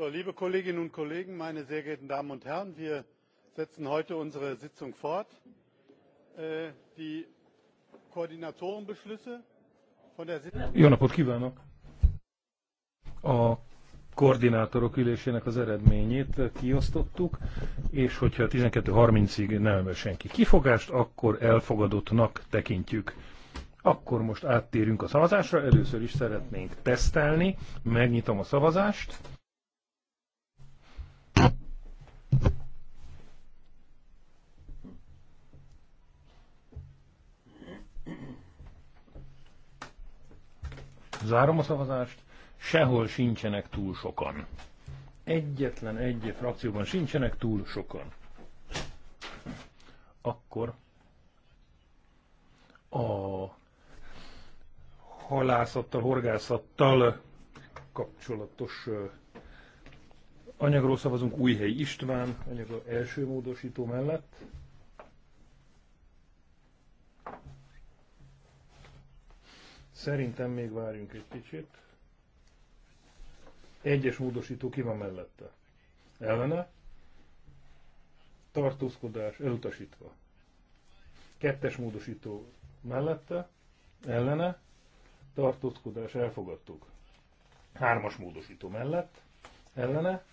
So, liebe Kolleginnen und Kollegen, meine sehr geehrten Damen und Herren, wir setzen heute unsere Sitzung fort. Äh, die Koordinatorenbeschlüsse von der Sitzung. Jó napot kívánok! A koordinátorok ülésének az eredményét kiosztottuk, és hogyha 12.30-ig nem emel senki kifogást, akkor elfogadottnak tekintjük. Akkor most áttérünk a szavazásra, először is szeretnénk tesztelni, megnyitom a szavazást. Zárom a szavazást. Sehol sincsenek túl sokan. Egyetlen egy frakcióban sincsenek túl sokan. Akkor a halászattal, horgászattal kapcsolatos anyagról szavazunk Újhely István, anyagról első módosító mellett. Szerintem még várjunk egy kicsit. Egyes módosító ki van mellette? Ellene? Tartózkodás elutasítva. Kettes módosító mellette? Ellene? Tartózkodás elfogadtuk. Hármas módosító mellett? Ellene?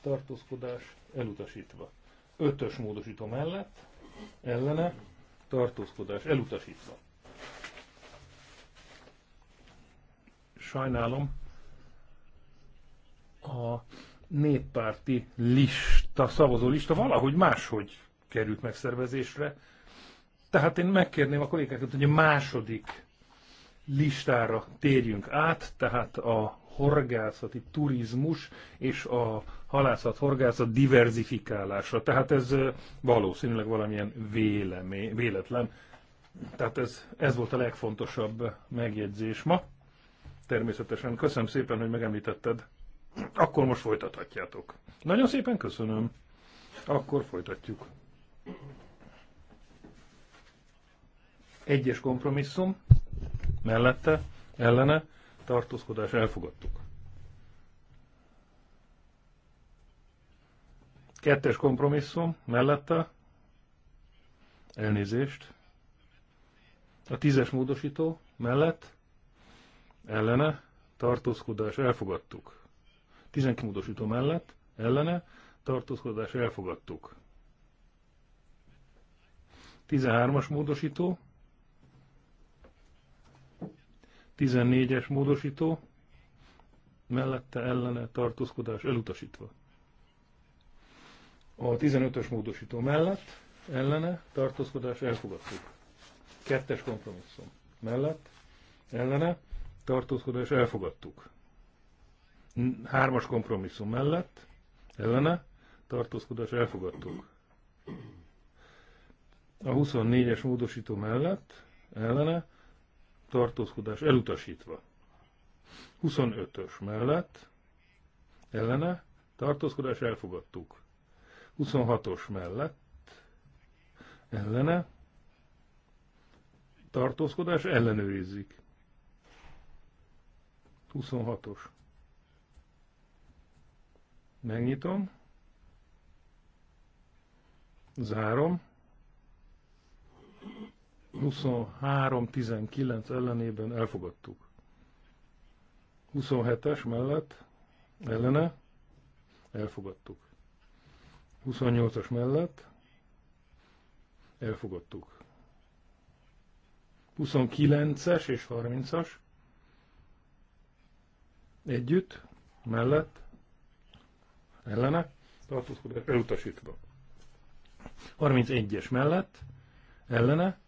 Tartózkodás elutasítva. Ötös módosító mellett? Ellene? Tartózkodás elutasítva sajnálom, a néppárti lista, szavazó lista valahogy máshogy került megszervezésre. Tehát én megkérném a kollégákat, hogy a második listára térjünk át, tehát a horgászati turizmus és a halászat horgászat diverzifikálása. Tehát ez valószínűleg valamilyen vélemé, véletlen. Tehát ez, ez volt a legfontosabb megjegyzés ma. Természetesen. Köszönöm szépen, hogy megemlítetted. Akkor most folytathatjátok. Nagyon szépen köszönöm. Akkor folytatjuk. Egyes kompromisszum mellette, ellene, tartózkodás elfogadtuk. Kettes kompromisszum mellette, elnézést, a tízes módosító mellett, ellene, tartózkodás elfogadtuk. 12 módosító mellett, ellene, tartózkodás elfogadtuk. 13-as módosító, 14-es módosító, mellette ellene tartózkodás elutasítva. A 15-ös módosító mellett ellene tartózkodás elfogadtuk. Kettes kompromisszum mellett ellene tartózkodás elfogadtuk. Hármas kompromisszum mellett, ellene, tartózkodás elfogadtuk. A 24-es módosító mellett, ellene, tartózkodás elutasítva. 25-ös mellett, ellene, tartózkodás elfogadtuk. 26-os mellett, ellene, tartózkodás ellenőrizzük. 26-os. Megnyitom. Zárom. 23-19 ellenében elfogadtuk. 27-es mellett ellene elfogadtuk. 28-as mellett elfogadtuk. 29-es és 30-as Együtt, mellett, ellene, tartózkodás elutasítva. 31-es mellett, ellene,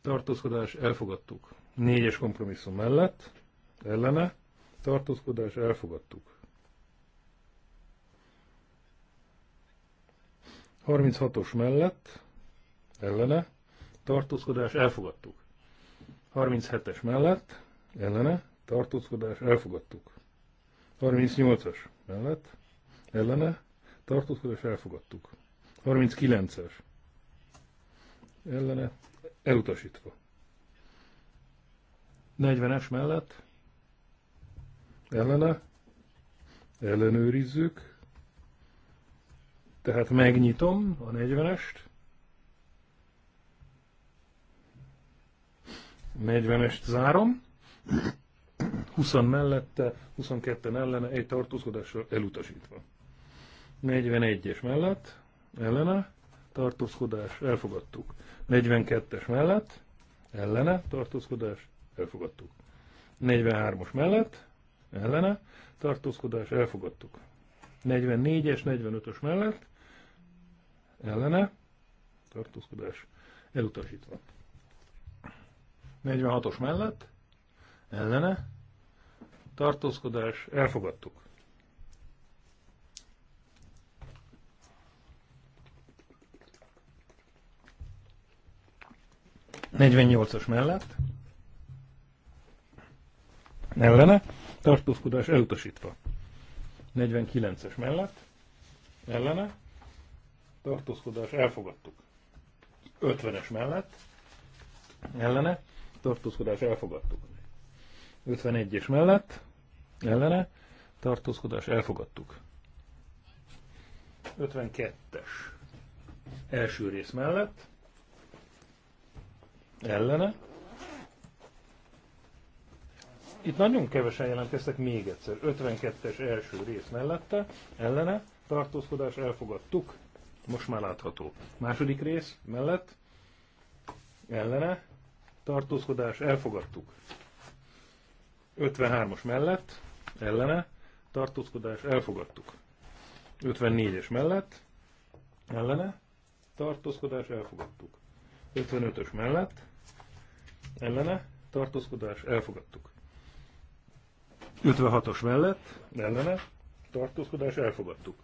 tartózkodás elfogadtuk. 4-es kompromisszum mellett, ellene, tartózkodás elfogadtuk. 36-os mellett, ellene, tartózkodás elfogadtuk. 37-es mellett, ellene, tartózkodás elfogadtuk. 38-as mellett, ellene, és elfogadtuk. 39-es ellene, elutasítva. 40-es mellett, ellene, ellenőrizzük, tehát megnyitom a 40-est, 40-est zárom, 20 mellette, 22-en ellene, egy tartózkodással elutasítva. 41-es mellett, ellene, tartózkodás, elfogadtuk. 42-es mellett, ellene, tartózkodás, elfogadtuk. 43 os mellett, ellene, tartózkodás, elfogadtuk. 44-es, 45-ös mellett, ellene, tartózkodás, elutasítva. 46-os mellett, ellene, tartózkodás, elfogadtuk. Negyvennyolcas mellett ellene, tartózkodás elutasítva. 49-es mellett ellene, tartózkodás elfogadtuk. 50-es mellett ellene, tartózkodás elfogadtuk. 51-es mellett, ellene, tartózkodás, elfogadtuk. 52-es első rész mellett, ellene. Itt nagyon kevesen jelentkeztek még egyszer. 52-es első rész mellette, ellene, tartózkodás, elfogadtuk. Most már látható. Második rész mellett, ellene, tartózkodás, elfogadtuk. 53-as mellett, ellene, tartózkodás, elfogadtuk. 54-es mellett, ellene, tartózkodás, elfogadtuk. 55-ös mellett, ellene, tartózkodás, elfogadtuk. 56-os mellett, ellene, tartózkodás, elfogadtuk.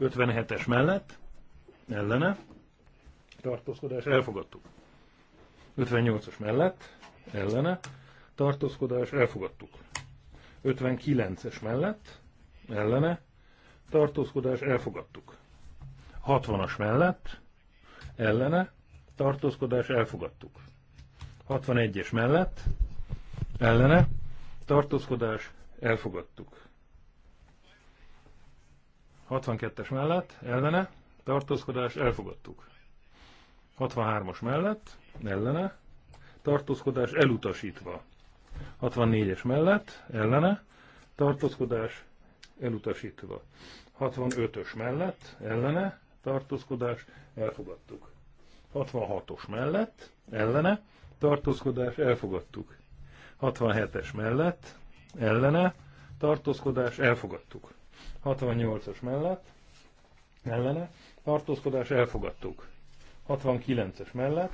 57-es mellett, ellene, tartózkodás, elfogadtuk. 58-as mellett, ellene, tartózkodás, elfogadtuk. 59-es mellett, ellene, tartózkodás, elfogadtuk. 60-as mellett, ellene, tartózkodás, elfogadtuk. 61-es mellett, ellene, tartózkodás, elfogadtuk. 62-es mellett, ellene, tartózkodás, elfogadtuk. 63-as mellett, ellene, tartózkodás elutasítva. 64-es mellett, ellene, tartózkodás elutasítva. 65-ös mellett, ellene, tartózkodás elfogadtuk. 66-os mellett, ellene, tartózkodás elfogadtuk. 67-es mellett, ellene, tartózkodás elfogadtuk. 68-as mellett, ellene, tartózkodás elfogadtuk. 69-es mellett,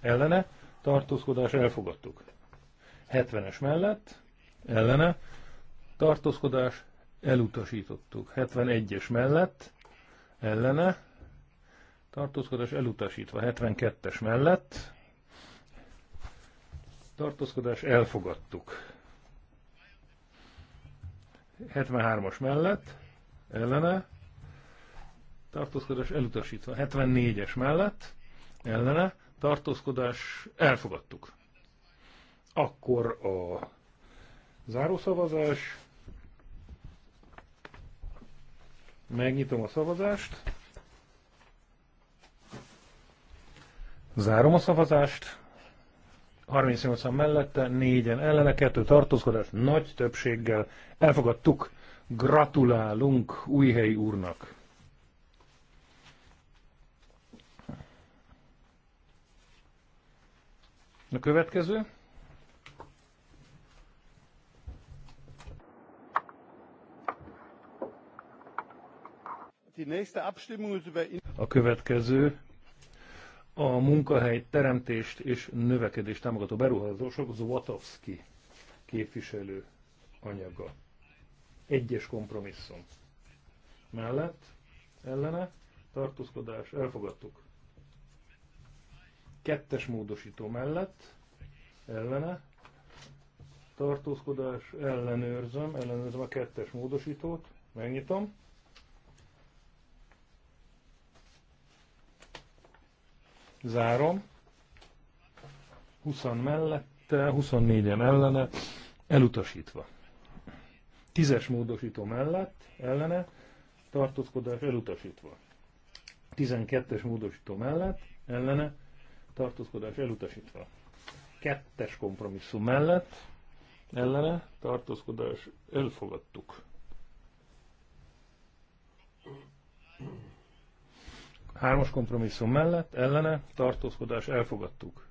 ellene, tartózkodás elfogadtuk. 70-es mellett, ellene, tartózkodás, elutasítottuk. 71-es mellett, ellene, tartózkodás elutasítva. 72-es mellett, tartózkodás elfogadtuk. 73-as mellett, ellene, tartózkodás elutasítva. 74-es mellett, ellene, tartózkodás elfogadtuk. Akkor a zárószavazás. Megnyitom a szavazást. Zárom a szavazást. 38 mellette, 4-en ellene, 2 tartózkodás, nagy többséggel elfogadtuk. Gratulálunk Újhelyi úrnak! A következő. A következő a munkahely teremtést és növekedést támogató beruházások Zvatowski képviselő anyaga. Egyes kompromisszum. Mellett, ellene, tartózkodás, elfogadtuk. Kettes módosító mellett, ellene, tartózkodás, ellenőrzöm, ellenőrzöm a kettes módosítót, megnyitom. Zárom. 20 mellette, 24-en ellene, elutasítva. 10-es módosító mellett, ellene, tartózkodás elutasítva. 12-es módosító mellett, ellene, tartózkodás elutasítva. 2-es kompromisszum mellett, ellene, tartózkodás elfogadtuk. Hármas kompromisszum mellett, ellene, tartózkodás elfogadtuk.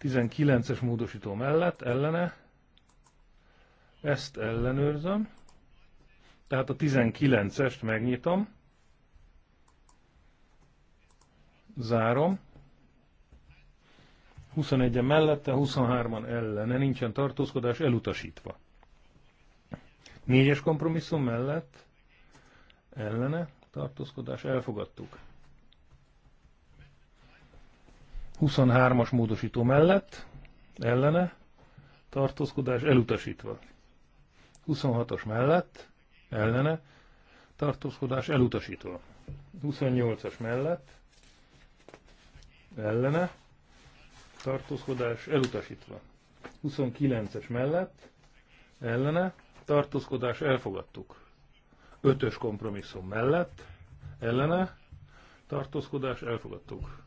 19-es módosító mellett, ellene, ezt ellenőrzöm, tehát a 19-est megnyitom, zárom, 21-en mellette, 23-an ellene, nincsen tartózkodás, elutasítva. Négyes kompromisszum mellett, ellene, tartózkodás, elfogadtuk. 23-as módosító mellett, ellene, tartózkodás elutasítva. 26-os mellett, ellene, tartózkodás elutasítva. 28-as mellett, ellene, tartózkodás elutasítva. 29-es mellett, ellene, tartózkodás elfogadtuk. Ötös kompromisszum mellett, ellene, tartózkodás, elfogadtuk.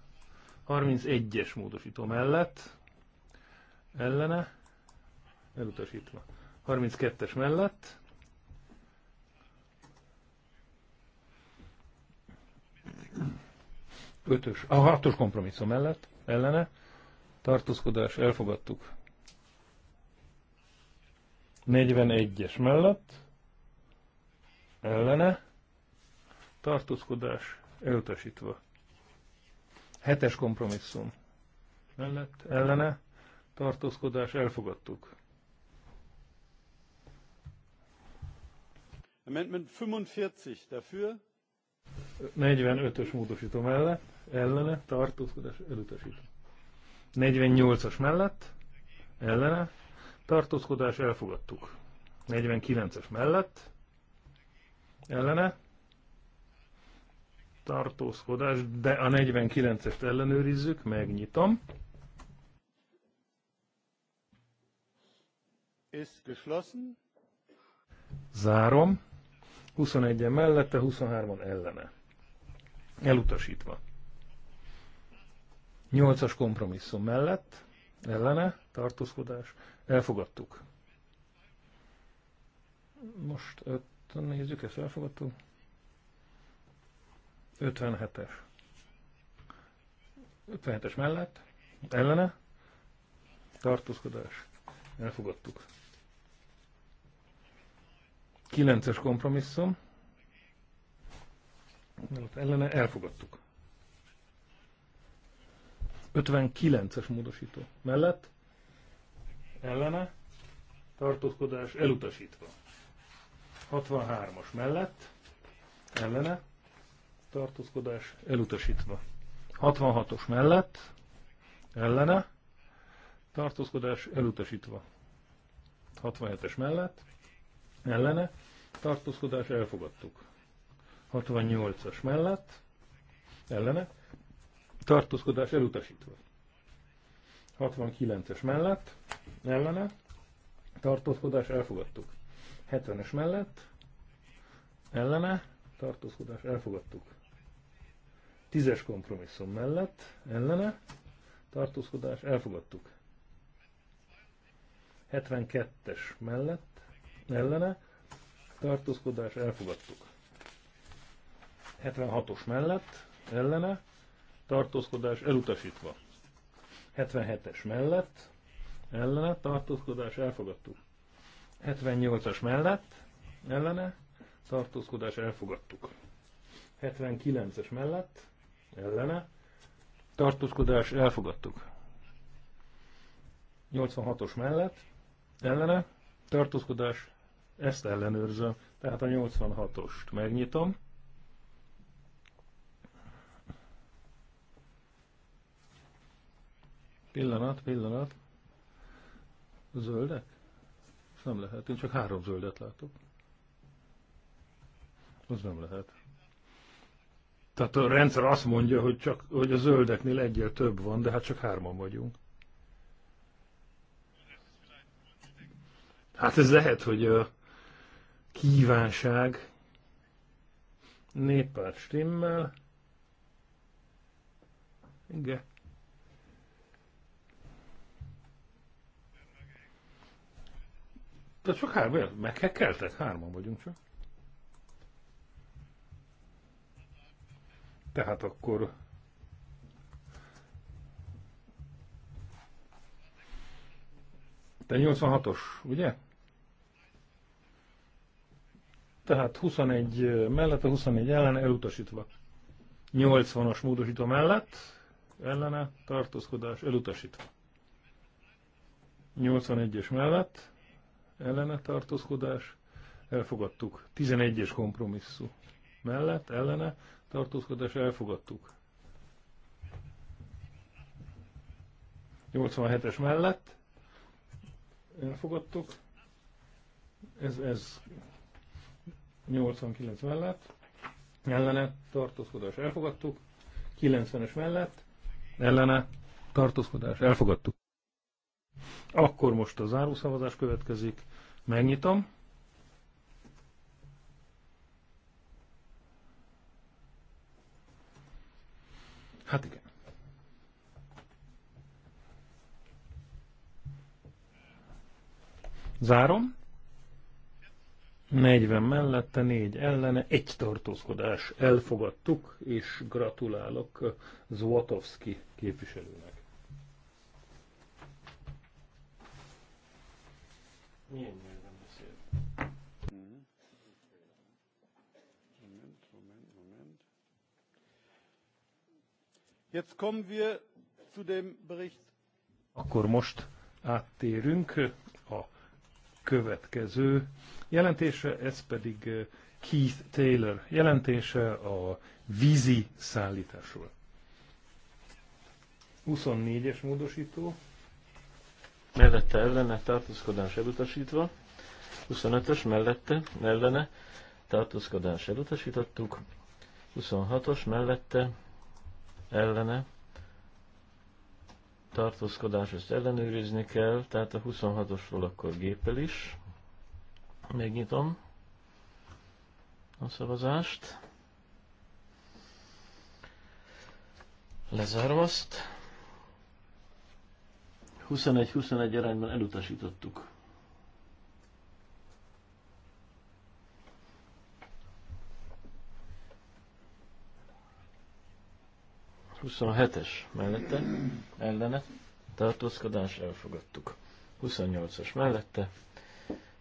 31-es módosító mellett, ellene, elutasítva. 32-es mellett, ötös, a hatos kompromisszum mellett, ellene, tartózkodás, elfogadtuk. 41-es mellett, ellene, tartózkodás elutasítva. Hetes kompromisszum mellett, ellene, tartózkodás elfogadtuk. Amendment 45 dafür. 45-ös módosító mellett, ellene, tartózkodás elutasítva. 48-as mellett, ellene, tartózkodás elfogadtuk. 49-es mellett, ellene tartózkodás, de a 49-est ellenőrizzük, megnyitom. Ist geschlossen. Zárom. 21-en mellette, 23 on ellene. Elutasítva. 8-as kompromisszum mellett, ellene, tartózkodás, elfogadtuk. Most nézzük, ezt elfogadtuk. 57-es. 57-es mellett, ellene, tartózkodás, elfogadtuk. 9-es kompromisszum, mellett ellene, elfogadtuk. 59-es módosító mellett, ellene, tartózkodás elutasítva. 63-as mellett, ellene, tartózkodás elutasítva. 66-os mellett, ellene, tartózkodás elutasítva. 67-es mellett, ellene, tartózkodás elfogadtuk. 68-as mellett, ellene, tartózkodás elutasítva. 69-es mellett, ellene, tartózkodás elfogadtuk. 70-es mellett, ellene, tartózkodás, elfogadtuk. 10-es kompromisszum mellett, ellene, tartózkodás, elfogadtuk. 72-es mellett, ellene, tartózkodás, elfogadtuk. 76-os mellett, ellene, tartózkodás elutasítva. 77-es mellett, ellene, tartózkodás elfogadtuk. 78-as mellett, ellene, tartózkodás elfogadtuk. 79-es mellett, ellene, tartózkodás elfogadtuk. 86-os mellett, ellene, tartózkodás, ezt ellenőrzöm, tehát a 86-ost megnyitom. Pillanat, pillanat. Zöldek? Ez nem lehet, én csak három zöldet látok. Az nem lehet. Tehát a rendszer azt mondja, hogy, csak, hogy a zöldeknél egyel több van, de hát csak hárman vagyunk. Hát ez lehet, hogy a kívánság néppárt stimmel. Igen. De csak hár, meghekkeltek? Hárman vagyunk csak. Tehát akkor Te 86-os, ugye? Tehát 21 mellett, a 24 ellen elutasítva. 80-as módosító mellett, ellene tartózkodás elutasítva. 81-es mellett, ellene tartózkodás, elfogadtuk. 11-es kompromisszú mellett, ellene tartózkodás, elfogadtuk. 87-es mellett elfogadtuk. Ez, ez 89 mellett ellene tartózkodás elfogadtuk. 90-es mellett ellene tartózkodás elfogadtuk. Akkor most a zárószavazás következik. Megnyitom. Hát igen. Zárom. 40 mellette, 4 ellene, egy tartózkodás. Elfogadtuk, és gratulálok Złotowski képviselőnek. Milyen Jetzt kommen wir zu dem Bericht. Akkor most áttérünk a következő jelentése, ez pedig eh, Keith Taylor jelentése a vízi szállításról. 24-es módosító. Mellette ellene tartózkodás elutasítva. 25-ös mellette ellene tartózkodás elutasítottuk. 26-os mellette ellene tartózkodás, ezt ellenőrizni kell, tehát a 26-osról akkor gépel is. Megnyitom a szavazást. Lezárom azt. 21-21 arányban elutasítottuk. 27-es mellette, ellene, tartózkodás, elfogadtuk. 28-as mellette,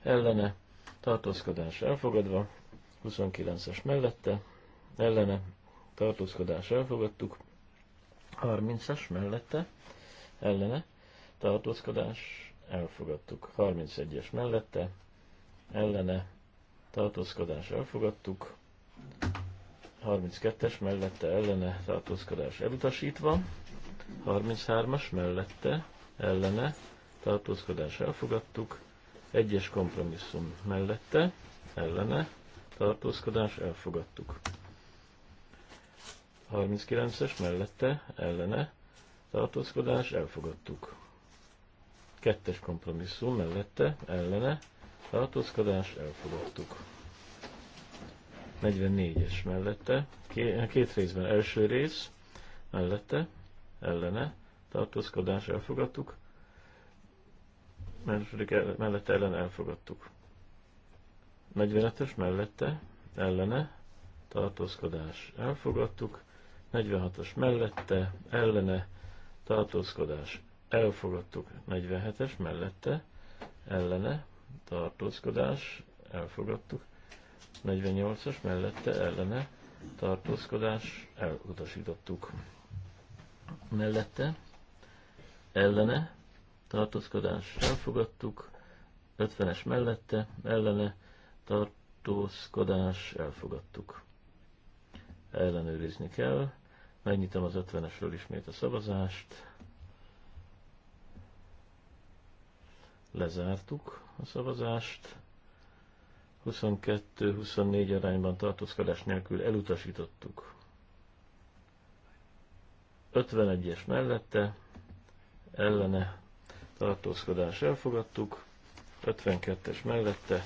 ellene, tartózkodás elfogadva, 29-es mellette, ellene, tartózkodás elfogadtuk, 30-as mellette, ellene, tartózkodás elfogadtuk, 31-es mellette, ellene, tartózkodás elfogadtuk, 32-es mellette ellene tartózkodás elutasítva, 33-as mellette ellene tartózkodás elfogadtuk, 1-es kompromisszum mellette ellene tartózkodás elfogadtuk. 39-es mellette ellene tartózkodás elfogadtuk. 2-es kompromisszum mellette ellene tartózkodás elfogadtuk. 44-es mellette, két részben első rész, mellette, ellene, tartózkodás elfogadtuk, második mellette ellen elfogadtuk. 45-ös mellette, ellene, tartózkodás elfogadtuk, 46-os mellette, ellene, tartózkodás elfogadtuk, 47-es mellette, ellene, tartózkodás elfogadtuk, 48-as mellette ellene tartózkodás elutasítottuk. Mellette ellene tartózkodás elfogadtuk, 50-es mellette ellene tartózkodás elfogadtuk. Ellenőrizni kell. Megnyitom az 50-esről ismét a szavazást. Lezártuk a szavazást. 22-24 arányban tartózkodás nélkül elutasítottuk. 51-es mellette ellene tartózkodás elfogadtuk, 52-es mellette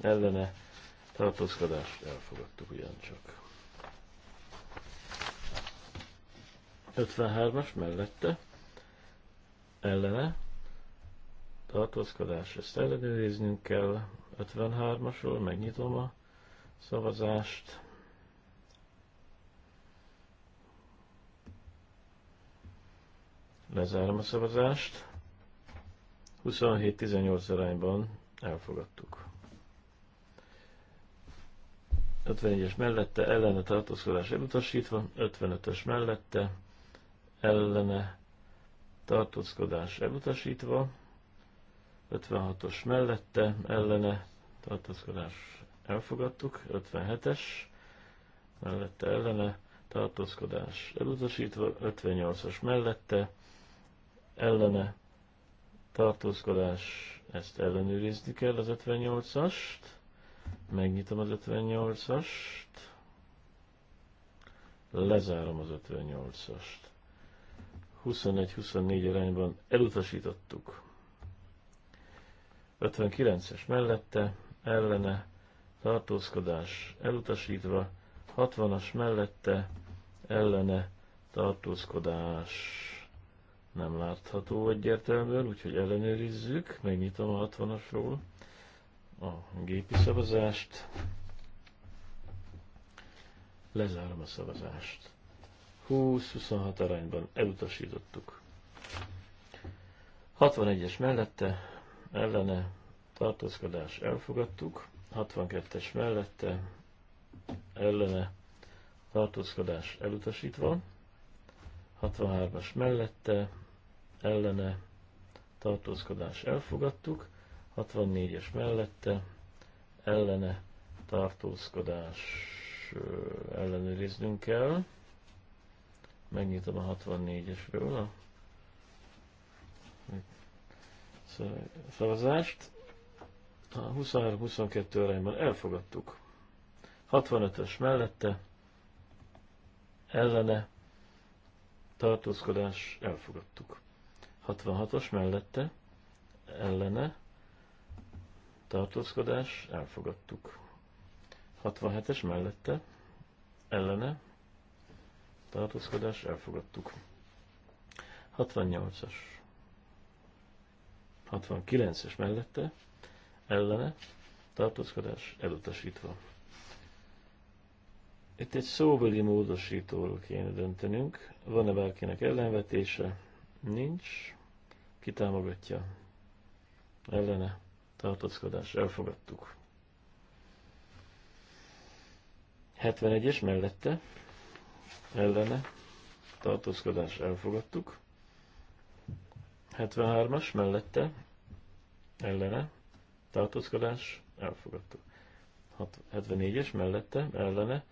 ellene tartózkodást elfogadtuk ugyancsak. 53-as mellette ellene tartózkodás, ezt ellenőriznünk kell, 53-asról, megnyitom a szavazást. Lezárom a szavazást. 27-18 arányban elfogadtuk. 51-es mellette ellene tartózkodás elutasítva, 55-ös mellette ellene tartózkodás elutasítva, 56-os mellette, ellene tartózkodás elfogadtuk, 57-es mellette, ellene tartózkodás elutasítva, 58-as mellette, ellene tartózkodás, ezt ellenőrizni kell az 58-ast, megnyitom az 58-ast, lezárom az 58-ast. 21-24 arányban elutasítottuk. 59-es mellette, ellene, tartózkodás elutasítva, 60-as mellette, ellene, tartózkodás nem látható egyértelműen, úgyhogy ellenőrizzük, megnyitom a 60-asról a gépi szavazást, lezárom a szavazást. 20-26 arányban elutasítottuk. 61-es mellette ellene tartózkodás elfogadtuk, 62-es mellette ellene tartózkodás elutasítva, 63-as mellette ellene tartózkodás elfogadtuk, 64-es mellette ellene tartózkodás ellenőriznünk kell. Megnyitom a 64-esről a szavazást. A 23-22 arányban elfogadtuk. 65-ös mellette ellene tartózkodás elfogadtuk. 66-os mellette ellene tartózkodás elfogadtuk. 67-es mellette ellene tartózkodás elfogadtuk. 68-as 69-es mellette, ellene, tartózkodás elutasítva. Itt egy szóbeli módosítóról kéne döntenünk. Van-e bárkinek ellenvetése? Nincs. Ki támogatja? Ellene. Tartózkodás. Elfogadtuk. 71-es mellette. Ellene. Tartózkodás. Elfogadtuk. 73-as mellette, ellene, tartózkodás, elfogadtuk. 74-es mellette, ellene,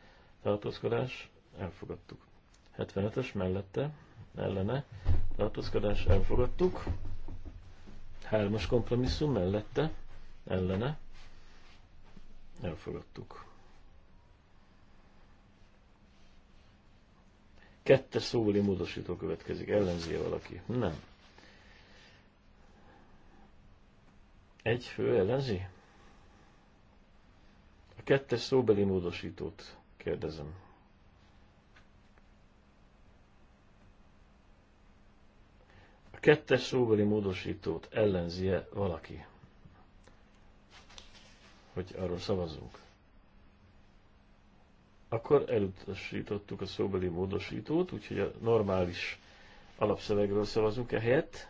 tartózkodás, elfogadtuk. 75-es mellette, ellene, tartózkodás, elfogadtuk. 3-as kompromisszum mellette, ellene, elfogadtuk. Kettes szóvali módosító következik, ellenzi valaki? Nem. Egy fő ellenzi? A kettes szóbeli módosítót kérdezem. A kettes szóbeli módosítót ellenzie valaki? Hogy arról szavazunk. Akkor elutasítottuk a szóbeli módosítót, úgyhogy a normális alapszövegről szavazunk ehelyett.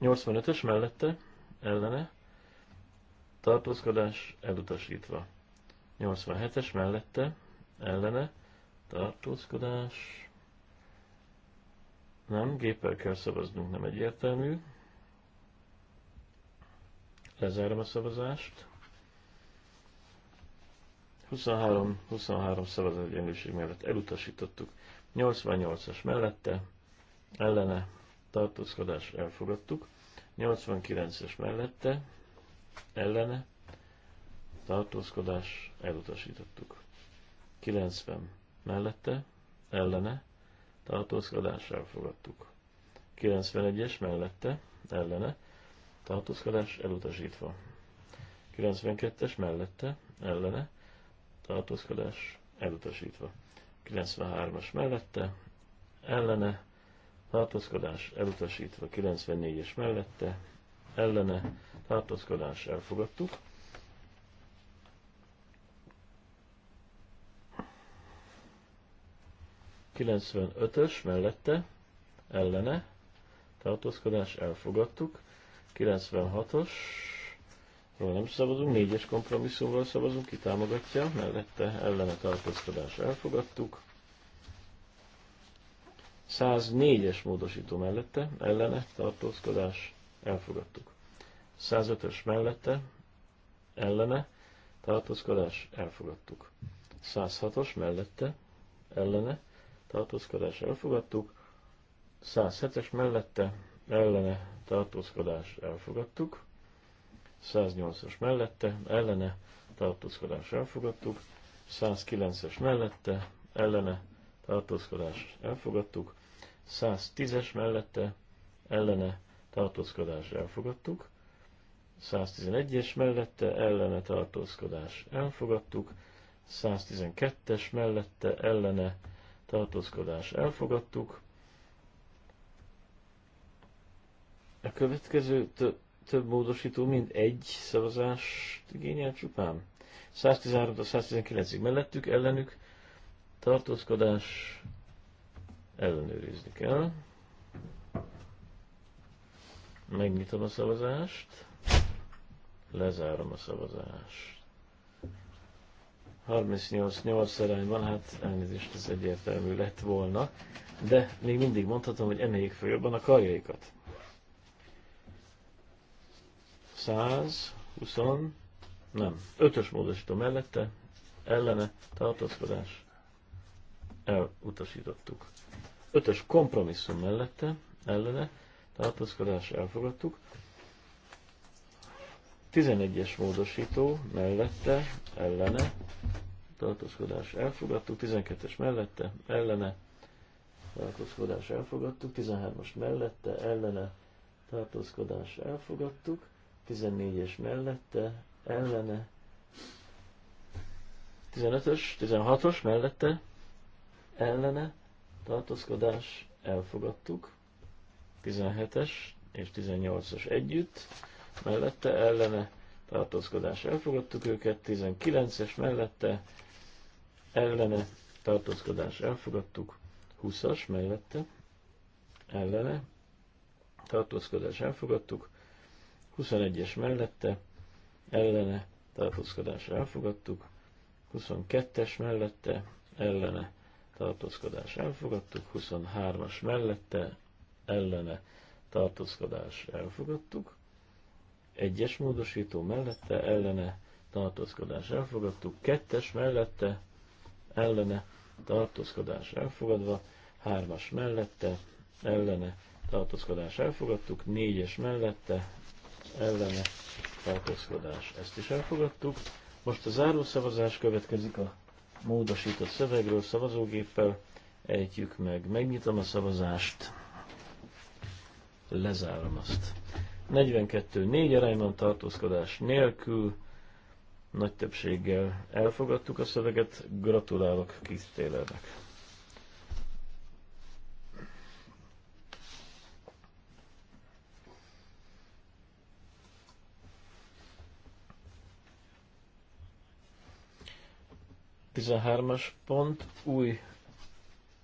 85-ös mellette ellene, tartózkodás elutasítva. 87-es mellette, ellene, tartózkodás, nem, géppel kell szavaznunk, nem egyértelmű. Lezárom a szavazást. 23-23 szavazat egyenlőség mellett elutasítottuk. 88-as mellette, ellene, tartózkodás elfogadtuk. 89-es mellette, ellene, tartózkodás, elutasítottuk. 90 mellette, ellene, tartózkodás, elfogadtuk. 91-es mellette, ellene, tartózkodás, elutasítva. 92-es mellette, ellene, tartózkodás, elutasítva. 93-as mellette, ellene, tartózkodás elutasítva 94-es mellette, ellene tartózkodás elfogadtuk. ös mellette, ellene, tartózkodás elfogadtuk. 96-os, ról nem szavazunk, 4-es kompromisszumról szavazunk, ki támogatja, mellette ellene tartózkodás elfogadtuk. 104-es módosító mellette, ellene, tartózkodás, elfogadtuk. 105-ös mellette, ellene, tartózkodás, elfogadtuk. 106-os mellette, ellene, tartózkodás, elfogadtuk. 107-es mellette, ellene, tartózkodás, elfogadtuk. 108-as mellette, ellene, tartózkodás, elfogadtuk. 109-es mellette, ellene, tartózkodás, elfogadtuk. 110-es mellette ellene tartózkodás elfogadtuk, 111-es mellette ellene tartózkodás elfogadtuk, 112-es mellette ellene tartózkodás elfogadtuk. A következő több módosító mind egy szavazást igényel csupán. 113-119-ig mellettük, ellenük tartózkodás ellenőrizni kell. Megnyitom a szavazást, lezárom a szavazást. 38-8 van, hát elnézést, ez egyértelmű lett volna, de még mindig mondhatom, hogy emeljék fel jobban a karjaikat. 100, 20, nem, 5-ös módosító mellette, ellene, tartózkodás, elutasítottuk. Ötös kompromisszum mellette, ellene, tartózkodás elfogadtuk. 11-es módosító mellette, ellene, tartózkodás elfogadtuk. 12-es mellette, ellene, tartózkodás elfogadtuk. 13-as mellette, ellene, tartózkodás elfogadtuk. 14-es mellette, ellene, 15-ös, 16-os mellette, ellene, tartózkodás, elfogadtuk. 17-es és 18-as együtt, mellette ellene tartózkodás, elfogadtuk őket. 19-es mellette ellene tartózkodás, elfogadtuk. 20-as mellette ellene tartózkodás, elfogadtuk. 21-es mellette ellene tartózkodás, elfogadtuk. 22-es mellette ellene tartózkodás elfogadtuk, 23-as mellette, ellene tartózkodás elfogadtuk, egyes módosító mellette, ellene tartózkodás elfogadtuk, kettes mellette, ellene tartózkodás elfogadva, hármas mellette, ellene tartózkodás elfogadtuk, négyes mellette, ellene tartózkodás ezt is elfogadtuk. Most a zárószavazás következik a módosított szövegről szavazógéppel ejtjük meg. Megnyitom a szavazást, lezárom azt. 42 Négy arányban tartózkodás nélkül nagy többséggel elfogadtuk a szöveget. Gratulálok Keith Taylornek. 13-as pont, új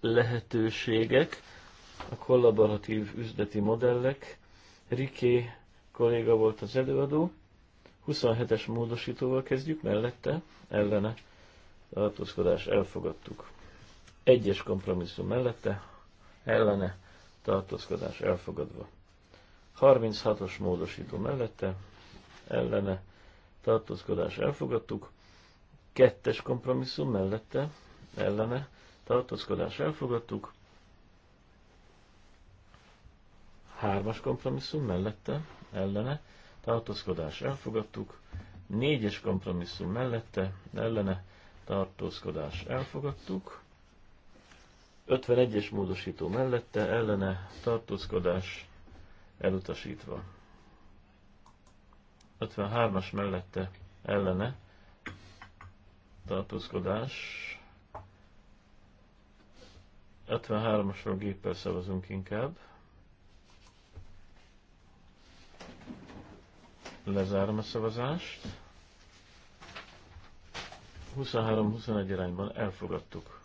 lehetőségek, a kollaboratív üzleti modellek. Riké kolléga volt az előadó. 27-es módosítóval kezdjük, mellette, ellene tartózkodás elfogadtuk. Egyes kompromisszum mellette, ellene tartózkodás elfogadva. 36-os módosító mellette, ellene tartózkodás elfogadtuk. Kettes kompromisszum mellette, ellene, tartózkodás elfogadtuk. Hármas kompromisszum mellette, ellene, tartózkodás elfogadtuk. Négyes kompromisszum mellette, ellene, tartózkodás elfogadtuk. 51-es módosító mellette, ellene, tartózkodás elutasítva. 53-as mellette, ellene, tartózkodás. 53-asról géppel szavazunk inkább. Lezárom a szavazást. 23-21 irányban elfogadtuk.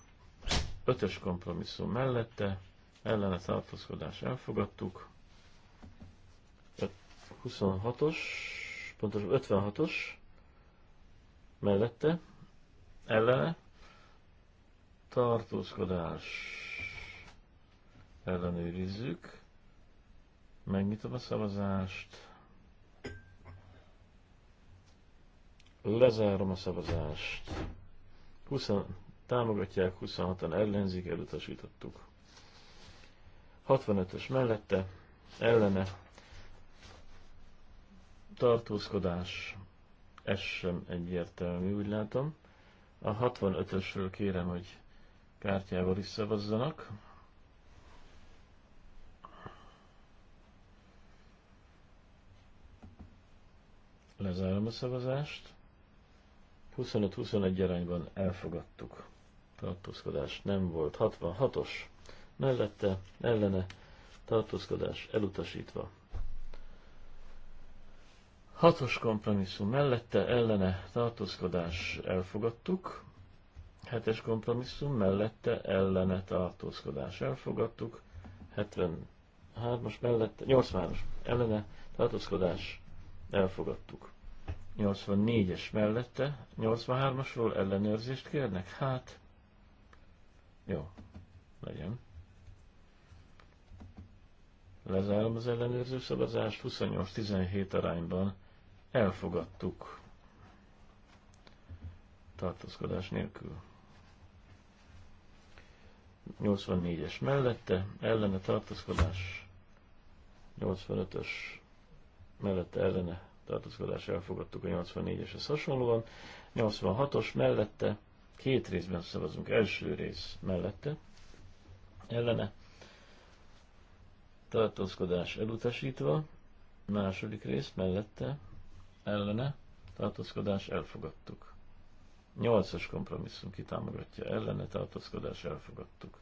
5-ös kompromisszum mellette, ellene tartózkodás elfogadtuk. 26-os, pontosan 56-os mellette, ellene tartózkodás ellenőrizzük. Megnyitom a szavazást. Lezárom a szavazást. 20 támogatják, 26-an ellenzik, elutasítottuk. 65-ös mellette, ellene, tartózkodás, ez sem egyértelmű, úgy látom. A 65-ösről kérem, hogy kártyával is szavazzanak. Lezárom a szavazást. 25-21 arányban elfogadtuk. Tartózkodás nem volt. 66-os mellette, ellene, tartózkodás elutasítva. Hatos kompromisszum mellette ellene tartózkodás elfogadtuk. Hetes kompromisszum mellette ellene tartózkodás elfogadtuk. 73-as mellette, 83 as ellene tartózkodás elfogadtuk. 84-es mellette, 83-asról ellenőrzést kérnek? Hát, jó, legyen. Lezárom az ellenőrző szavazást, 28-17 arányban elfogadtuk tartózkodás nélkül. 84-es mellette, ellene tartózkodás, 85-ös mellette ellene tartózkodás elfogadtuk a 84-eshez hasonlóan, 86-os mellette, két részben szavazunk, első rész mellette, ellene tartózkodás elutasítva, második rész mellette, ellene tartózkodás elfogadtuk. Nyolcas kompromisszum kitámogatja ellene tartózkodás elfogadtuk.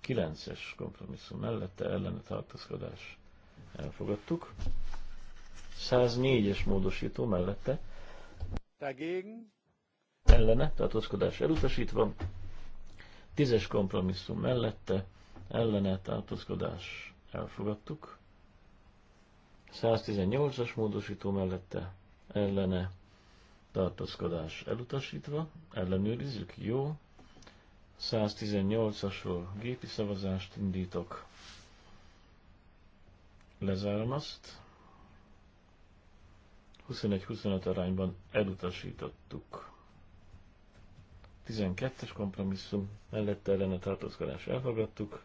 Kilences kompromisszum mellette ellene tartózkodás elfogadtuk. 104-es módosító mellette dagegen ellene tartózkodás elutasítva. Tízes kompromisszum mellette ellene tartózkodás elfogadtuk. 118-as módosító mellette ellene tartózkodás elutasítva, ellenőrizzük, jó. 118-asról gépi szavazást indítok, lezárom azt. 21-25 arányban elutasítottuk. 12-es kompromisszum mellette ellene tartózkodás elfogadtuk.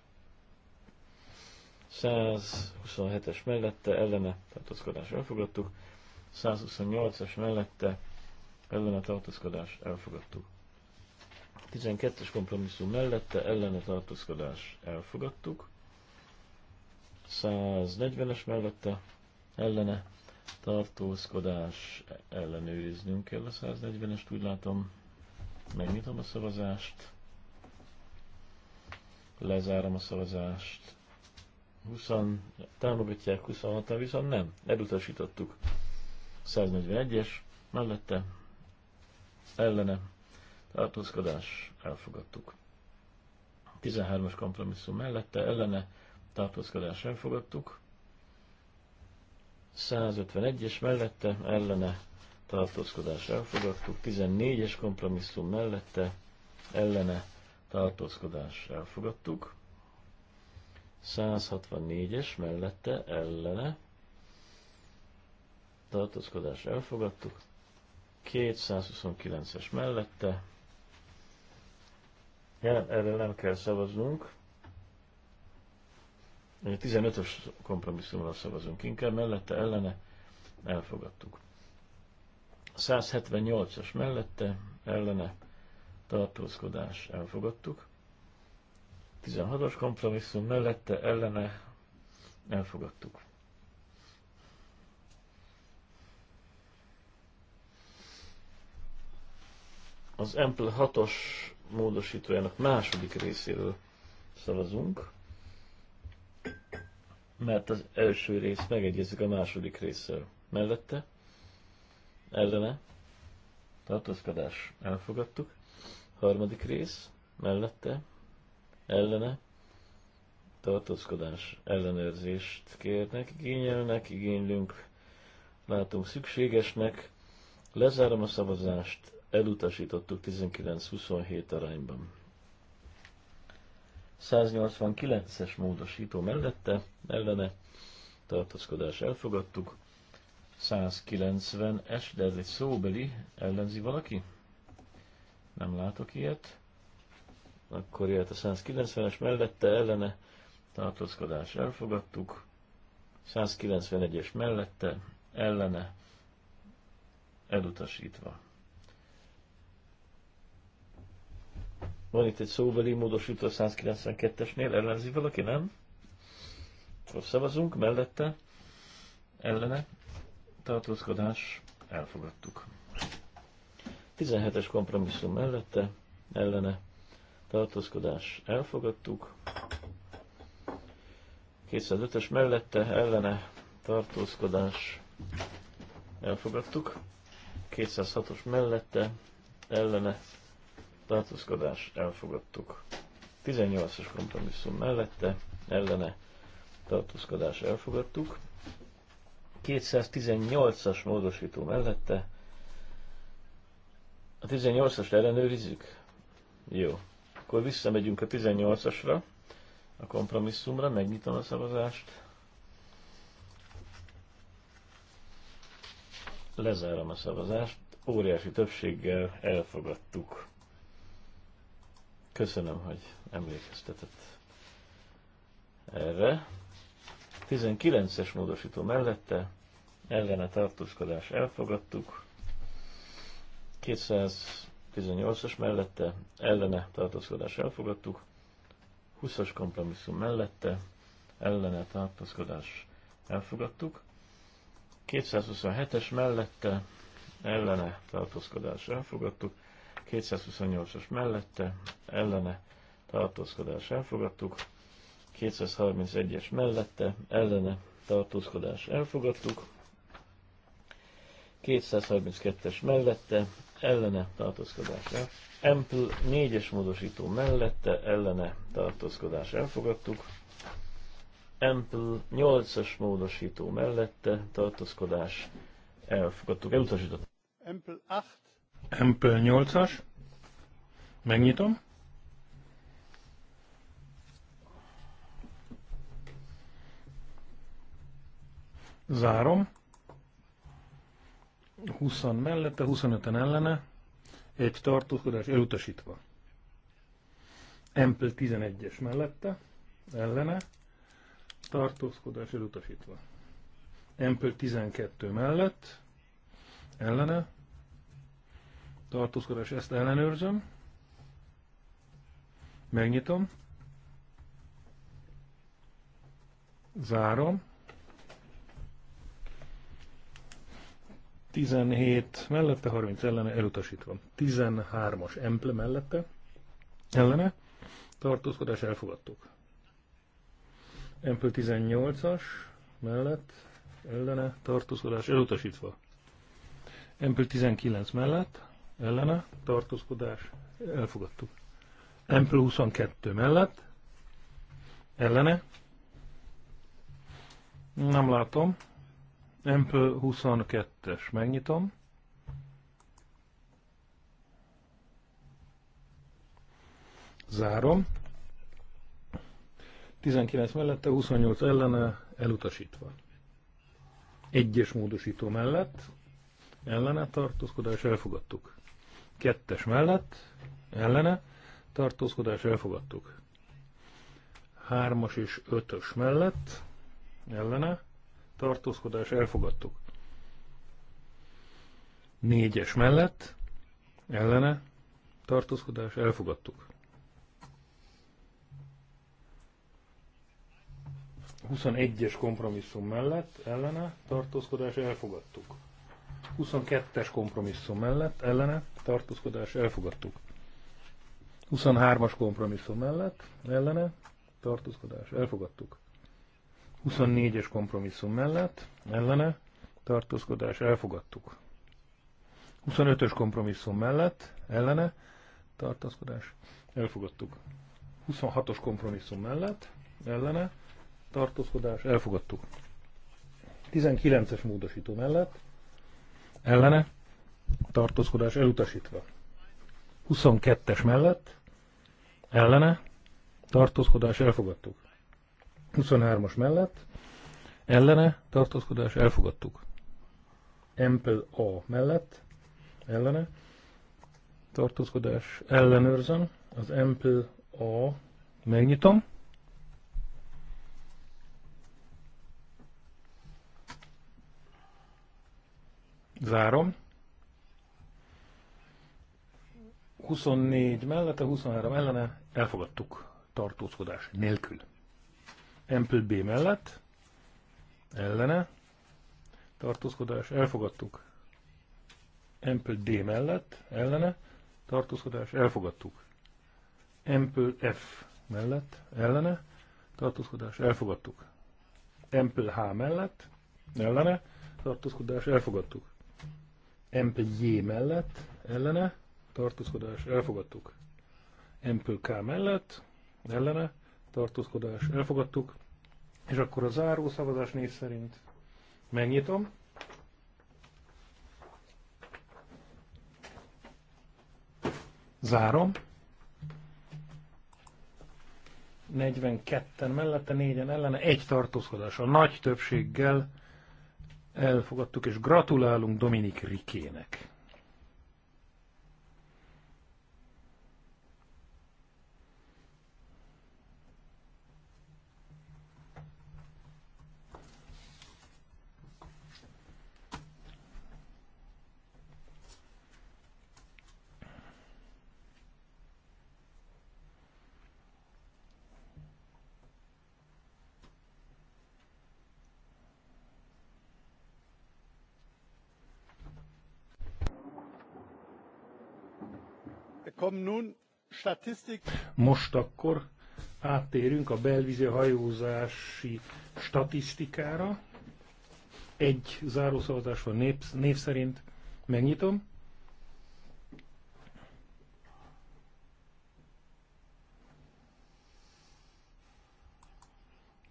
127-es mellette ellene tartózkodás elfogadtuk. 128-as mellette ellene tartózkodás elfogadtuk. 12-es kompromisszum mellette ellene tartózkodás elfogadtuk. 140-es mellette ellene tartózkodás ellenőriznünk kell a 140-est, úgy látom. Megnyitom a szavazást. Lezárom a szavazást. 20 támogatják, 26 viszont nem. Elutasítottuk. 141-es mellette ellene tartózkodás elfogadtuk. 13-as kompromisszum mellette ellene tartózkodás elfogadtuk. 151-es mellette ellene tartózkodás elfogadtuk. 14-es kompromisszum mellette ellene tartózkodás elfogadtuk. 164-es mellette ellene tartózkodás elfogadtuk, 229-es mellette, nem, erre nem kell szavaznunk, 15-ös kompromisszumra szavazunk inkább, mellette ellene elfogadtuk. 178-as mellette ellene tartózkodás elfogadtuk. 16-os kompromisszum mellette ellene elfogadtuk. az empl 6-os módosítójának második részéről szavazunk, mert az első rész megegyezik a második résszel. Mellette, ellene, tartózkodás, elfogadtuk. Harmadik rész, mellette, ellene, tartózkodás, ellenőrzést kérnek, igényelnek, igénylünk, látunk szükségesnek. Lezárom a szavazást, elutasítottuk 19-27 arányban. 189-es módosító mellette, ellene tartózkodás elfogadtuk. 190-es, de ez egy szóbeli, ellenzi valaki? Nem látok ilyet. Akkor jött a 190-es mellette, ellene tartózkodás elfogadtuk. 191-es mellette, ellene elutasítva. Van itt egy szóbeli módosító 192-esnél, ellenzi valaki, nem? Akkor szavazunk, mellette, ellene, tartózkodás, elfogadtuk. 17-es kompromisszum mellette, ellene, tartózkodás, elfogadtuk. 205-es mellette, ellene, tartózkodás, elfogadtuk. 206-os mellette, ellene, tartózkodás, elfogadtuk. 18-as kompromisszum mellette, ellene tartózkodás, elfogadtuk. 218-as módosító mellette. A 18 as ellenőrizzük? Jó. Akkor visszamegyünk a 18-asra, a kompromisszumra, megnyitom a szavazást. Lezárom a szavazást. Óriási többséggel elfogadtuk. Köszönöm, hogy emlékeztetett erre. 19-es módosító mellette ellene tartózkodás elfogadtuk. 218-as mellette ellene tartózkodás elfogadtuk. 20-as kompromisszum mellette ellene tartózkodás elfogadtuk. 227-es mellette ellene tartózkodás elfogadtuk. 228-as mellette, ellene tartózkodás elfogadtuk, 231-es mellette, ellene tartózkodás elfogadtuk, 232-es mellette, ellene tartózkodás el. Ample 4-es módosító mellette, ellene tartózkodás elfogadtuk. Ample 8-as módosító mellette, tartózkodás elfogadtuk. elutasítottuk. Ample 8 Ample 8-as. Megnyitom. Zárom. 20 mellette, 25-en ellene. Egy tartózkodás elutasítva. Ample 11-es mellette, ellene. Tartózkodás elutasítva. Ample 12 mellett, ellene tartózkodás, ezt ellenőrzöm. Megnyitom. Zárom. 17 mellette, 30 ellene, elutasítva. 13-as emple mellette, ellene, tartózkodás elfogadtuk. Emple 18-as mellett, ellene, tartózkodás elutasítva. Emple 19 mellett, ellene, tartózkodás, elfogadtuk. plusz 22 mellett, ellene, nem látom. Ample 22-es, megnyitom. Zárom. 19 mellette, 28 ellene, elutasítva. Egyes módosító mellett, ellene tartózkodás, elfogadtuk. Kettes mellett, ellene, tartózkodás elfogadtuk. Hármas és ötös mellett, ellene, tartózkodás elfogadtuk. Négyes mellett, ellene, tartózkodás elfogadtuk. 21-es kompromisszum mellett ellene tartózkodás elfogadtuk. 22-es kompromisszum mellett, ellene, tartózkodás elfogadtuk. 23-as kompromisszum mellett, ellene, tartózkodás elfogadtuk. 24-es kompromisszum mellett, ellene, tartózkodás elfogadtuk. 25-ös kompromisszum mellett, ellene, tartózkodás elfogadtuk. 26-os kompromisszum mellett, ellene, tartózkodás elfogadtuk. 19-es módosító mellett, ellene, tartózkodás elutasítva. 22-es mellett, ellene, tartózkodás elfogadtuk. 23-as mellett, ellene, tartózkodás elfogadtuk. Empel A mellett, ellene, tartózkodás ellenőrzöm, az Empel A megnyitom, Zárom. 24 mellette, 23 ellene elfogadtuk tartózkodás nélkül. Ample B mellett ellene tartózkodás elfogadtuk. Ample D mellett ellene tartózkodás elfogadtuk. Ample F mellett ellene tartózkodás elfogadtuk. Ample H mellett ellene tartózkodás elfogadtuk. MPJ mellett, ellene, tartózkodás, elfogadtuk. MPK mellett, ellene, tartózkodás, elfogadtuk. És akkor a záró szavazás néz szerint megnyitom. Zárom. 42-en mellette, 4-en ellene, egy a nagy többséggel elfogadtuk, és gratulálunk Dominik Rikének. Most akkor áttérünk a belvízi hajózási statisztikára. Egy zárószavazás van név, név szerint. Megnyitom.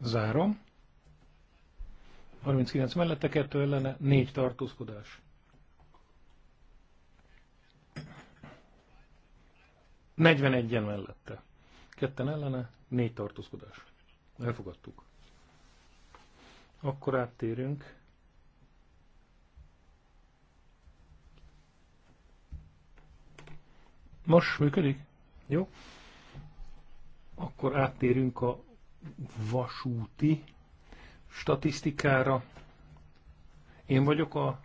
Zárom. 39 mellette, 2 ellene, 4 tartózkodás. 41-en mellette. Ketten ellene, négy tartózkodás. Elfogadtuk. Akkor áttérünk. Most működik? Jó. Akkor áttérünk a vasúti statisztikára. Én vagyok a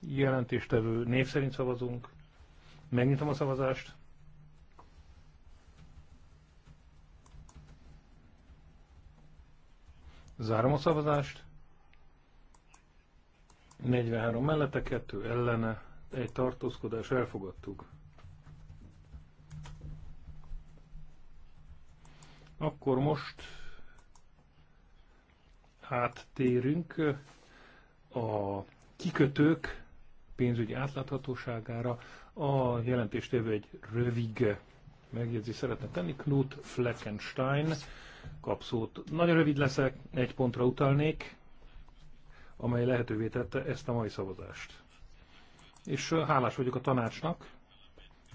jelentéstevő. Név szerint szavazunk. Megnyitom a szavazást. Zárom a szavazást. 43 mellette, 2 ellene, egy tartózkodás, elfogadtuk. Akkor most áttérünk a kikötők pénzügyi átláthatóságára. A jelentéstevő egy rövid megjegyzést szeretne tenni. Knut Fleckenstein kap szót. Nagyon rövid leszek, egy pontra utalnék, amely lehetővé tette ezt a mai szavazást. És hálás vagyok a tanácsnak,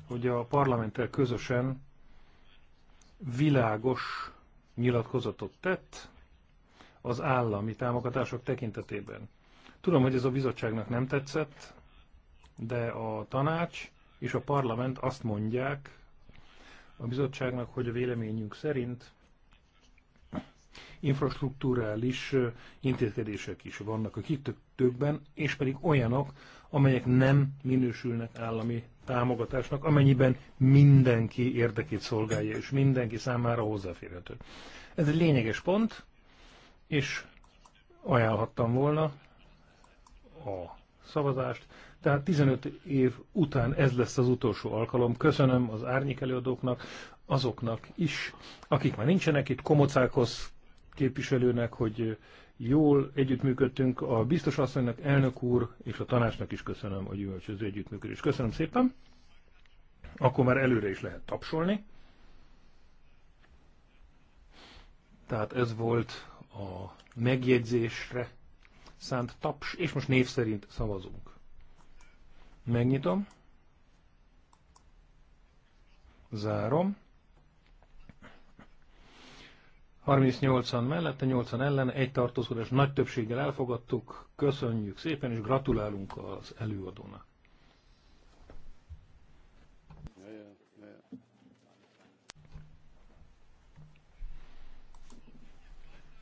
hogy a parlamenttel közösen világos nyilatkozatot tett az állami támogatások tekintetében. Tudom, hogy ez a bizottságnak nem tetszett, de a tanács és a parlament azt mondják a bizottságnak, hogy a véleményünk szerint infrastruktúrális intézkedések is vannak a kitöktőkben, és pedig olyanok, amelyek nem minősülnek állami támogatásnak, amennyiben mindenki érdekét szolgálja, és mindenki számára hozzáférhető. Ez egy lényeges pont, és ajánlhattam volna a szavazást. Tehát 15 év után ez lesz az utolsó alkalom. Köszönöm az árnyék előadóknak, azoknak is, akik már nincsenek itt, komocákhoz képviselőnek, hogy jól együttműködtünk a biztos asszonynak, elnök úr és a tanácsnak is köszönöm a gyümölcsöző együttműködést. Köszönöm szépen. Akkor már előre is lehet tapsolni. Tehát ez volt a megjegyzésre szánt taps, és most név szerint szavazunk. Megnyitom. Zárom. 38-an mellette, 80 ellen, egy tartózkodás nagy többséggel elfogadtuk. Köszönjük szépen, és gratulálunk az előadónak.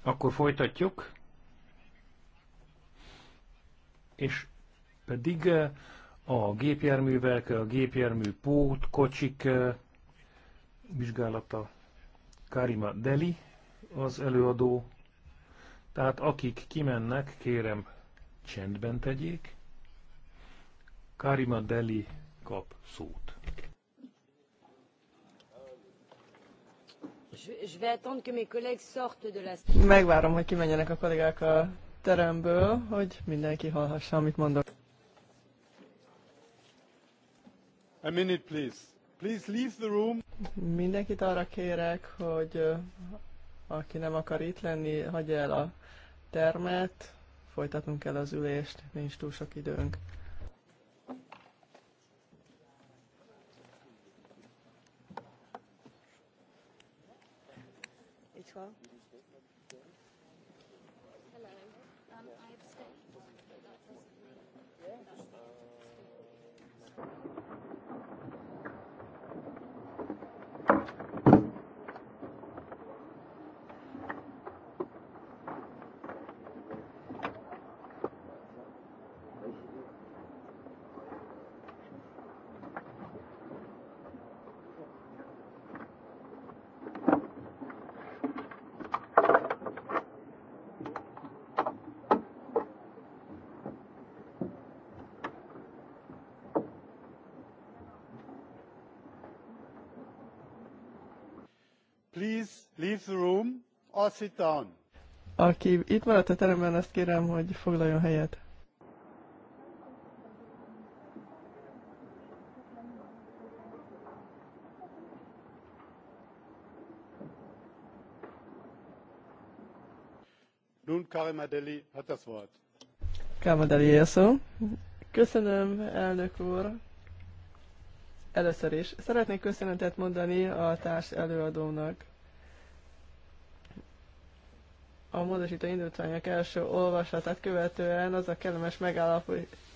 Akkor folytatjuk. És pedig eh, a gépjárművek, a gépjármű pót, kocsik eh, vizsgálata Karima Deli az előadó. Tehát akik kimennek, kérem csendben tegyék. Karima Deli kap szót. Megvárom, hogy kimenjenek a kollégák a teremből, hogy mindenki hallhassa, amit mondok. A minute, please. Please leave the room. Mindenkit arra kérek, hogy aki nem akar itt lenni, hagyja el a termet. Folytatnunk kell az ülést, nincs túl sok időnk. leave the room or sit down. Aki itt maradt a teremben, azt kérem, hogy foglaljon helyet. Nun Karim Adeli hat das Wort. Karim Adeli szó. Köszönöm, elnök úr. Először is szeretnék köszönetet mondani a társ előadónak a módosító indítványok első olvasatát követően az a kellemes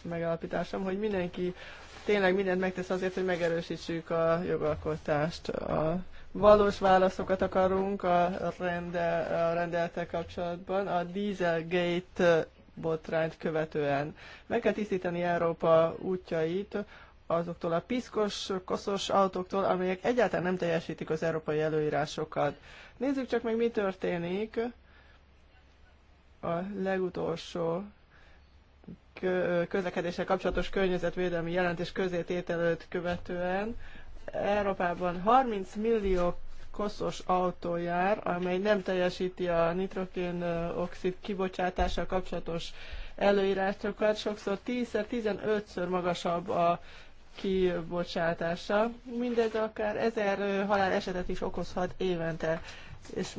megállapításom, hogy mindenki tényleg mindent megtesz azért, hogy megerősítsük a jogalkotást. A valós válaszokat akarunk a, rende, a rendeltel kapcsolatban, a Dieselgate botrányt követően. Meg kell tisztítani Európa útjait azoktól a piszkos, koszos autóktól, amelyek egyáltalán nem teljesítik az európai előírásokat. Nézzük csak meg, mi történik a legutolsó közlekedéssel kapcsolatos környezetvédelmi jelentés közétételőt követően Európában 30 millió koszos autó jár, amely nem teljesíti a nitrogén oxid kibocsátással kapcsolatos előírásokat, sokszor 10-szer, 15-ször magasabb a kibocsátása. Mindez akár ezer halál esetet is okozhat évente. És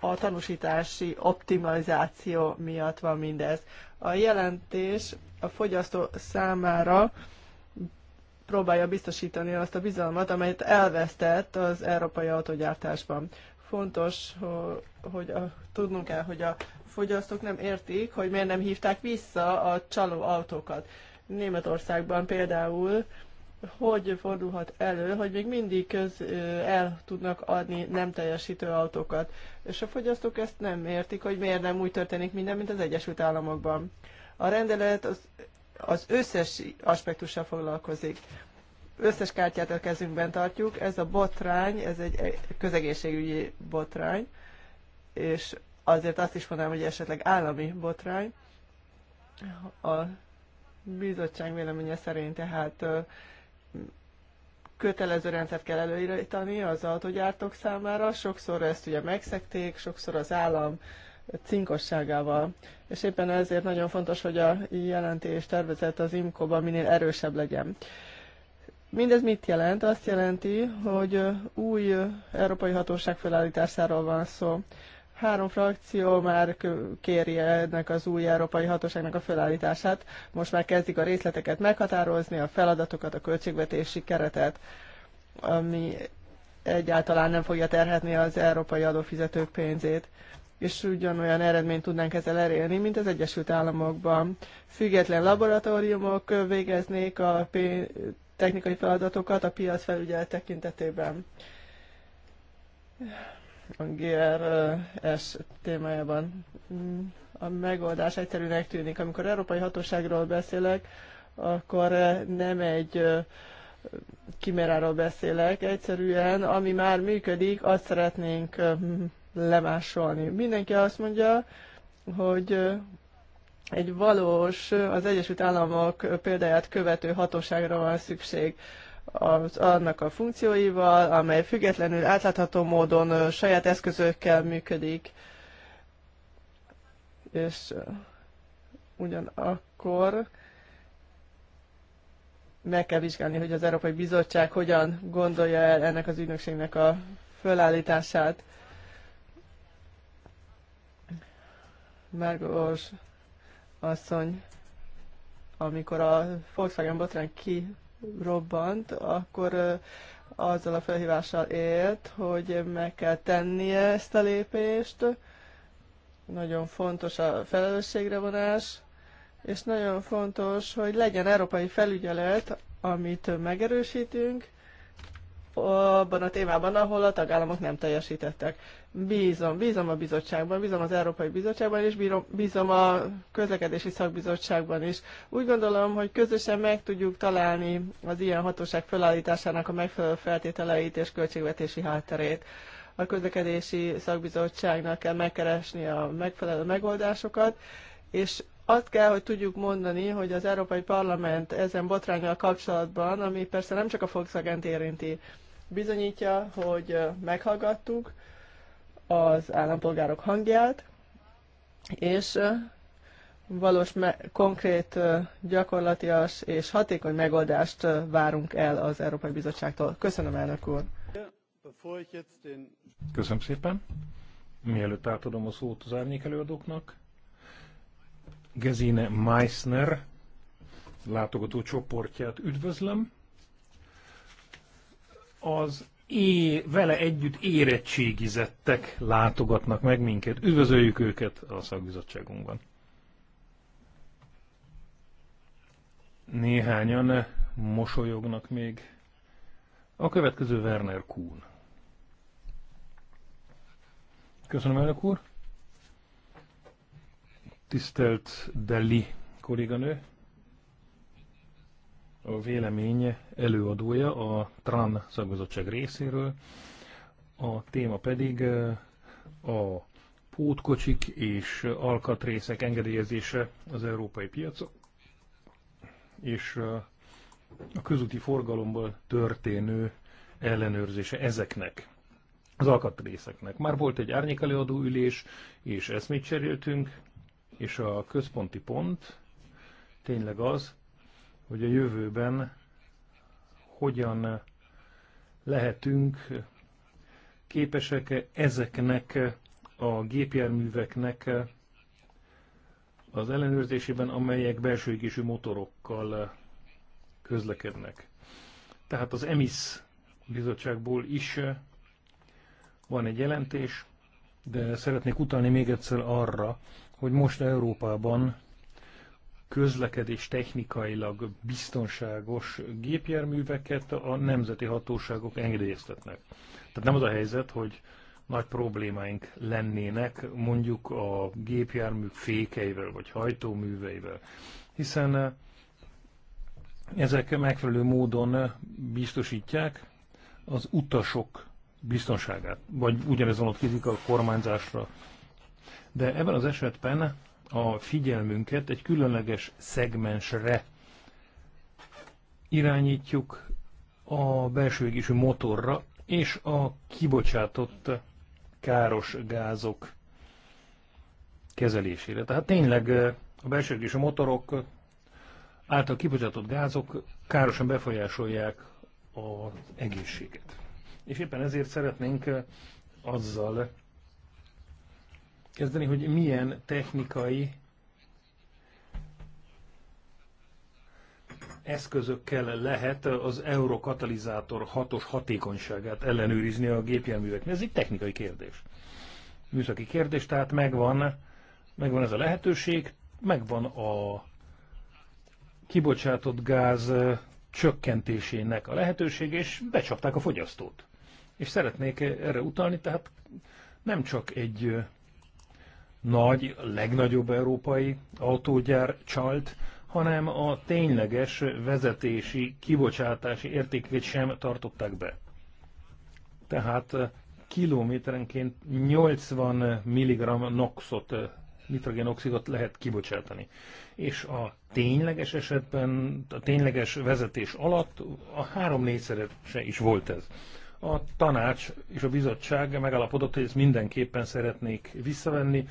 a tanúsítási optimalizáció miatt van mindez. A jelentés a fogyasztó számára próbálja biztosítani azt a bizalmat, amelyet elvesztett az európai autogyártásban. Fontos, hogy a, tudnunk kell, hogy a fogyasztók nem értik, hogy miért nem hívták vissza a csaló autókat. Németországban például hogy fordulhat elő, hogy még mindig köz, el tudnak adni nem teljesítő autókat. És a fogyasztók ezt nem értik, hogy miért nem úgy történik minden, mint az Egyesült Államokban. A rendelet az, az összes aspektussal foglalkozik. Összes kártyát a kezünkben tartjuk. Ez a botrány, ez egy közegészségügyi botrány, és azért azt is mondanám, hogy esetleg állami botrány. A bizottság véleménye szerint tehát kötelező rendszert kell előírítani az autógyártók számára. Sokszor ezt ugye megszekték, sokszor az állam cinkosságával. És éppen ezért nagyon fontos, hogy a jelentés tervezet az IMCO-ban minél erősebb legyen. Mindez mit jelent? Azt jelenti, hogy új európai hatóság felállításáról van szó. Három frakció már kéri ennek az új európai hatóságnak a felállítását. Most már kezdik a részleteket meghatározni, a feladatokat, a költségvetési keretet, ami egyáltalán nem fogja terhetni az európai adófizetők pénzét és ugyanolyan eredményt tudnánk ezzel elérni, mint az Egyesült Államokban. Független laboratóriumok végeznék a technikai feladatokat a piac felügyelet tekintetében a GRS témájában. Mm, a megoldás egyszerűnek tűnik. Amikor európai hatóságról beszélek, akkor nem egy kimeráról beszélek, egyszerűen ami már működik, azt szeretnénk lemásolni. Mindenki azt mondja, hogy egy valós, az Egyesült Államok példáját követő hatóságra van szükség az, annak a funkcióival, amely függetlenül átlátható módon saját eszközökkel működik, és ugyanakkor meg kell vizsgálni, hogy az Európai Bizottság hogyan gondolja el ennek az ügynökségnek a fölállítását. Márgós asszony, amikor a Volkswagen botrány ki robbant, akkor azzal a felhívással élt, hogy meg kell tennie ezt a lépést. Nagyon fontos a felelősségre vonás, és nagyon fontos, hogy legyen európai felügyelet, amit megerősítünk, abban a témában, ahol a tagállamok nem teljesítettek. Bízom, bízom a bizottságban, bízom az Európai Bizottságban, és bírom, bízom a közlekedési szakbizottságban is. Úgy gondolom, hogy közösen meg tudjuk találni az ilyen hatóság felállításának a megfelelő feltételeit és költségvetési hátterét. A közlekedési szakbizottságnak kell megkeresni a megfelelő megoldásokat, és azt kell, hogy tudjuk mondani, hogy az Európai Parlament ezen botrányal kapcsolatban, ami persze nem csak a Volkswagen érinti, bizonyítja, hogy meghallgattuk az állampolgárok hangját, és valós, konkrét, gyakorlatias és hatékony megoldást várunk el az Európai Bizottságtól. Köszönöm, elnök úr! Köszönöm szépen! Mielőtt átadom a szót az árnyék előadóknak, Gezine Meissner látogató csoportját üdvözlöm az é, vele együtt érettségizettek látogatnak meg minket. Üdvözöljük őket a szakbizottságunkban. Néhányan mosolyognak még. A következő Werner Kuhn. Köszönöm, elnök úr. Tisztelt Deli kolléganő, a vélemény előadója a TRAN szakbizottság részéről, a téma pedig eh, a pótkocsik és alkatrészek engedélyezése az európai piacok és eh, a közúti forgalomból történő ellenőrzése ezeknek, az alkatrészeknek. Már volt egy árnyékelőadó ülés, és ezt mit cseréltünk, és a központi pont tényleg az, hogy a jövőben hogyan lehetünk képesek ezeknek a gépjárműveknek az ellenőrzésében, amelyek belső égésű motorokkal közlekednek. Tehát az EMIS bizottságból is van egy jelentés, de szeretnék utalni még egyszer arra, hogy most Európában közlekedés technikailag biztonságos gépjárműveket a nemzeti hatóságok engedélyeztetnek. Tehát nem az a helyzet, hogy nagy problémáink lennének mondjuk a gépjármű fékeivel vagy hajtóműveivel, hiszen eh, ezek megfelelő módon eh, biztosítják az utasok biztonságát, vagy ugyanez vonatkozik a kormányzásra. De ebben az esetben a figyelmünket egy különleges szegmensre irányítjuk a belső égésű motorra és a kibocsátott káros gázok kezelésére. Tehát tényleg eh, a belső égésű motorok által kibocsátott gázok károsan befolyásolják az egészséget. És éppen ezért szeretnénk eh, azzal kezdeni, hogy milyen technikai eszközökkel lehet az eurokatalizátor hatos hatékonyságát ellenőrizni a gépjárműveknél. Ez egy technikai kérdés. Műszaki kérdés, tehát megvan, megvan ez a lehetőség, megvan a kibocsátott gáz csökkentésének a lehetőség, és becsapták a fogyasztót. És szeretnék erre utalni, tehát nem csak egy nagy, legnagyobb európai autógyár csalt, hanem a tényleges vezetési, kibocsátási értékét sem tartották be. Tehát eh, kilométerenként 80 mg noxot, eh, nitrogénoxidot lehet kibocsátani. És a tényleges esetben, a tényleges vezetés alatt a három se is volt ez. A tanács és a bizottság megállapodott, hogy ezt mindenképpen szeretnék visszavenni,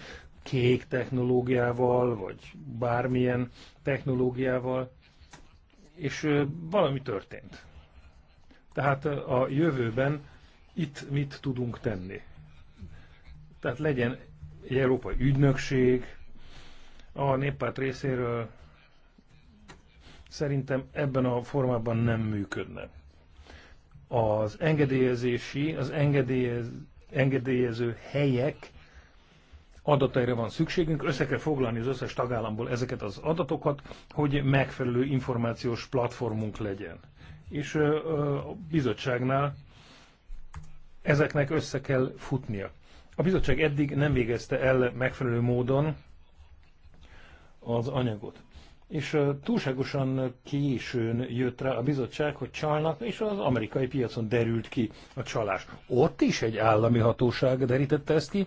kék technológiával, vagy bármilyen technológiával, és valami történt. Tehát a jövőben itt mit tudunk tenni? Tehát legyen egy európai ügynökség, a néppárt részéről szerintem ebben a formában nem működne. Az engedélyezési, az engedélyez, engedélyező helyek adataira van szükségünk, össze kell foglalni az összes tagállamból ezeket az adatokat, hogy megfelelő információs platformunk legyen. És a bizottságnál ezeknek össze kell futnia. A bizottság eddig nem végezte el megfelelő módon az anyagot. És túlságosan későn jött rá a bizottság, hogy csalnak, és az amerikai piacon derült ki a csalás. Ott is egy állami hatóság derítette ezt ki,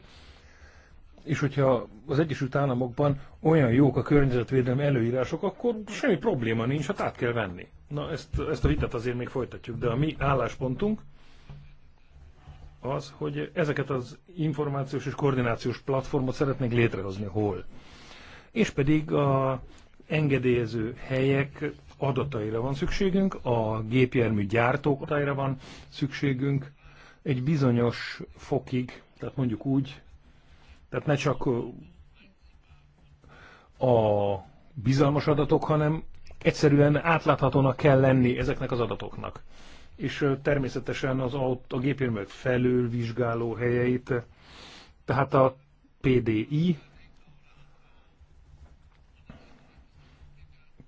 és hogyha az Egyesült Államokban olyan jók a környezetvédelmi előírások, akkor semmi probléma nincs, hát át kell venni. Na, ezt, ezt a vitát azért még folytatjuk, de a mi álláspontunk az, hogy ezeket az információs és koordinációs platformot szeretnénk létrehozni hol. És pedig a engedélyező helyek adataira van szükségünk, a gépjármű gyártók adataira van szükségünk, egy bizonyos fokig, tehát mondjuk úgy, tehát ne csak a bizalmas adatok, hanem egyszerűen átláthatónak kell lenni ezeknek az adatoknak. És természetesen az autó, a gépjárművek felülvizsgáló helyeit, tehát a PDI,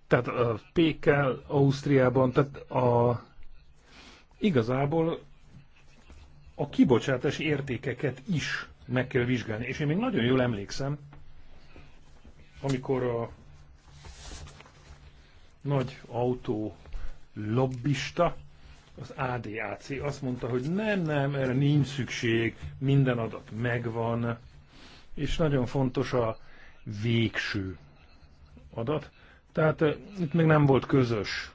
tehát a PK Ausztriában, tehát a, igazából a kibocsátás értékeket is meg kell vizsgálni. És én még nagyon jól emlékszem, amikor a nagy autó lobbista, az ADAC azt mondta, hogy nem, nem, erre nincs szükség, minden adat megvan, és nagyon fontos a végső adat. Tehát eh, itt még nem volt közös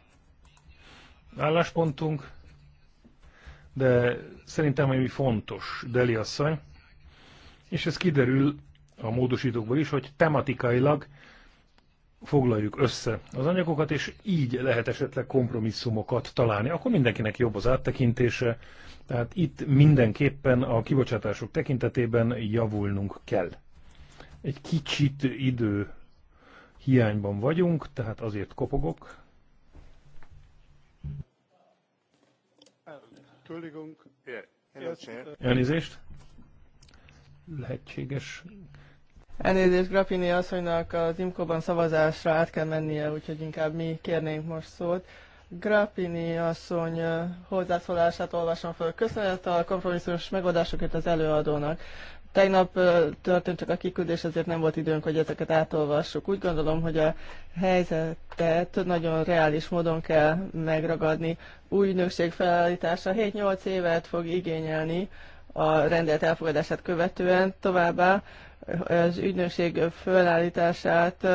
álláspontunk, de szerintem ami fontos, Deli asszony, és ez kiderül a módosítókból is, hogy tematikailag foglaljuk össze az anyagokat, és így lehet esetleg kompromisszumokat találni. Akkor mindenkinek jobb az áttekintése, tehát itt mindenképpen a kibocsátások tekintetében javulnunk kell. Egy kicsit idő hiányban vagyunk, tehát azért kopogok. Elnézést lehetséges. Elnézést Grappini asszonynak az Imkóban szavazásra át kell mennie, úgyhogy inkább mi kérnénk most szót. Grappini asszony hozzászólását olvasom föl. Köszönet a kompromisszumos megoldásokért az előadónak. Tegnap történt csak a kiküldés, ezért nem volt időnk, hogy ezeket átolvassuk. Úgy gondolom, hogy a helyzetet nagyon reális módon kell megragadni. Új ügynökség felállítása 7-8 évet fog igényelni, a rendelet elfogadását követően. Továbbá az ügynökség fölállítását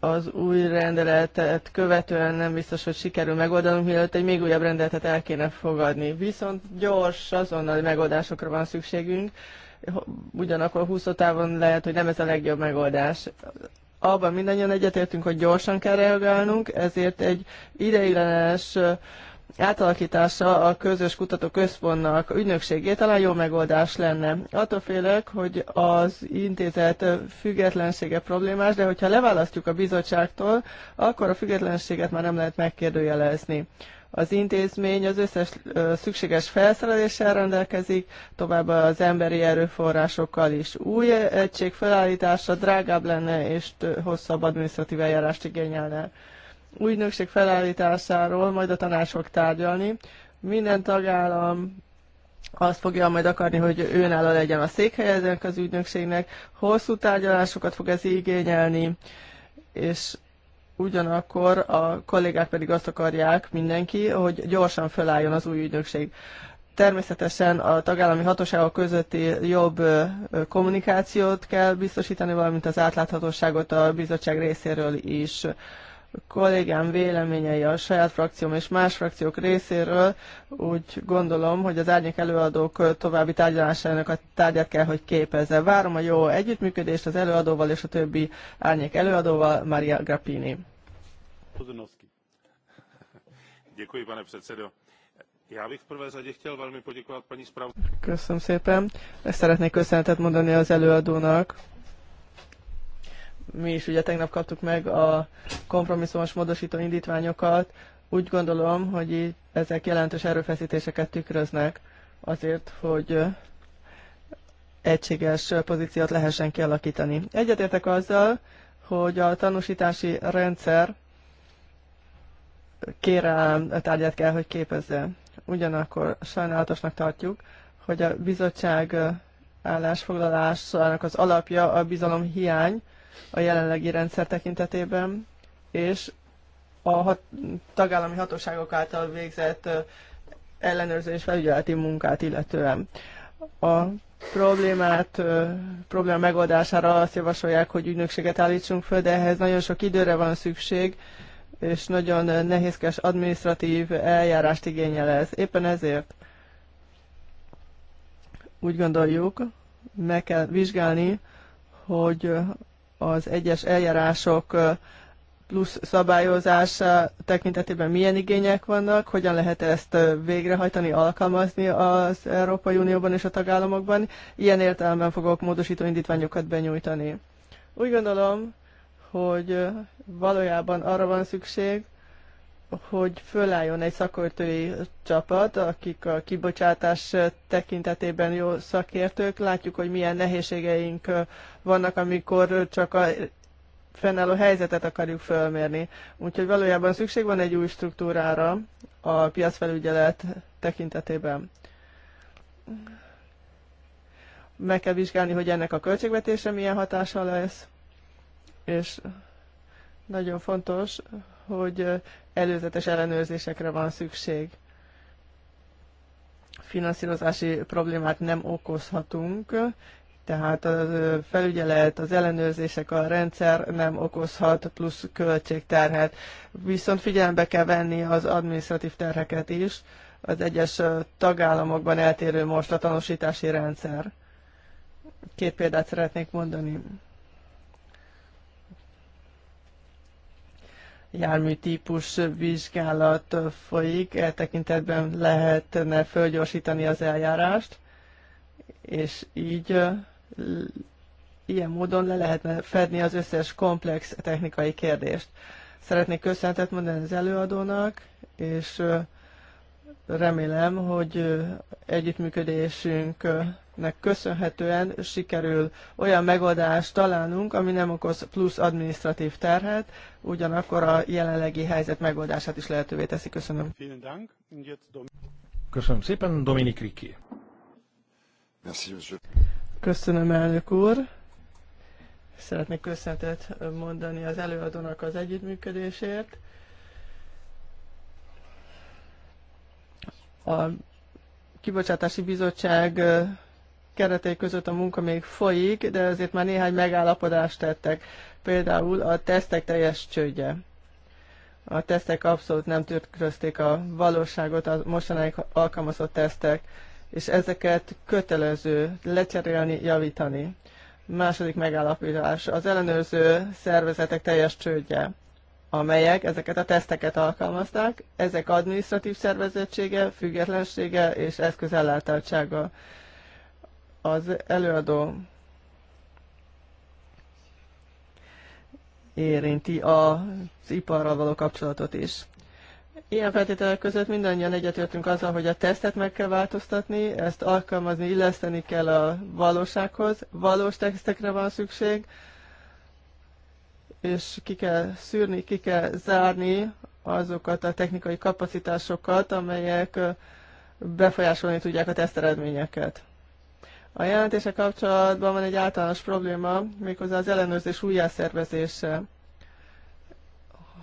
az új rendeletet követően nem biztos, hogy sikerül megoldanunk, mielőtt egy még újabb rendeletet el kéne fogadni. Viszont gyors, azonnali megoldásokra van szükségünk, ugyanakkor hosszú távon lehet, hogy nem ez a legjobb megoldás. Abban mindannyian egyetértünk, hogy gyorsan kell reagálnunk, ezért egy ideiglenes átalakítása a közös kutatóközpontnak ügynökségé talán jó megoldás lenne. Attól félek, hogy az intézet függetlensége problémás, de hogyha leválasztjuk a bizottságtól, akkor a függetlenséget már nem lehet megkérdőjelezni. Az intézmény az összes szükséges felszereléssel rendelkezik, továbbá az emberi erőforrásokkal is. Új egység felállítása drágább lenne és hosszabb adminisztratív eljárást igényelne ügynökség felállításáról majd a tanács fog tárgyalni. Minden tagállam azt fogja majd akarni, hogy őnálló legyen a székhelye ennek az ügynökségnek. Hosszú tárgyalásokat fog ez igényelni, és ugyanakkor a kollégák pedig azt akarják mindenki, hogy gyorsan felálljon az új ügynökség. Természetesen a tagállami hatóságok közötti jobb kommunikációt kell biztosítani, valamint az átláthatóságot a bizottság részéről is kollégám véleményei a saját frakcióm és más frakciók részéről, úgy gondolom, hogy az árnyék előadók további tárgyalásának a tárgyát kell, hogy képezze. Várom a jó együttműködést az előadóval és a többi árnyék előadóval, Maria Grappini. Děkuji, pane předsedo. Já bych v prvé řadě chtěl velmi poděkovat paní zpravodajce. Köszönöm szépen. Ezt szeretnék köszönetet mondani az előadónak mi is ugye tegnap kaptuk meg a kompromisszumos módosító indítványokat. Úgy gondolom, hogy ezek jelentős erőfeszítéseket tükröznek azért, hogy egységes pozíciót lehessen kialakítani. Egyetértek azzal, hogy a tanúsítási rendszer kérelem tárgyát kell, hogy képezze. Ugyanakkor sajnálatosnak tartjuk, hogy a bizottság állásfoglalásának az alapja a bizalom hiány, a jelenlegi rendszer tekintetében, és a hat, tagállami hatóságok által végzett ellenőrzés felügyeleti munkát illetően. A problémát, probléma megoldására azt javasolják, hogy ügynökséget állítsunk föl, de ehhez nagyon sok időre van szükség, és nagyon nehézkes administratív eljárást igényel ez. Éppen ezért úgy gondoljuk, meg kell vizsgálni, hogy az egyes eljárások plusz szabályozása tekintetében milyen igények vannak, hogyan lehet ezt végrehajtani, alkalmazni az Európai Unióban és a tagállamokban. Ilyen értelemben fogok módosító indítványokat benyújtani. Úgy gondolom, hogy valójában arra van szükség, hogy fölálljon egy szakértői csapat, akik a kibocsátás tekintetében jó szakértők. Látjuk, hogy milyen nehézségeink vannak, amikor csak a fennálló helyzetet akarjuk fölmérni. Úgyhogy valójában szükség van egy új struktúrára a piacfelügyelet tekintetében. Meg kell vizsgálni, hogy ennek a költségvetése milyen hatása lesz, és nagyon fontos, hogy előzetes ellenőrzésekre van szükség. Finanszírozási problémát nem okozhatunk, tehát a felügyelet, az ellenőrzések, a rendszer nem okozhat plusz költségterhet. Viszont figyelembe kell venni az administratív terheket is, az egyes tagállamokban eltérő most a tanúsítási rendszer. Két példát szeretnék mondani. jármű típus vizsgálat folyik, e tekintetben lehetne fölgyorsítani az eljárást, és így ilyen módon le lehetne fedni az összes komplex technikai kérdést. Szeretnék köszönetet mondani az előadónak, és remélem, hogy együttműködésünk nek köszönhetően sikerül olyan megoldást találnunk, ami nem okoz plusz adminisztratív terhet, ugyanakkor a jelenlegi helyzet megoldását is lehetővé teszi. Köszönöm. Köszönöm szépen, Dominik Riki. Köszönöm, elnök úr. Szeretnék köszönetet mondani az előadónak az együttműködésért. A Kibocsátási Bizottság keretei között a munka még folyik, de azért már néhány megállapodást tettek. Például a tesztek teljes csődje. A tesztek abszolút nem tükrözték a valóságot, a mostanáig alkalmazott tesztek, és ezeket kötelező lecserélni, javítani. Második megállapítás, az ellenőrző szervezetek teljes csődje amelyek ezeket a teszteket alkalmazták, ezek adminisztratív szervezettsége, függetlensége és eszközellátáltsága az előadó érinti az iparral való kapcsolatot is. Ilyen feltételek között mindannyian egyetértünk azzal, hogy a tesztet meg kell változtatni, ezt alkalmazni, illeszteni kell a valósághoz, valós tesztekre van szükség, és ki kell szűrni, ki kell zárni azokat a technikai kapacitásokat, amelyek befolyásolni tudják a teszteredményeket. A jelentése kapcsolatban van egy általános probléma, méghozzá az ellenőrzés újjászervezése.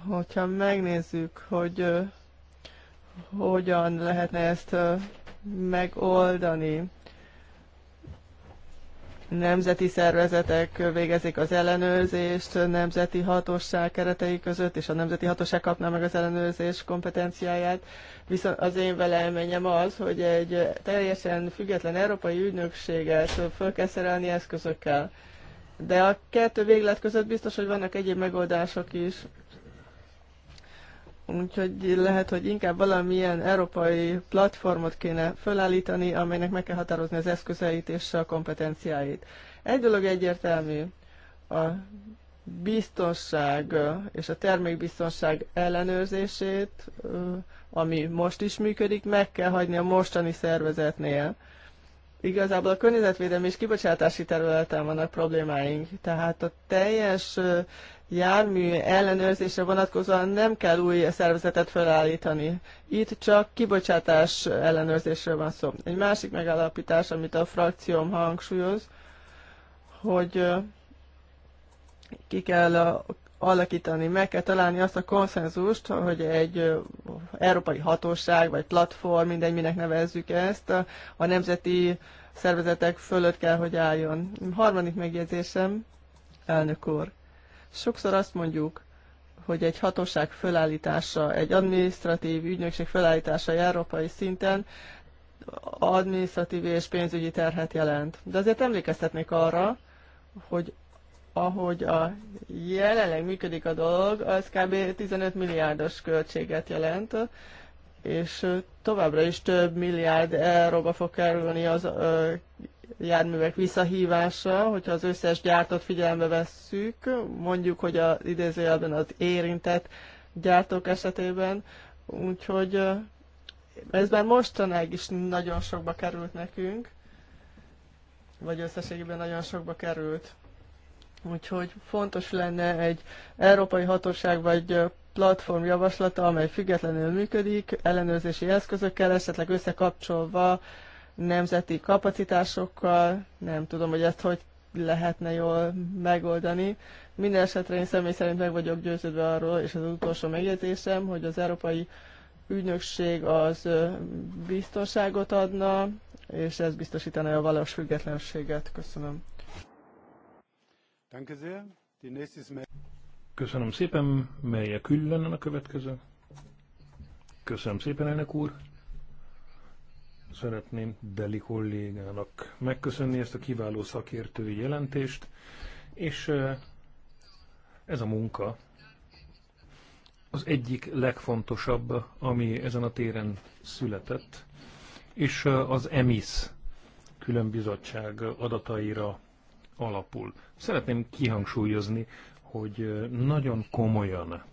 Hogyha megnézzük, hogy hogyan lehetne ezt megoldani, nemzeti szervezetek végezik az ellenőrzést nemzeti hatóság keretei között, és a nemzeti hatóság kapná meg az ellenőrzés kompetenciáját. Viszont az én veleményem az, hogy egy teljesen független európai ügynökséget föl kell szerelni eszközökkel. De a kettő véglet között biztos, hogy vannak egyéb megoldások is. Úgyhogy lehet, hogy inkább valamilyen európai platformot kéne felállítani, amelynek meg kell határozni az eszközeit és a kompetenciáit. Egy dolog egyértelmű, a biztonság és a termékbiztonság ellenőrzését, ami most is működik, meg kell hagyni a mostani szervezetnél. Igazából a környezetvédelmi és kibocsátási területen vannak problémáink, tehát a teljes jármű ellenőrzésre vonatkozóan nem kell új szervezetet felállítani. Itt csak kibocsátás ellenőrzésről van szó. Egy másik megállapítás, amit a frakcióm hangsúlyoz, hogy ki kell alakítani, meg kell találni azt a konszenzust, hogy egy európai hatóság vagy platform, mindegy, minek nevezzük ezt, a nemzeti szervezetek fölött kell, hogy álljon. Harmadik megjegyzésem, elnök úr Sokszor azt mondjuk, hogy egy hatóság fölállítása, egy adminisztratív ügynökség fölállítása európai szinten adminisztratív és pénzügyi terhet jelent. De azért emlékeztetnék arra, hogy ahogy a jelenleg működik a dolog, az kb. 15 milliárdos költséget jelent, és továbbra is több milliárd euróba fog kerülni az járművek visszahívása, hogyha az összes gyártót figyelembe vesszük, mondjuk, hogy az idézőjelben az érintett gyártók esetében, úgyhogy ez már mostanáig is nagyon sokba került nekünk, vagy összességében nagyon sokba került. Úgyhogy fontos lenne egy európai hatóság vagy platform javaslata, amely függetlenül működik, ellenőrzési eszközökkel, esetleg összekapcsolva nemzeti kapacitásokkal, nem tudom, hogy ezt hogy lehetne jól megoldani. Minden esetre én személy szerint meg vagyok győződve arról, és az utolsó megjegyzésem, hogy az Európai Ügynökség az biztonságot adna, és ez biztosítaná a valós függetlenséget. Köszönöm. Köszönöm szépen, melyek külön a következő? Köszönöm szépen, elnök úr. Szeretném Deli kollégának megköszönni ezt a kiváló szakértői jelentést, és ez a munka az egyik legfontosabb, ami ezen a téren született, és az EMIS különbizottság adataira alapul. Szeretném kihangsúlyozni, hogy nagyon komolyan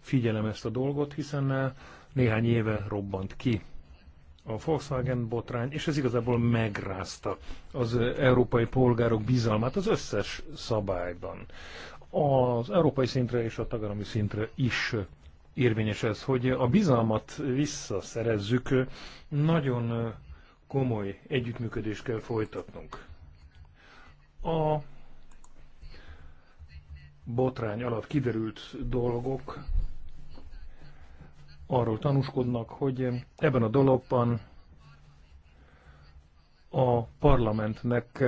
figyelem ezt a dolgot, hiszen néhány éve robbant ki a Volkswagen botrány, és ez igazából megrázta az európai polgárok bizalmát az összes szabályban. Az európai szintre és a tagállami szintre is érvényes ez, hogy a bizalmat visszaszerezzük, nagyon komoly együttműködést kell folytatnunk. A botrány alatt kiderült dolgok arról tanúskodnak, hogy ebben a dologban a parlamentnek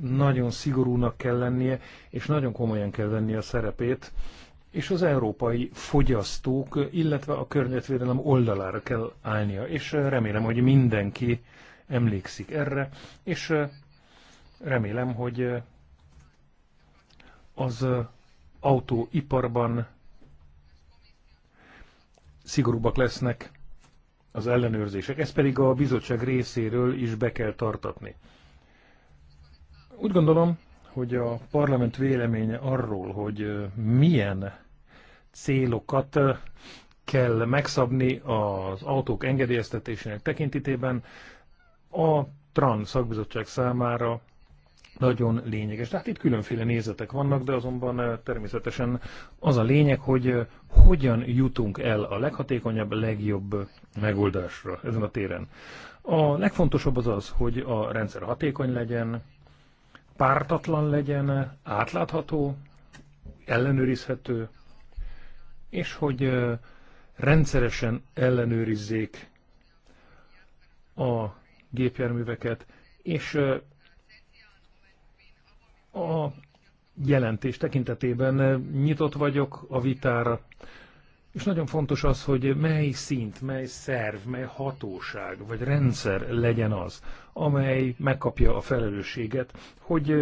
nagyon szigorúnak kell lennie, és nagyon komolyan kell vennie a szerepét, és az európai fogyasztók, illetve a környezetvédelem oldalára kell állnia, és remélem, hogy mindenki emlékszik erre, és remélem, hogy az autóiparban szigorúbbak lesznek az ellenőrzések. Ezt pedig a bizottság részéről is be kell tartatni. Úgy gondolom, hogy a parlament véleménye arról, hogy milyen célokat kell megszabni az autók engedélyeztetésének tekintetében, a TRAN szakbizottság számára nagyon lényeges. Tehát itt különféle nézetek vannak, de azonban eh, természetesen az a lényeg, hogy eh, hogyan jutunk el a leghatékonyabb, legjobb megoldásra ezen a téren. A legfontosabb az az, hogy a rendszer hatékony legyen, pártatlan legyen, átlátható, ellenőrizhető, és hogy eh, rendszeresen ellenőrizzék a gépjárműveket, és a jelentés tekintetében nyitott vagyok a vitára, és nagyon fontos az, hogy mely szint, mely szerv, mely hatóság vagy rendszer legyen az, amely megkapja a felelősséget, hogy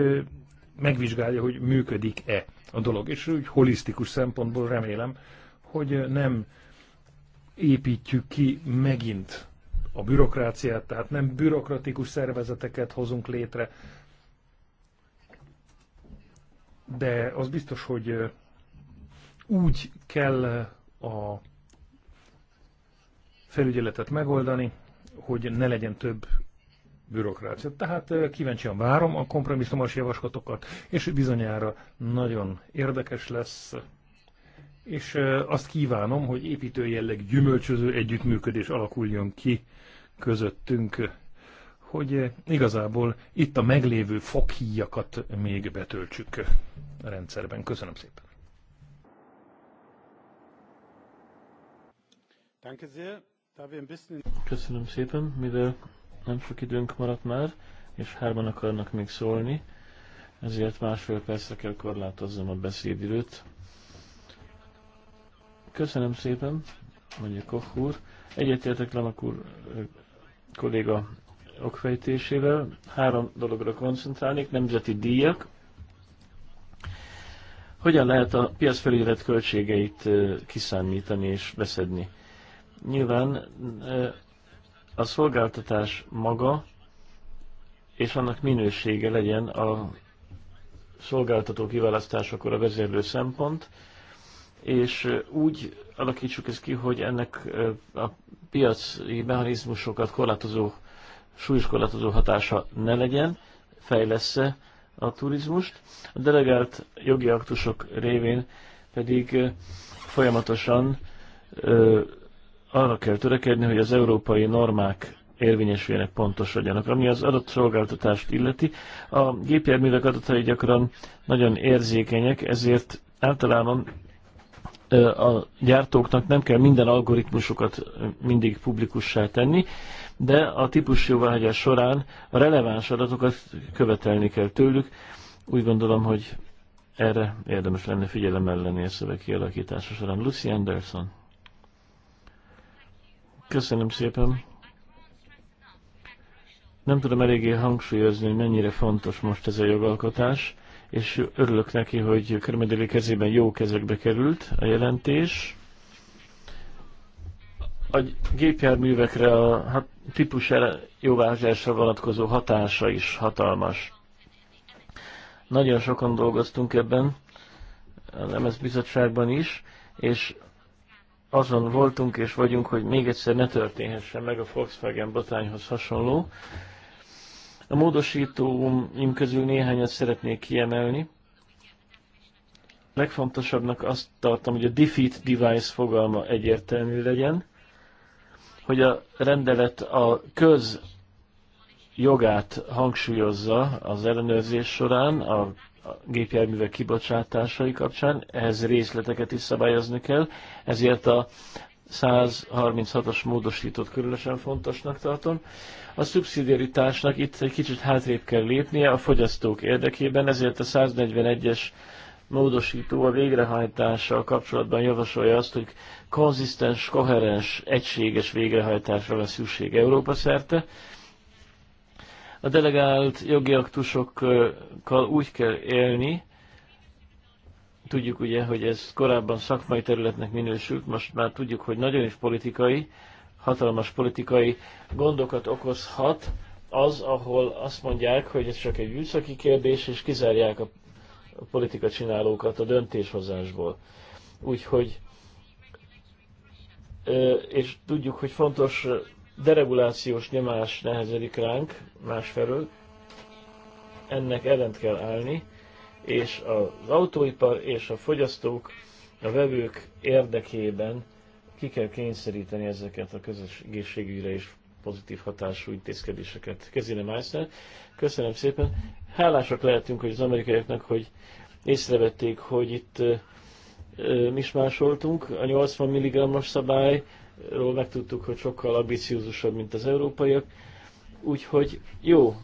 megvizsgálja, hogy működik-e a dolog. És úgy holisztikus szempontból remélem, hogy nem építjük ki megint a bürokráciát, tehát nem bürokratikus szervezeteket hozunk létre, de az biztos, hogy úgy kell a felügyeletet megoldani, hogy ne legyen több bürokrácia. Tehát kíváncsian várom a kompromisszumos javaslatokat, és bizonyára nagyon érdekes lesz, és azt kívánom, hogy építőjelleg jelleg gyümölcsöző együttműködés alakuljon ki közöttünk hogy eh, igazából itt a meglévő fokhíjakat még betöltsük eh, a rendszerben. Köszönöm szépen. Köszönöm szépen, mivel nem sok időnk maradt már, és hárman akarnak még szólni, ezért másfél percre kell korlátoznom a beszédidőt. Köszönöm szépen, mondja Koch úr. Egyetértek Lamak úr eh, kolléga okfejtésével. Három dologra koncentrálnék, nemzeti díjak, hogyan lehet a piacfelügyelet költségeit kiszámítani és beszedni. Nyilván a szolgáltatás maga és annak minősége legyen a szolgáltató kiválasztásakor a vezérlő szempont, és úgy alakítsuk ezt ki, hogy ennek a piaci mechanizmusokat korlátozó súlyoskorlátozó hatása ne legyen, fejlesz-e a turizmust. A delegált jogi aktusok révén pedig folyamatosan ö, arra kell törekedni, hogy az európai normák érvényesüljenek, legyenek. Ami az szolgáltatást illeti, a gépjárművek adatai gyakran nagyon érzékenyek, ezért általában a gyártóknak nem kell minden algoritmusokat mindig publikussá tenni, de a típus jóváhagyás során a releváns adatokat követelni kell tőlük. Úgy gondolom, hogy erre érdemes lenne figyelemmel lenni a szöveg kialakítása során. Lucy Anderson. Köszönöm szépen. Nem tudom eléggé hangsúlyozni, hogy mennyire fontos most ez a jogalkotás, és örülök neki, hogy körmedeli kezében jó kezekbe került a jelentés a gépjárművekre a típus jóváhagyásra vonatkozó hatása is hatalmas. Nagyon sokan dolgoztunk ebben, a Nemes bizottságban is, és azon voltunk és vagyunk, hogy még egyszer ne történhessen meg a Volkswagen botányhoz hasonló. A módosítóim közül néhányat szeretnék kiemelni. Legfontosabbnak azt tartom, hogy a defeat device fogalma egyértelmű legyen, hogy a rendelet a köz jogát hangsúlyozza az ellenőrzés során a gépjárművek kibocsátásai kapcsán, ehhez részleteket is szabályozni kell, ezért a 136-as módosítót különösen fontosnak tartom. A szubszidiaritásnak itt egy kicsit hátrébb kell lépnie a fogyasztók érdekében, ezért a 141-es módosító a végrehajtással kapcsolatban javasolja azt, hogy konzisztens, koherens, egységes végrehajtásra lesz szükség Európa szerte. A delegált jogi aktusokkal úgy kell élni, tudjuk ugye, hogy ez korábban szakmai területnek minősült, most már tudjuk, hogy nagyon is politikai, hatalmas politikai gondokat okozhat az, ahol azt mondják, hogy ez csak egy műszaki kérdés, és kizárják a a politika csinálókat a döntéshozásból. Úgyhogy, és tudjuk, hogy fontos deregulációs nyomás nehezedik ránk másfelől, ennek ellent kell állni, és az autóipar és a fogyasztók, a vevők érdekében ki kell kényszeríteni ezeket a közösségügyre és pozitív hatású intézkedéseket. Kezine Meissner, köszönöm szépen. Hálásak lehetünk hogy az amerikaiaknak, hogy észrevették, hogy itt mi is másoltunk. A 80 mg-os szabályról megtudtuk, hogy sokkal ambiciózusabb, mint az európaiak. Úgyhogy jó,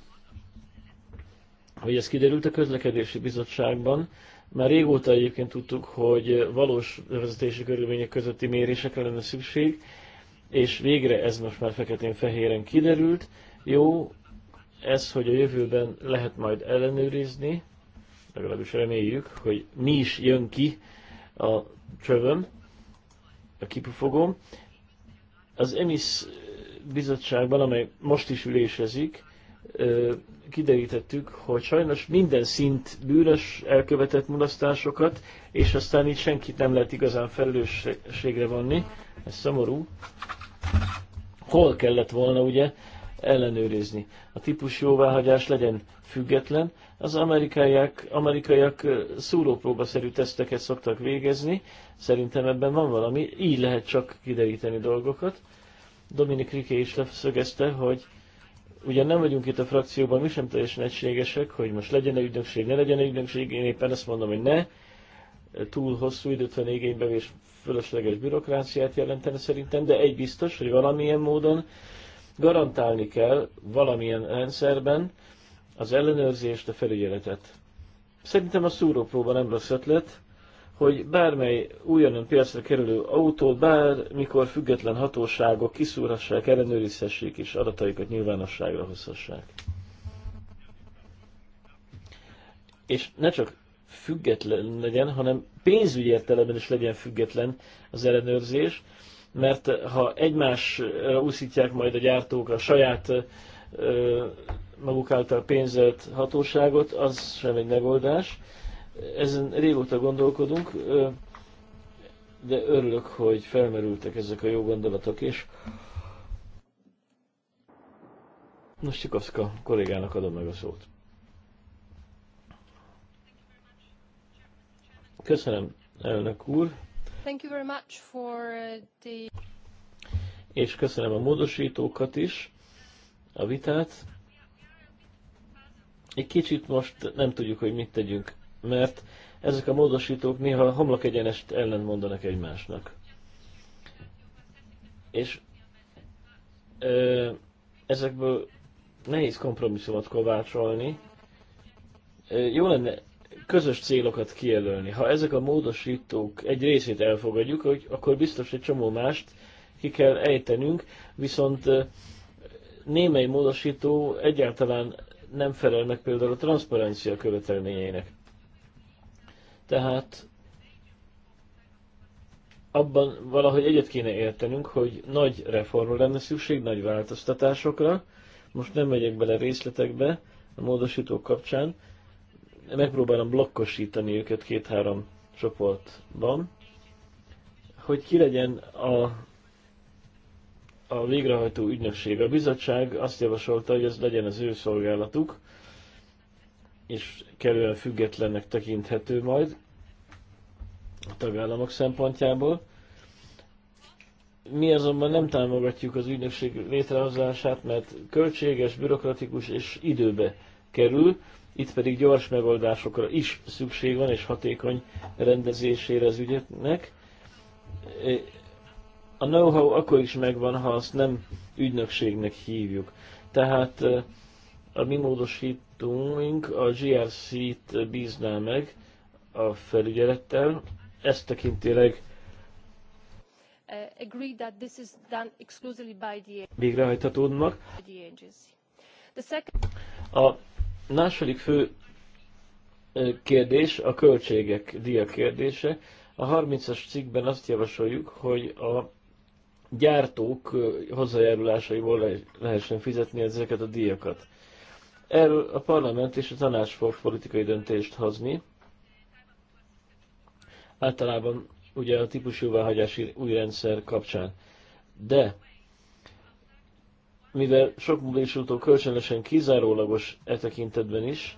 hogy ez kiderült a közlekedési bizottságban. Már régóta egyébként tudtuk, hogy valós vezetési körülmények közötti mérésekre lenne szükség, és végre ez most már feketén-fehéren kiderült. Jó, ez, hogy a jövőben lehet majd ellenőrizni, legalábbis reméljük, hogy mi is jön ki a csövöm, a kipufogom. Az EMIS bizottságban, amely most is ülésezik, kiderítettük, hogy sajnos minden szint bűnös elkövetett mulasztásokat, és aztán így senkit nem lehet igazán felelősségre vonni. Ez szomorú hol kellett volna ugye ellenőrizni. A típus jóváhagyás legyen független. Az amerikaiak, amerikaiak szúrópróbaszerű teszteket szoktak végezni, szerintem ebben van valami, így lehet csak kideríteni dolgokat. Dominik Riké is leszögezte, hogy ugyan nem vagyunk itt a frakcióban, mi sem teljesen egységesek, hogy most legyen-e ügynökség, ne legyen-e ügynökség, én éppen azt mondom, hogy ne, túl hosszú időt van igénybe, és fölösleges bürokráciát jelenteni szerintem, de egy biztos, hogy valamilyen módon garantálni kell valamilyen rendszerben az ellenőrzést, a felügyeletet. Szerintem a szúrópróba nem rossz ötlet, hogy bármely újonnan piacra kerülő autó, bármikor független hatóságok kiszúrhassák, ellenőrizhessék és adataikat nyilvánosságra hozhassák. És ne csak független legyen, hanem pénzügyi értelemben is legyen független az ellenőrzés, mert ha egymásra úszítják majd a gyártók a saját maguk által pénzelt hatóságot, az sem egy megoldás. Ezen régóta gondolkodunk, de örülök, hogy felmerültek ezek a jó gondolatok is. Nos, Csikovszka kollégának adom meg a szót. Köszönöm, elnök úr. Thank you very much for uh, the... És köszönöm a módosítókat is, a vitát. Egy kicsit most nem tudjuk, hogy mit tegyünk, mert ezek a módosítók néha homlok egyenest mondanak egymásnak. És ö, ezekből nehéz kompromisszumot kovácsolni. Ö, jó lenne közös célokat kijelölni. Ha ezek a módosítók egy részét elfogadjuk, hogy akkor biztos egy csomó mást ki kell ejtenünk, viszont némely módosító egyáltalán nem felel meg például a transzparencia követelményeinek. Tehát abban valahogy egyet kéne értenünk, hogy nagy reformra lenne szükség, nagy változtatásokra. Most nem megyek bele részletekbe a módosítók kapcsán, megpróbálom blokkosítani őket két-három csoportban, hogy ki legyen a, a végrehajtó ügynökség. A bizottság azt javasolta, hogy ez legyen az ő szolgálatuk, és kellően függetlennek tekinthető majd a tagállamok szempontjából. Mi azonban nem támogatjuk az ügynökség létrehozását, mert költséges, bürokratikus és időbe kerül, itt pedig gyors megoldásokra is szükség van, és hatékony rendezésére az ügyetnek. A know-how akkor is megvan, ha azt nem ügynökségnek hívjuk. Tehát a mi módosítunk a GRC-t bízná meg a felügyelettel, ezt tekintileg uh, végrehajtatódnak. A Második fő kérdés a költségek dia kérdése. A 30-as cikkben azt javasoljuk, hogy a gyártók hozzájárulásaiból lehessen fizetni ezeket a díjakat. Erről a parlament és a tanács fog politikai döntést hozni. Általában ugye a típusjóváhagyási új rendszer kapcsán. De mivel sok mobilisútól kölcsönösen kizárólagos e tekintetben is,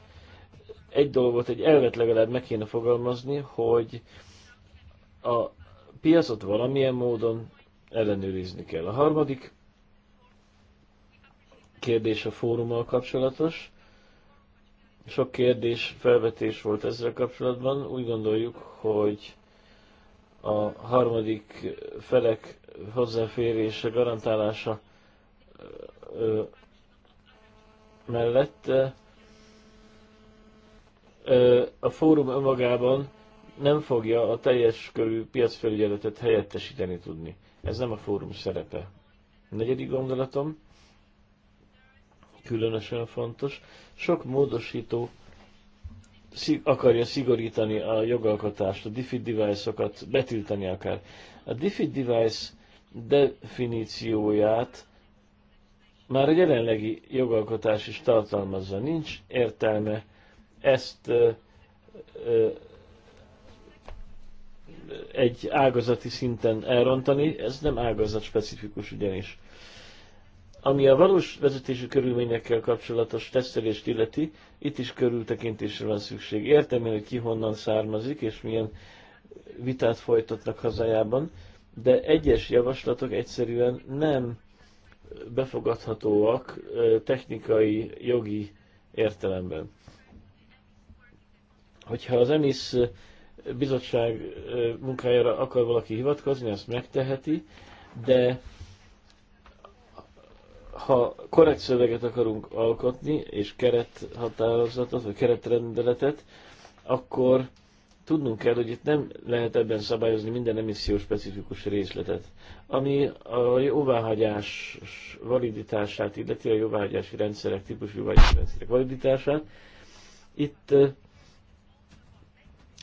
egy dolgot, egy elvet legalább meg kéne fogalmazni, hogy a piacot valamilyen módon ellenőrizni kell. A harmadik kérdés a fórummal kapcsolatos. Sok kérdés, felvetés volt ezzel kapcsolatban. Úgy gondoljuk, hogy a harmadik felek hozzáférése, garantálása mellett a fórum önmagában nem fogja a teljes körű piacfelügyeletet helyettesíteni tudni. Ez nem a fórum szerepe. A negyedik gondolatom, különösen fontos, sok módosító akarja szigorítani a jogalkotást, a diffid device-okat, betiltani akár. A diffid device definícióját már a jelenlegi jogalkotás is tartalmazza. Nincs értelme ezt ö, ö, egy ágazati szinten elrontani, ez nem ágazat specifikus ugyanis. Ami a valós vezetési körülményekkel kapcsolatos tesztelést illeti, itt is körültekintésre van szükség. Értem én, hogy ki honnan származik, és milyen vitát folytatnak hazájában, de egyes javaslatok egyszerűen nem befogadhatóak technikai, jogi értelemben. Hogyha az EMISZ bizottság munkájára akar valaki hivatkozni, azt megteheti, de ha korrekt szöveget akarunk alkotni, és kerethatározatot, vagy keretrendeletet, akkor tudnunk kell, hogy itt nem lehet ebben szabályozni minden emisszió specifikus részletet. Ami a jóváhagyás validitását illeti, a jóváhagyási rendszerek, típusú jóváhagyási rendszerek validitását, itt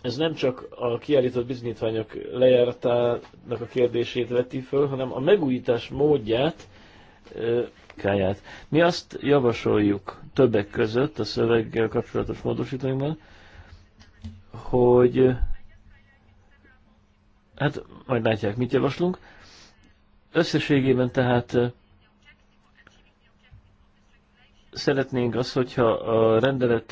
ez nem csak a kiállított bizonyítványok lejártának a kérdését veti föl, hanem a megújítás módját, káját. Mi azt javasoljuk többek között a szöveggel kapcsolatos módosítóinkban, hogy hát majd látják, mit javaslunk. Összességében tehát szeretnénk azt, hogyha a rendelet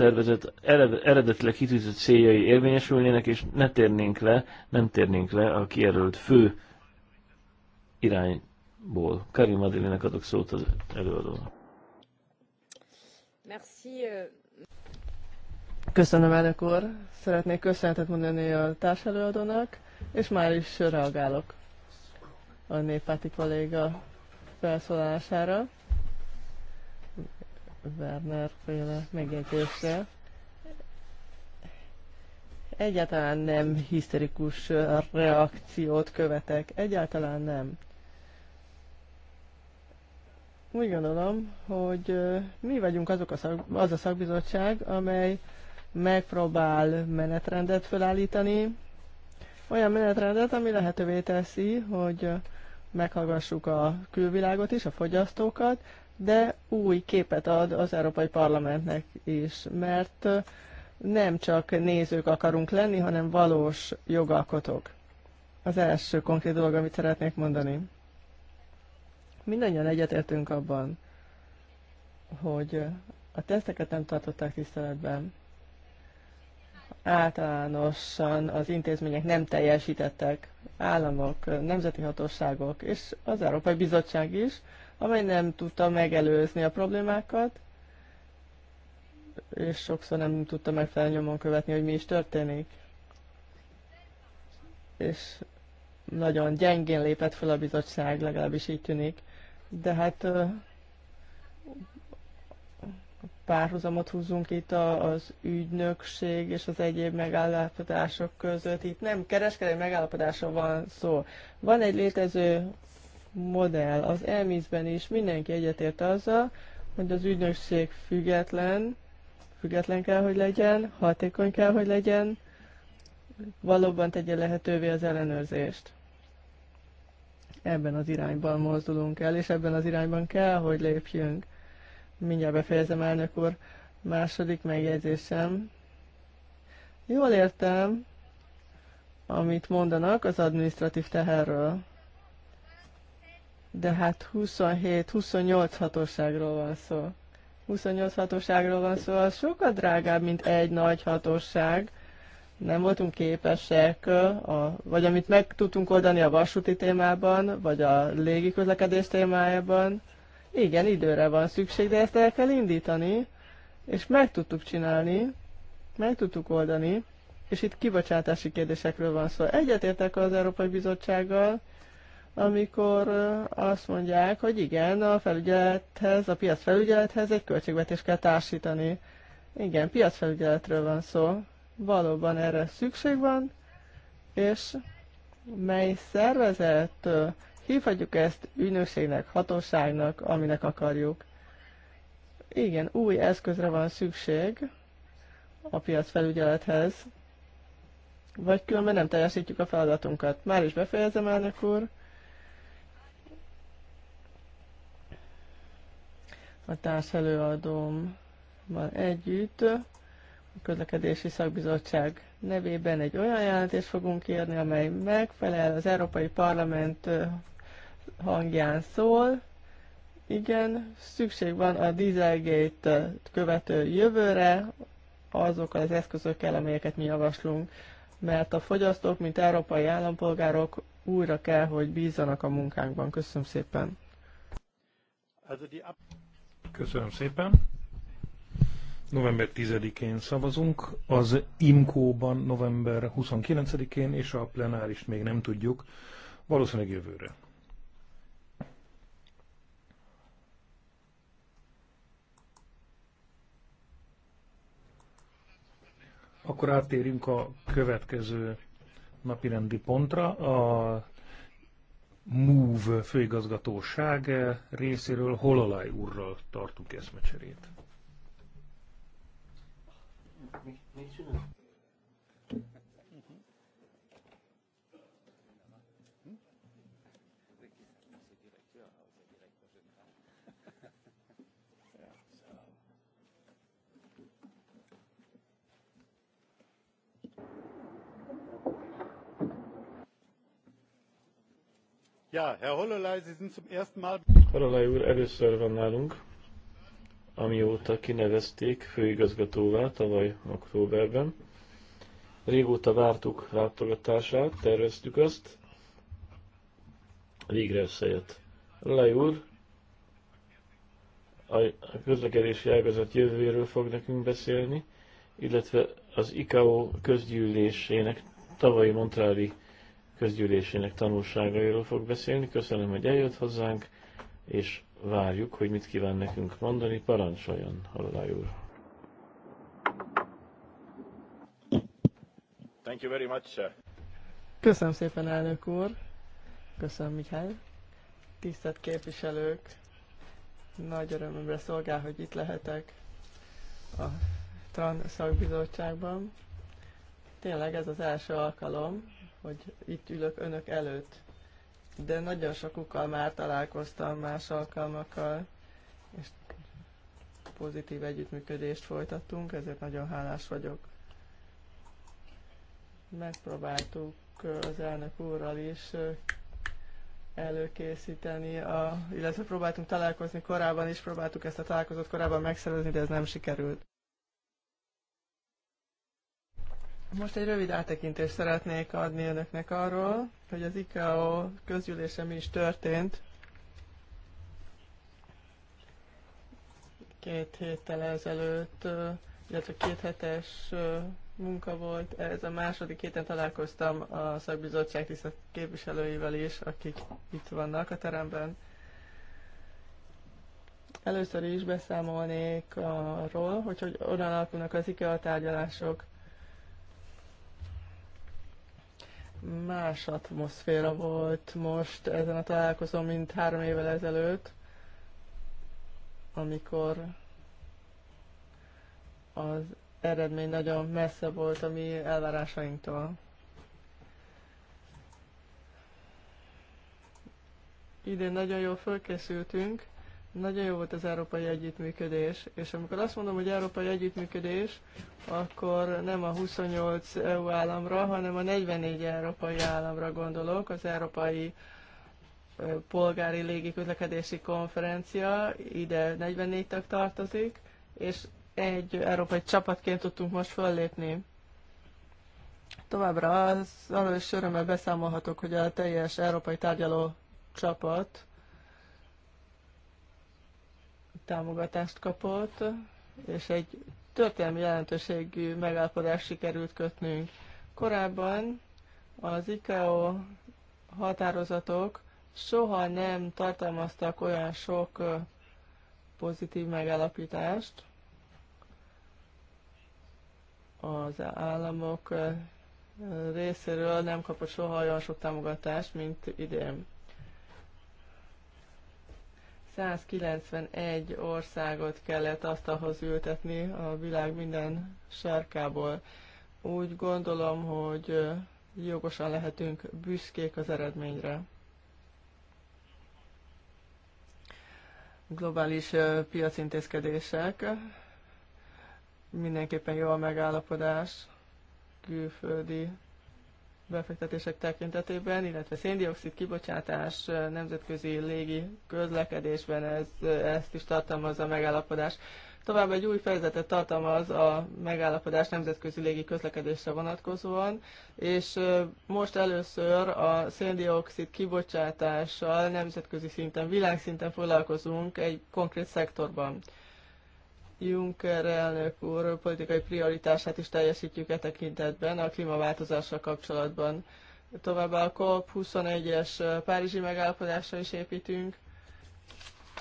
eredetileg kitűzött céljai érvényesülnének, és ne térnénk le, nem térnénk le a kijelölt fő irányból. Karim Adélinek adok szót az előadónak. Merci, euh, Köszönöm, elnök úr. Szeretnék köszönetet mondani a társelőadónak, és már is reagálok a néppáti kolléga felszólalására. Werner féle megjegyzésre. Egyáltalán nem hiszterikus reakciót követek. Egyáltalán nem. Úgy gondolom, hogy mi vagyunk azok a szak, az a szakbizottság, amely megpróbál menetrendet felállítani, olyan menetrendet, ami lehetővé teszi, hogy meghallgassuk a külvilágot is, a fogyasztókat, de új képet ad az Európai Parlamentnek is, mert nem csak nézők akarunk lenni, hanem valós jogalkotók. Az első konkrét dolog, amit szeretnék mondani. Mindannyian egyetértünk abban, hogy a teszteket nem tartották tiszteletben általánosan az intézmények nem teljesítettek, államok, nemzeti hatóságok és az Európai Bizottság is, amely nem tudta megelőzni a problémákat, és sokszor nem tudta megfelelően nyomon követni, hogy mi is történik. És nagyon gyengén lépett fel a bizottság, legalábbis így tűnik. De hát párhuzamot húzunk itt az ügynökség és az egyéb megállapodások között. Itt nem kereskedelmi megállapodásra van szó. Van egy létező modell. Az elmízben is mindenki egyetért azzal, hogy az ügynökség független, független kell, hogy legyen, hatékony kell, hogy legyen, valóban tegye lehetővé az ellenőrzést. Ebben az irányban mozdulunk el, és ebben az irányban kell, hogy lépjünk. Mindjárt befejezem, elnök úr. Második megjegyzésem. Jól értem, amit mondanak az administratív teherről. De hát 27-28 hatóságról van szó. 28 hatóságról van szó, az sokkal drágább, mint egy nagy hatóság. Nem voltunk képesek, a, vagy amit meg tudtunk oldani a vasúti témában, vagy a légiközlekedés témájában, igen, időre van szükség, de ezt el kell indítani, és meg tudtuk csinálni, meg tudtuk oldani, és itt kibocsátási kérdésekről van szó. Egyetértek az Európai Bizottsággal, amikor azt mondják, hogy igen, a felügyelethez, a piac felügyelethez egy költségvetést kell társítani. Igen, piacfelügyeletről van szó. Valóban erre szükség van, és mely szervezet Hívhatjuk ezt ügynökségnek, hatóságnak, aminek akarjuk. Igen, új eszközre van szükség a piac felügyelethez, vagy különben nem teljesítjük a feladatunkat. Már is befejezem, elnök úr. A van együtt a közlekedési szakbizottság nevében egy olyan jelentést fogunk írni, amely megfelel az Európai Parlament hangján szól. Igen, szükség van a Dieselgate követő jövőre, azokkal az eszközökkel, amelyeket mi javaslunk, mert a fogyasztók, mint európai állampolgárok újra kell, hogy bízzanak a munkánkban. Köszönöm szépen! Köszönöm szépen! November 10-én szavazunk, az IMKO-ban november 29-én, és a plenáris még nem tudjuk, valószínűleg jövőre. Akkor áttérünk a következő napirendi pontra, a MOVE főigazgatóság részéről Hololaj úrral tartunk eszmecserét. Mi, mit csinál? Ja, Herr Hololaj, Sie sind zum ersten Mal... úr először van nálunk, amióta kinevezték főigazgatóvá tavaly októberben. Régóta vártuk látogatását, terveztük azt. Végre összejött. Hololaj úr, a közlekedési ágazat jövőjéről fog nekünk beszélni, illetve az ICAO közgyűlésének tavalyi Montráli közgyűlésének tanulságairól fog beszélni. Köszönöm, hogy eljött hozzánk, és várjuk, hogy mit kíván nekünk mondani. Parancsoljon, Halalá úr! Thank you very much, sir. Köszönöm szépen, elnök úr! Köszönöm, Mihály! Tisztelt képviselők! Nagy örömömre szolgál, hogy itt lehetek a TRAN szakbizottságban. Tényleg ez az első alkalom, hogy itt ülök önök előtt. De nagyon sokukkal már találkoztam más alkalmakkal, és pozitív együttműködést folytattunk, ezért nagyon hálás vagyok. Megpróbáltuk az elnök úrral is előkészíteni, a, illetve próbáltunk találkozni korábban is, próbáltuk ezt a találkozót korábban megszervezni, de ez nem sikerült. Most egy rövid áttekintést szeretnék adni önöknek arról, hogy az ICAO közgyűlése mi is történt. Két héttel ezelőtt, illetve két hetes munka volt. Ez a második héten találkoztam a szakbizottság tisztelt képviselőivel is, akik itt vannak a teremben. Először is beszámolnék arról, hogy, hogyan alakulnak az IKEA tárgyalások más atmoszféra volt most ezen a találkozón, mint három évvel ezelőtt, amikor az eredmény nagyon messze volt a mi elvárásainktól. Idén nagyon jól fölkészültünk, nagyon jó volt az európai együttműködés, és amikor azt mondom, hogy európai együttműködés, akkor nem a 28 EU államra, hanem a 44 európai államra gondolok, az Európai Polgári Légiközlekedési Konferencia, ide 44 tag tartozik, és egy európai csapatként tudtunk most föllépni. Továbbra az, arról is örömmel beszámolhatok, hogy a teljes európai tárgyaló csapat támogatást kapott, és egy történelmi jelentőségű megállapodást sikerült kötnünk. Korábban az ICAO határozatok soha nem tartalmaztak olyan sok pozitív megállapítást az államok részéről nem kapott soha olyan sok támogatást, mint idén. 191 országot kellett asztalhoz ültetni a világ minden sarkából. Úgy gondolom, hogy jogosan lehetünk büszkék az eredményre. Globális piacintézkedések, mindenképpen jó a megállapodás, külföldi befektetések tekintetében, illetve széndiokszid kibocsátás nemzetközi légi közlekedésben ez, ezt is tartalmazza a megállapodás. Továbbá egy új fejezetet tartalmaz a megállapodás nemzetközi légi közlekedésre vonatkozóan, és most először a széndiokszid kibocsátással nemzetközi szinten, világszinten foglalkozunk egy konkrét szektorban. Juncker elnök úr politikai prioritását is teljesítjük e tekintetben a klímaváltozással kapcsolatban. Továbbá a COP21-es Párizsi megállapodásra is építünk.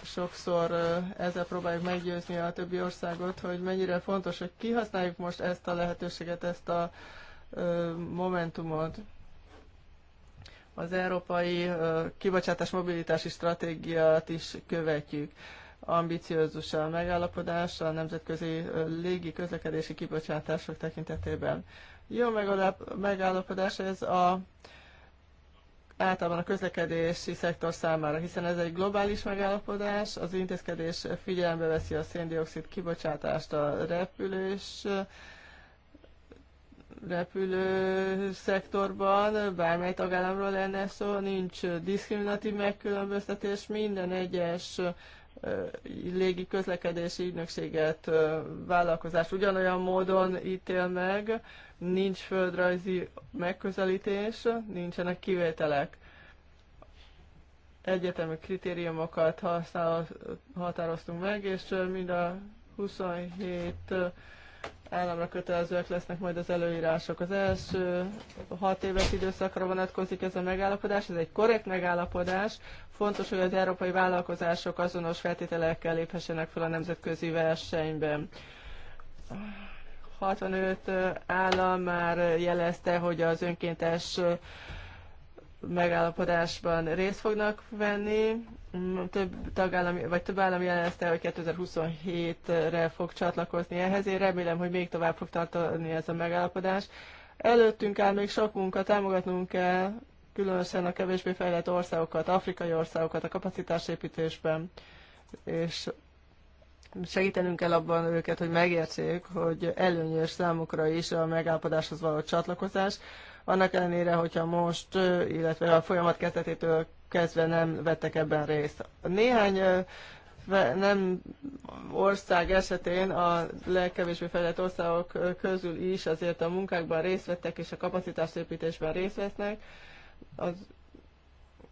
Sokszor ezzel próbáljuk meggyőzni a többi országot, hogy mennyire fontos, hogy kihasználjuk most ezt a lehetőséget, ezt a momentumot. Az európai kibocsátás mobilitási stratégiát is követjük ambiciózus a megállapodás a nemzetközi légi közlekedési kibocsátások tekintetében. Jó megállapodás ez a általában a közlekedési szektor számára, hiszen ez egy globális megállapodás, az intézkedés figyelembe veszi a széndiokszid kibocsátást a repülés repülő szektorban, bármely tagállamról lenne szó, nincs diszkriminatív megkülönböztetés, minden egyes légi közlekedési ügynökséget, vállalkozás ugyanolyan módon ítél meg, nincs földrajzi megközelítés, nincsenek kivételek. Egyetemi kritériumokat használ, határoztunk meg, és mind a 27 államra kötelezőek lesznek majd az előírások. Az első hat éves időszakra vonatkozik ez a megállapodás, ez egy korrekt megállapodás. Fontos, hogy az európai vállalkozások azonos feltételekkel léphessenek fel a nemzetközi versenyben. 65 állam már jelezte, hogy az önkéntes megállapodásban részt fognak venni több tagállam, vagy több állam jelezte, hogy 2027-re fog csatlakozni ehhez. Én remélem, hogy még tovább fog tartani ez a megállapodás. Előttünk áll még sok munka, támogatnunk kell különösen a kevésbé fejlett országokat, afrikai országokat a kapacitásépítésben, és segítenünk kell abban őket, hogy megértsék, hogy előnyös számukra is a megállapodáshoz való csatlakozás. Annak ellenére, hogyha most, illetve a folyamat kezdetétől kezdve nem vettek ebben részt. Néhány nem ország esetén a legkevésbé fejlett országok közül is azért a munkákban részt vettek és a kapacitásépítésben részt vesznek. Az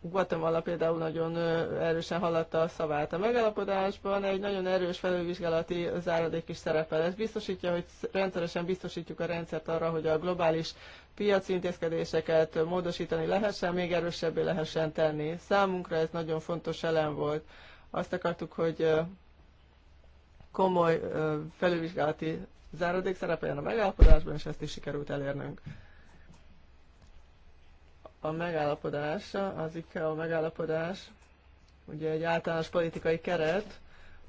Guatemala például nagyon erősen haladta a szavát a megállapodásban, egy nagyon erős felülvizsgálati záradék is szerepel. Ez biztosítja, hogy rendszeresen biztosítjuk a rendszert arra, hogy a globális piaci intézkedéseket módosítani lehessen, még erősebbé lehessen tenni. Számunkra ez nagyon fontos elem volt. Azt akartuk, hogy komoly felülvizsgálati záradék szerepeljen a megállapodásban, és ezt is sikerült elérnünk. A megállapodás, az IKEA megállapodás, ugye egy általános politikai keret,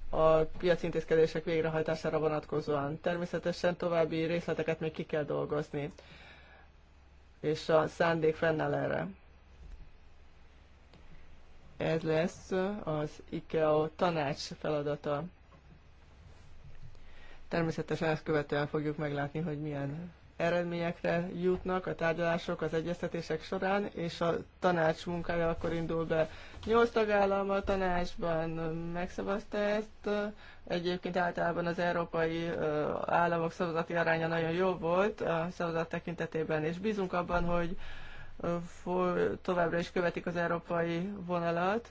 a piaci intézkedések végrehajtására vonatkozóan. Természetesen további részleteket még ki kell dolgozni és a szándék fennáll erre. Ez lesz az IKEA tanács feladata. Természetesen ezt követően fogjuk meglátni, hogy milyen eredményekre jutnak a tárgyalások, az egyeztetések során, és a tanács munkája akkor indul be. Nyolc tagállam a tanácsban megszavazta ezt. Egyébként általában az európai államok szavazati aránya nagyon jó volt a szavazat tekintetében, és bízunk abban, hogy továbbra is követik az európai vonalat,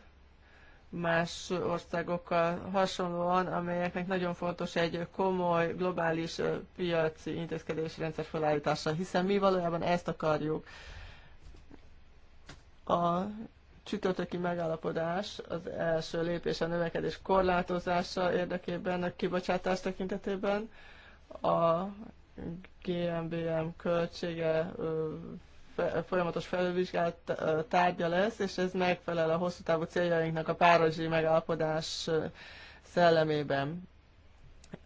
más országokkal hasonlóan, amelyeknek nagyon fontos egy komoly globális piaci intézkedési rendszer felállítása, hiszen mi valójában ezt akarjuk. A csütörtöki megállapodás az első lépés a növekedés korlátozása érdekében, a kibocsátás tekintetében. A GMBM költsége folyamatos felülvizsgált tárgya lesz, és ez megfelel a hosszú távú céljainknak a párizsi megállapodás szellemében.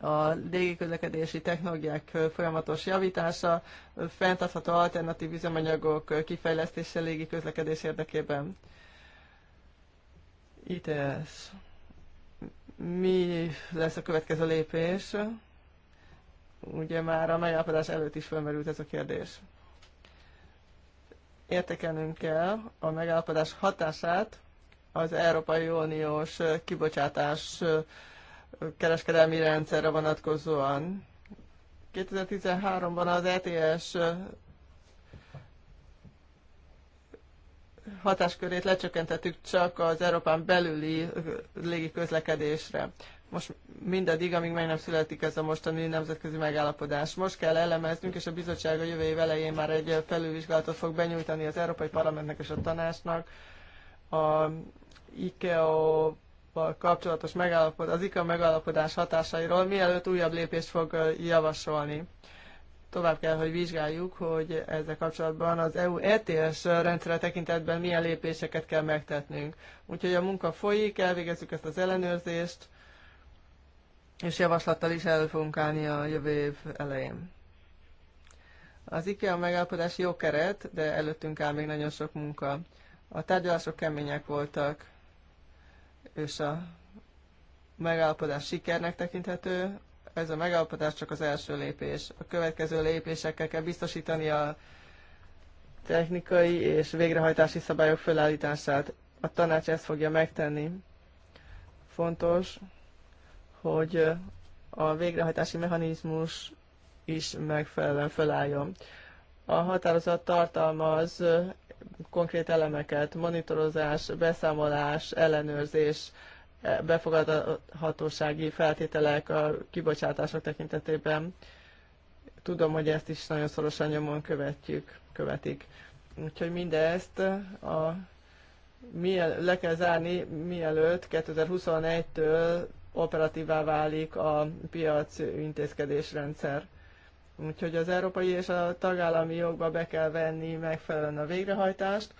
A légiközlekedési technológiák folyamatos javítása, fenntartható alternatív üzemanyagok kifejlesztése légiközlekedés érdekében. ITS. Mi lesz a következő lépés? Ugye már a megállapodás előtt is felmerült ez a kérdés értékelnünk kell a megállapodás hatását az Európai Uniós kibocsátás kereskedelmi rendszerre vonatkozóan. 2013-ban az ETS hatáskörét lecsökkentettük csak az Európán belüli légiközlekedésre most mindaddig, amíg meg nem születik ez a mostani nemzetközi megállapodás. Most kell elemeznünk, és a bizottság a jövő év elején már egy felülvizsgálatot fog benyújtani az Európai Parlamentnek és a tanácsnak a ICAO kapcsolatos megállapodás, az ICA megállapodás hatásairól, mielőtt újabb lépést fog javasolni. Tovább kell, hogy vizsgáljuk, hogy ezzel kapcsolatban az EU ETS rendszere tekintetben milyen lépéseket kell megtetnünk. Úgyhogy a munka folyik, elvégezzük ezt az ellenőrzést, és javaslattal is elő fogunk állni a jövő év elején. Az IKEA megállapodás jó keret, de előttünk áll még nagyon sok munka. A tárgyalások kemények voltak, és a megállapodás sikernek tekinthető. Ez a megállapodás csak az első lépés. A következő lépésekkel kell biztosítani a technikai és végrehajtási szabályok felállítását. A tanács ezt fogja megtenni. Fontos, hogy a végrehajtási mechanizmus is megfelelően felálljon. A határozat tartalmaz konkrét elemeket, monitorozás, beszámolás, ellenőrzés, befogadhatósági feltételek a kibocsátások tekintetében. Tudom, hogy ezt is nagyon szorosan nyomon követjük, követik. Úgyhogy mindezt a, miel, le kell zárni, mielőtt 2021-től operatívá válik a piac intézkedésrendszer. Úgyhogy az európai és a tagállami jogba be kell venni megfelelően a végrehajtást.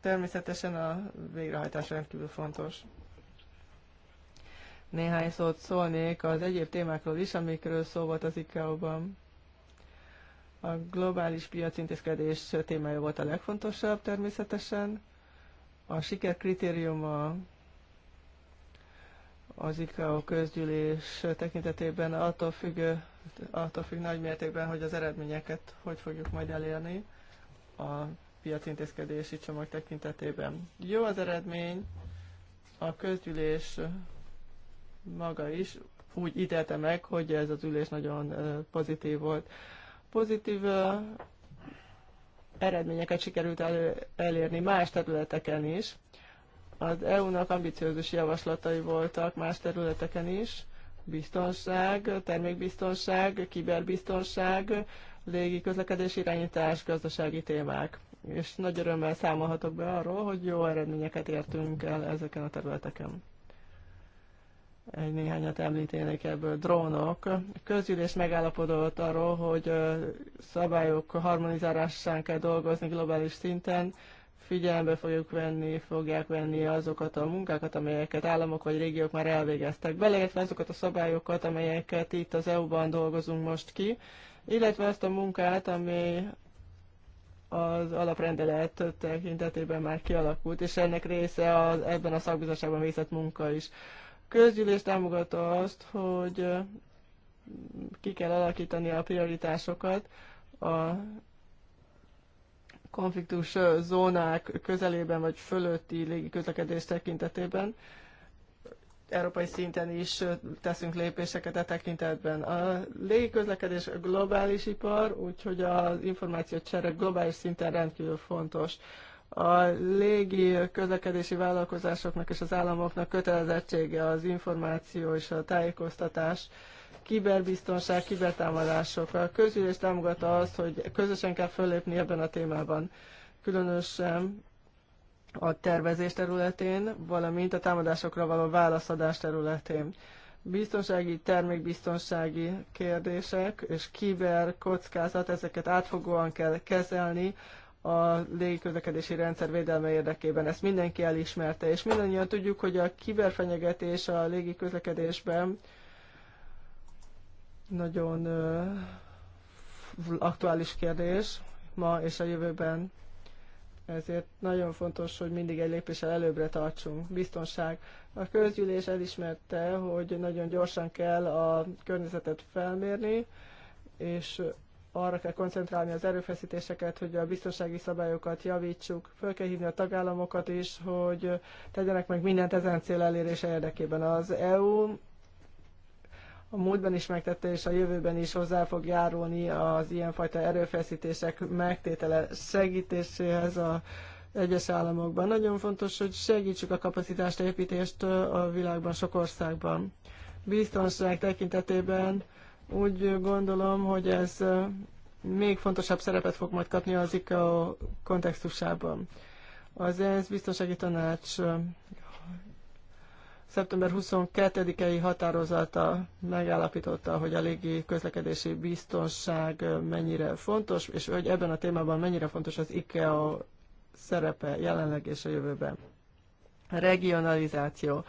Természetesen a végrehajtás rendkívül fontos. Néhány szót szólnék az egyéb témákról is, amikről szó volt az ICAO-ban. A globális piacintézkedés témája volt a legfontosabb természetesen. A siker kritériuma az ICAO közgyűlés tekintetében attól függ, attól függ nagy mértékben, hogy az eredményeket hogy fogjuk majd elérni a piacintézkedési csomag tekintetében. Jó az eredmény, a közgyűlés maga is úgy ítélte meg, hogy ez az ülés nagyon pozitív volt. Pozitív eredményeket sikerült elérni más területeken is. Az EU-nak ambiciózus javaslatai voltak más területeken is, biztonság, termékbiztonság, kiberbiztonság, légi közlekedés irányítás, gazdasági témák. És nagy örömmel számolhatok be arról, hogy jó eredményeket értünk el ezeken a területeken. Egy néhányat említének ebből. Drónok. A közgyűlés megállapodott arról, hogy szabályok harmonizálásán kell dolgozni globális szinten, figyelembe fogjuk venni, fogják venni azokat a munkákat, amelyeket államok vagy régiók már elvégeztek, beleértve azokat a szabályokat, amelyeket itt az EU-ban dolgozunk most ki, illetve azt a munkát, ami az alaprendelet tekintetében már kialakult, és ennek része az, ebben a szakbizottságban végzett munka is. Közgyűlés támogatta azt, hogy ki kell alakítani a prioritásokat a konfliktus zónák közelében vagy fölötti légi közlekedés tekintetében európai szinten is teszünk lépéseket e tekintetben. A légiközlekedés globális ipar, úgyhogy az információcsere globális szinten rendkívül fontos. A légi közlekedési vállalkozásoknak és az államoknak kötelezettsége az információ és a tájékoztatás kiberbiztonság, kibertámadások. A közülés támogatta azt, hogy közösen kell fölépni ebben a témában. Különösen a tervezés területén, valamint a támadásokra való válaszadás területén. Biztonsági, termékbiztonsági kérdések és kiberkockázat, ezeket átfogóan kell kezelni a légiközlekedési rendszer védelme érdekében. Ezt mindenki elismerte, és mindannyian tudjuk, hogy a kiberfenyegetés a légiközlekedésben közlekedésben nagyon aktuális kérdés ma és a jövőben. Ezért nagyon fontos, hogy mindig egy lépéssel előbbre tartsunk. Biztonság. A közgyűlés elismerte, hogy nagyon gyorsan kell a környezetet felmérni, és arra kell koncentrálni az erőfeszítéseket, hogy a biztonsági szabályokat javítsuk, föl kell hívni a tagállamokat is, hogy tegyenek meg mindent ezen cél elérése érdekében. Az EU a múltban is megtette, és a jövőben is hozzá fog járulni az ilyenfajta erőfeszítések megtétele segítéséhez a egyes államokban. Nagyon fontos, hogy segítsük a kapacitást építést a világban, sok országban. Biztonság tekintetében úgy gondolom, hogy ez még fontosabb szerepet fog majd kapni az ICAO kontextusában. Az ENSZ biztonsági tanács szeptember 22-i határozata megállapította, hogy a légi közlekedési biztonság mennyire fontos, és hogy ebben a témában mennyire fontos az IKEA szerepe jelenleg és a jövőben. Regionalizáció.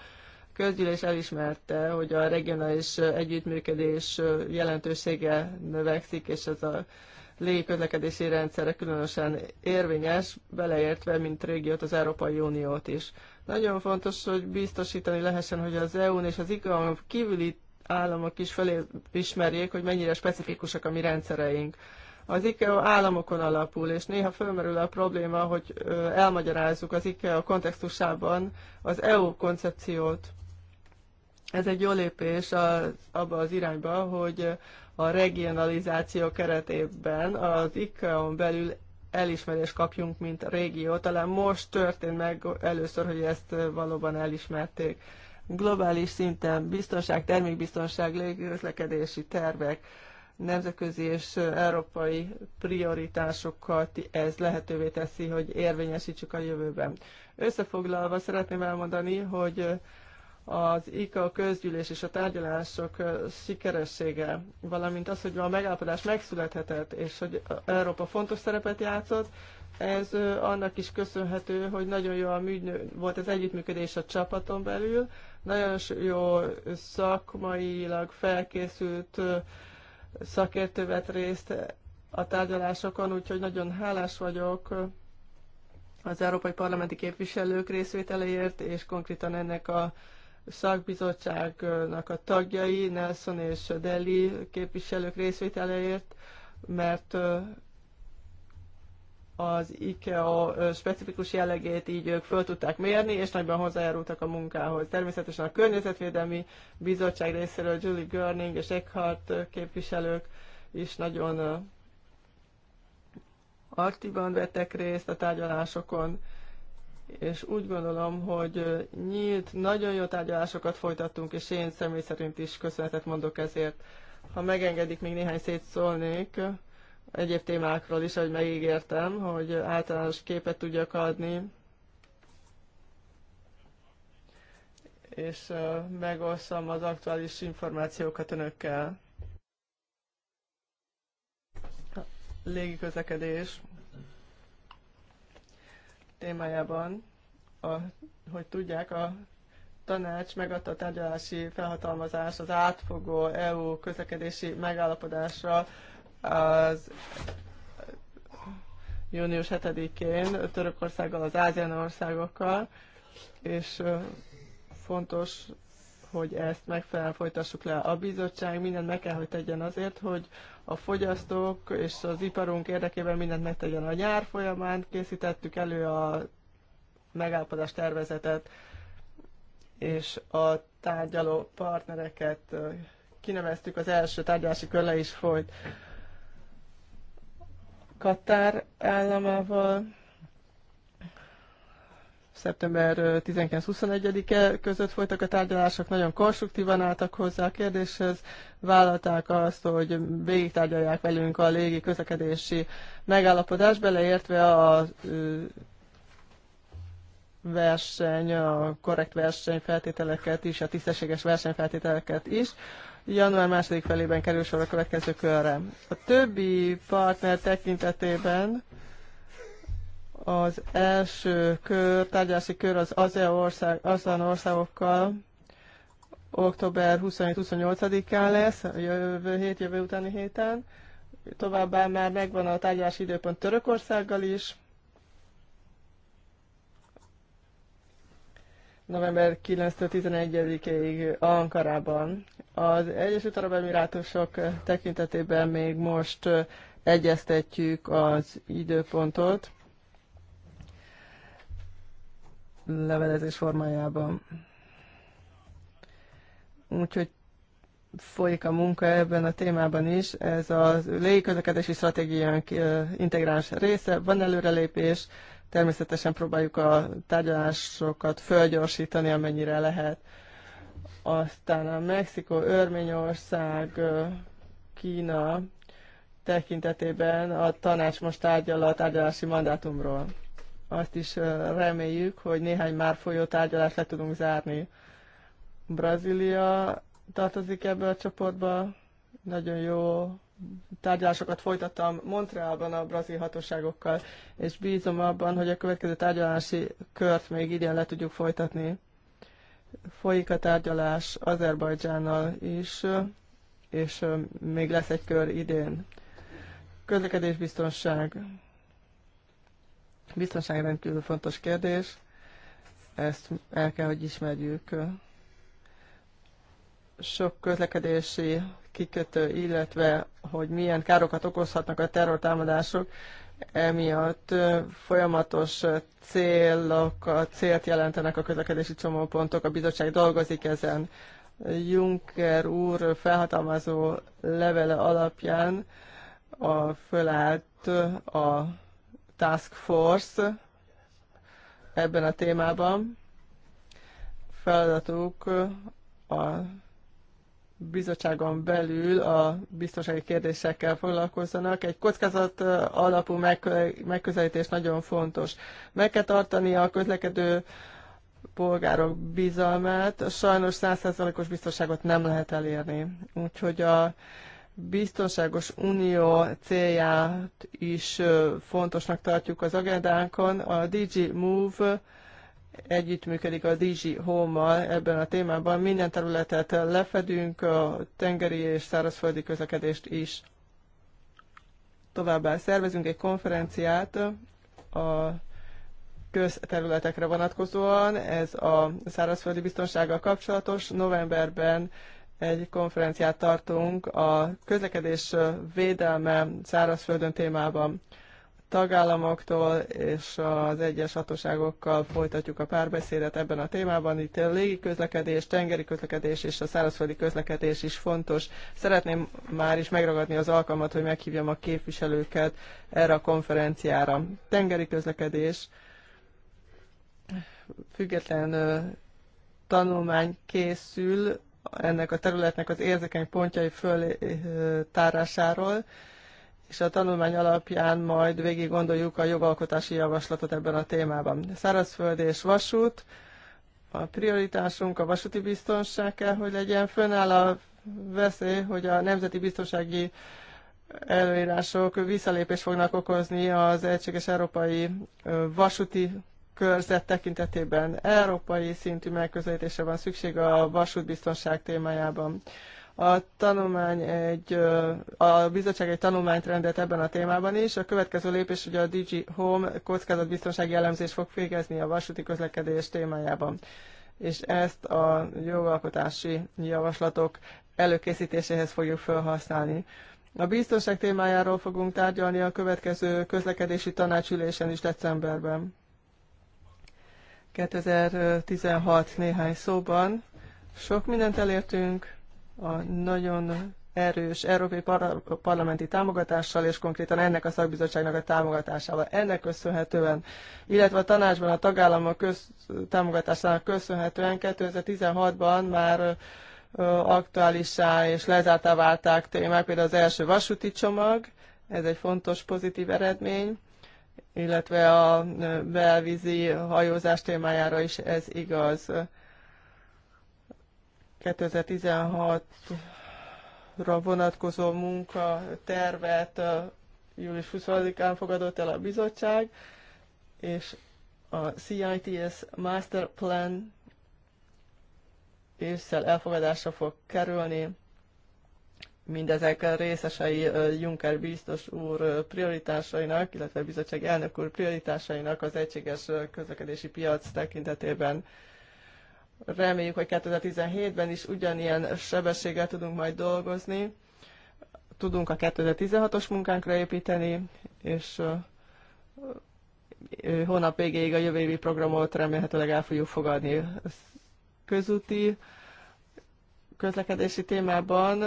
Közgyűlés elismerte, hogy a regionális együttműködés jelentősége növekszik, és ez a légiközlekedési rendszere különösen érvényes, beleértve, mint régiót, az Európai Uniót is. Nagyon fontos, hogy biztosítani lehessen, hogy az EU-n és az ICAO kívüli államok is felismerjék, hogy mennyire specifikusak a mi rendszereink. Az ICAO államokon alapul, és néha fölmerül a probléma, hogy elmagyarázzuk az ICAO kontextusában az EU koncepciót. Ez egy jó lépés az, abba az irányba, hogy a regionalizáció keretében az ICAO-n belül elismerést kapjunk, mint régió. Talán most történt meg először, hogy ezt valóban elismerték. Globális szinten biztonság, termékbiztonság, légközlekedési tervek, nemzetközi és európai prioritásokat ez lehetővé teszi, hogy érvényesítsük a jövőben. Összefoglalva szeretném elmondani, hogy az IKA közgyűlés és a tárgyalások sikeressége, valamint az, hogy a megállapodás megszülethetett, és hogy Európa fontos szerepet játszott, ez annak is köszönhető, hogy nagyon jó a volt az együttműködés a csapaton belül, nagyon jó szakmailag felkészült szakértő vett részt a tárgyalásokon, úgyhogy nagyon hálás vagyok az európai parlamenti képviselők részvételéért, és konkrétan ennek a szakbizottságnak a tagjai, Nelson és Deli képviselők részvételeért, mert az IKEA specifikus jellegét így ők föl tudták mérni, és nagyban hozzájárultak a munkához. Természetesen a Környezetvédelmi Bizottság részéről Julie Görning és Eckhart képviselők is nagyon aktívan vettek részt a tárgyalásokon, és úgy gondolom, hogy nyílt, nagyon jó tárgyalásokat folytattunk, és én személy szerint is köszönetet mondok ezért. Ha megengedik, még néhány szét szólnék egyéb témákról is, ahogy megígértem, hogy általános képet tudjak adni, és megosztom az aktuális információkat önökkel. Légi közlekedés témájában, a, hogy tudják, a tanács megadta a tárgyalási felhatalmazás az átfogó EU közlekedési megállapodásra az június 7-én Törökországgal, az Ázsián országokkal, és fontos hogy ezt megfelelően folytassuk le. A bizottság mindent meg kell, hogy tegyen azért, hogy a fogyasztók és az iparunk érdekében mindent megtegyen. A nyár folyamán készítettük elő a megállapodás tervezetet, és a tárgyaló partnereket kineveztük, az első tárgyalási körle is folyt. Katár államával szeptember 19-21-e között folytak a tárgyalások, nagyon konstruktívan álltak hozzá a kérdéshez, vállalták azt, hogy végig tárgyalják velünk a légi közlekedési megállapodás, beleértve a verseny, a korrekt versenyfeltételeket is, a tisztességes versenyfeltételeket is. Január második felében kerül sor a következő körre. A többi partner tekintetében az első kör, tárgyalási kör az ASEAN ország, ASEAN országokkal október 27-28-án lesz, jövő hét, jövő utáni héten. Továbbá már megvan a tárgyalási időpont Törökországgal is. november 9-11-ig Ankarában. Az Egyesült Arab Emirátusok tekintetében még most egyeztetjük az időpontot levelezés formájában. Úgyhogy folyik a munka ebben a témában is. Ez a légiközlekedési stratégiánk integráns része, van előrelépés, természetesen próbáljuk a tárgyalásokat fölgyorsítani, amennyire lehet. Aztán a Mexikó, Örményország, Kína tekintetében a tanács most tárgyal a tárgyalási mandátumról. Azt is reméljük, hogy néhány már folyó tárgyalást le tudunk zárni. Brazília tartozik ebbe a csoportba, nagyon jó tárgyalásokat folytattam Montrealban a brazil hatóságokkal, és bízom abban, hogy a következő tárgyalási kört még idén le tudjuk folytatni. Folyik a tárgyalás Azerbajdzsánnal is, és még lesz egy kör idén. Közlekedésbiztonság. Biztonság rendkívül fontos kérdés, ezt el kell, hogy ismerjük. Sok közlekedési kikötő, illetve hogy milyen károkat okozhatnak a terrortámadások, emiatt folyamatos célok, célt jelentenek a közlekedési csomópontok, a bizottság dolgozik ezen. Juncker úr felhatalmazó levele alapján a, fölállt a Task Force ebben a témában. Feladatuk a bizottságon belül a biztonsági kérdésekkel foglalkozzanak. Egy kockázat alapú megközelítés nagyon fontos. Meg kell tartani a közlekedő polgárok bizalmát. Sajnos 100%-os biztonságot nem lehet elérni. Úgyhogy a biztonságos unió célját is fontosnak tartjuk az agendánkon. A DG Move együttműködik a DG Home-mal ebben a témában. Minden területet lefedünk, a tengeri és szárazföldi közlekedést is. Továbbá szervezünk egy konferenciát a közterületekre vonatkozóan. Ez a szárazföldi biztonsággal kapcsolatos. Novemberben egy konferenciát tartunk a közlekedés védelme szárazföldön témában. A tagállamoktól és az egyes hatóságokkal folytatjuk a párbeszédet ebben a témában. Itt a légi közlekedés, tengeri közlekedés és a szárazföldi közlekedés is fontos. Szeretném már is megragadni az alkalmat, hogy meghívjam a képviselőket erre a konferenciára. Tengeri közlekedés független tanulmány készül ennek a területnek az érzékeny pontjai tárásáról, és a tanulmány alapján majd végig gondoljuk a jogalkotási javaslatot ebben a témában. Szárazföld és vasút, a prioritásunk a vasúti biztonság kell, hogy legyen. Fönnáll a veszély, hogy a nemzeti biztonsági előírások visszalépés fognak okozni az egységes európai vasúti körzet tekintetében európai szintű megközelítése van szükség a vasútbiztonság témájában. A tanulmány egy, a bizottság egy tanulmányt rendelt ebben a témában is. A következő lépés hogy a Digi Home kockázatbiztonsági elemzés fog végezni a vasúti közlekedés témájában. És ezt a jogalkotási javaslatok előkészítéséhez fogjuk felhasználni. A biztonság témájáról fogunk tárgyalni a következő közlekedési tanácsülésen is decemberben. 2016 néhány szóban. Sok mindent elértünk, a nagyon erős európai par- parlamenti támogatással, és konkrétan ennek a szakbizottságnak a támogatásával. Ennek köszönhetően, illetve a tanácsban a tagállamok köz- támogatásának köszönhetően 2016-ban már aktuálisá és lezártá válták témák, például az első vasúti csomag, ez egy fontos pozitív eredmény, illetve a belvízi hajózás témájára is ez igaz. 2016-ra vonatkozó munkatervet július 20-án fogadott el a bizottság, és a CITS Master Plan észszel elfogadásra fog kerülni mindezek részesei Juncker biztos úr prioritásainak, illetve a bizottság elnök úr prioritásainak az egységes közlekedési piac tekintetében. Reméljük, hogy 2017-ben is ugyanilyen sebességgel tudunk majd dolgozni, tudunk a 2016-os munkánkra építeni, és hónap végéig a jövő évi programot remélhetőleg el fogjuk fogadni. Közúti közlekedési témában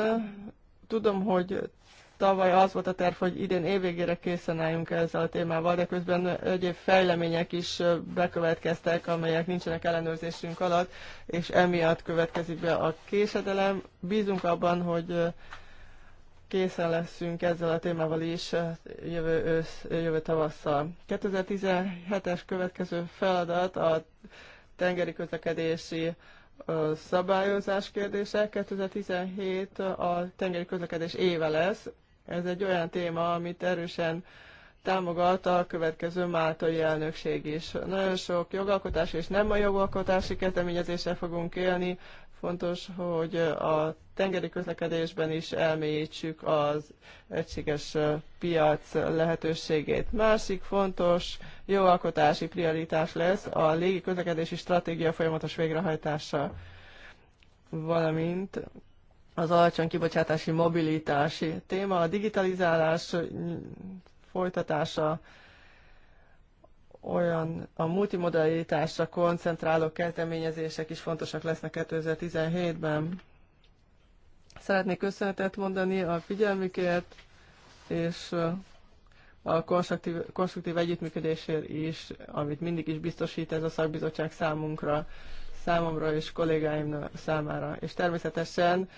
Tudom, hogy tavaly az volt a terv, hogy idén évvégére készen álljunk ezzel a témával, de közben egyéb fejlemények is bekövetkeztek, amelyek nincsenek ellenőrzésünk alatt, és emiatt következik be a késedelem. Bízunk abban, hogy készen leszünk ezzel a témával is jövő, ősz, jövő tavasszal. 2017-es következő feladat a tengeri közlekedési szabályozás kérdése. 2017 a tengeri közlekedés éve lesz. Ez egy olyan téma, amit erősen támogat a következő máltai elnökség is. Nagyon sok jogalkotás és nem a jogalkotási kezdeményezéssel fogunk élni, Fontos, hogy a tengeri közlekedésben is elmélyítsük az egységes piac lehetőségét. Másik fontos alkotási prioritás lesz a légi közlekedési stratégia folyamatos végrehajtása, valamint az alacsony kibocsátási mobilitási téma, a digitalizálás folytatása, olyan a multimodalitásra koncentráló kezdeményezések is fontosak lesznek 2017-ben. Szeretnék köszönetet mondani a figyelmükért, és uh, a konstruktív, konstruktív együttműködésért is, amit mindig is biztosít ez a szakbizottság számunkra, számomra és kollégáim számára. És természetesen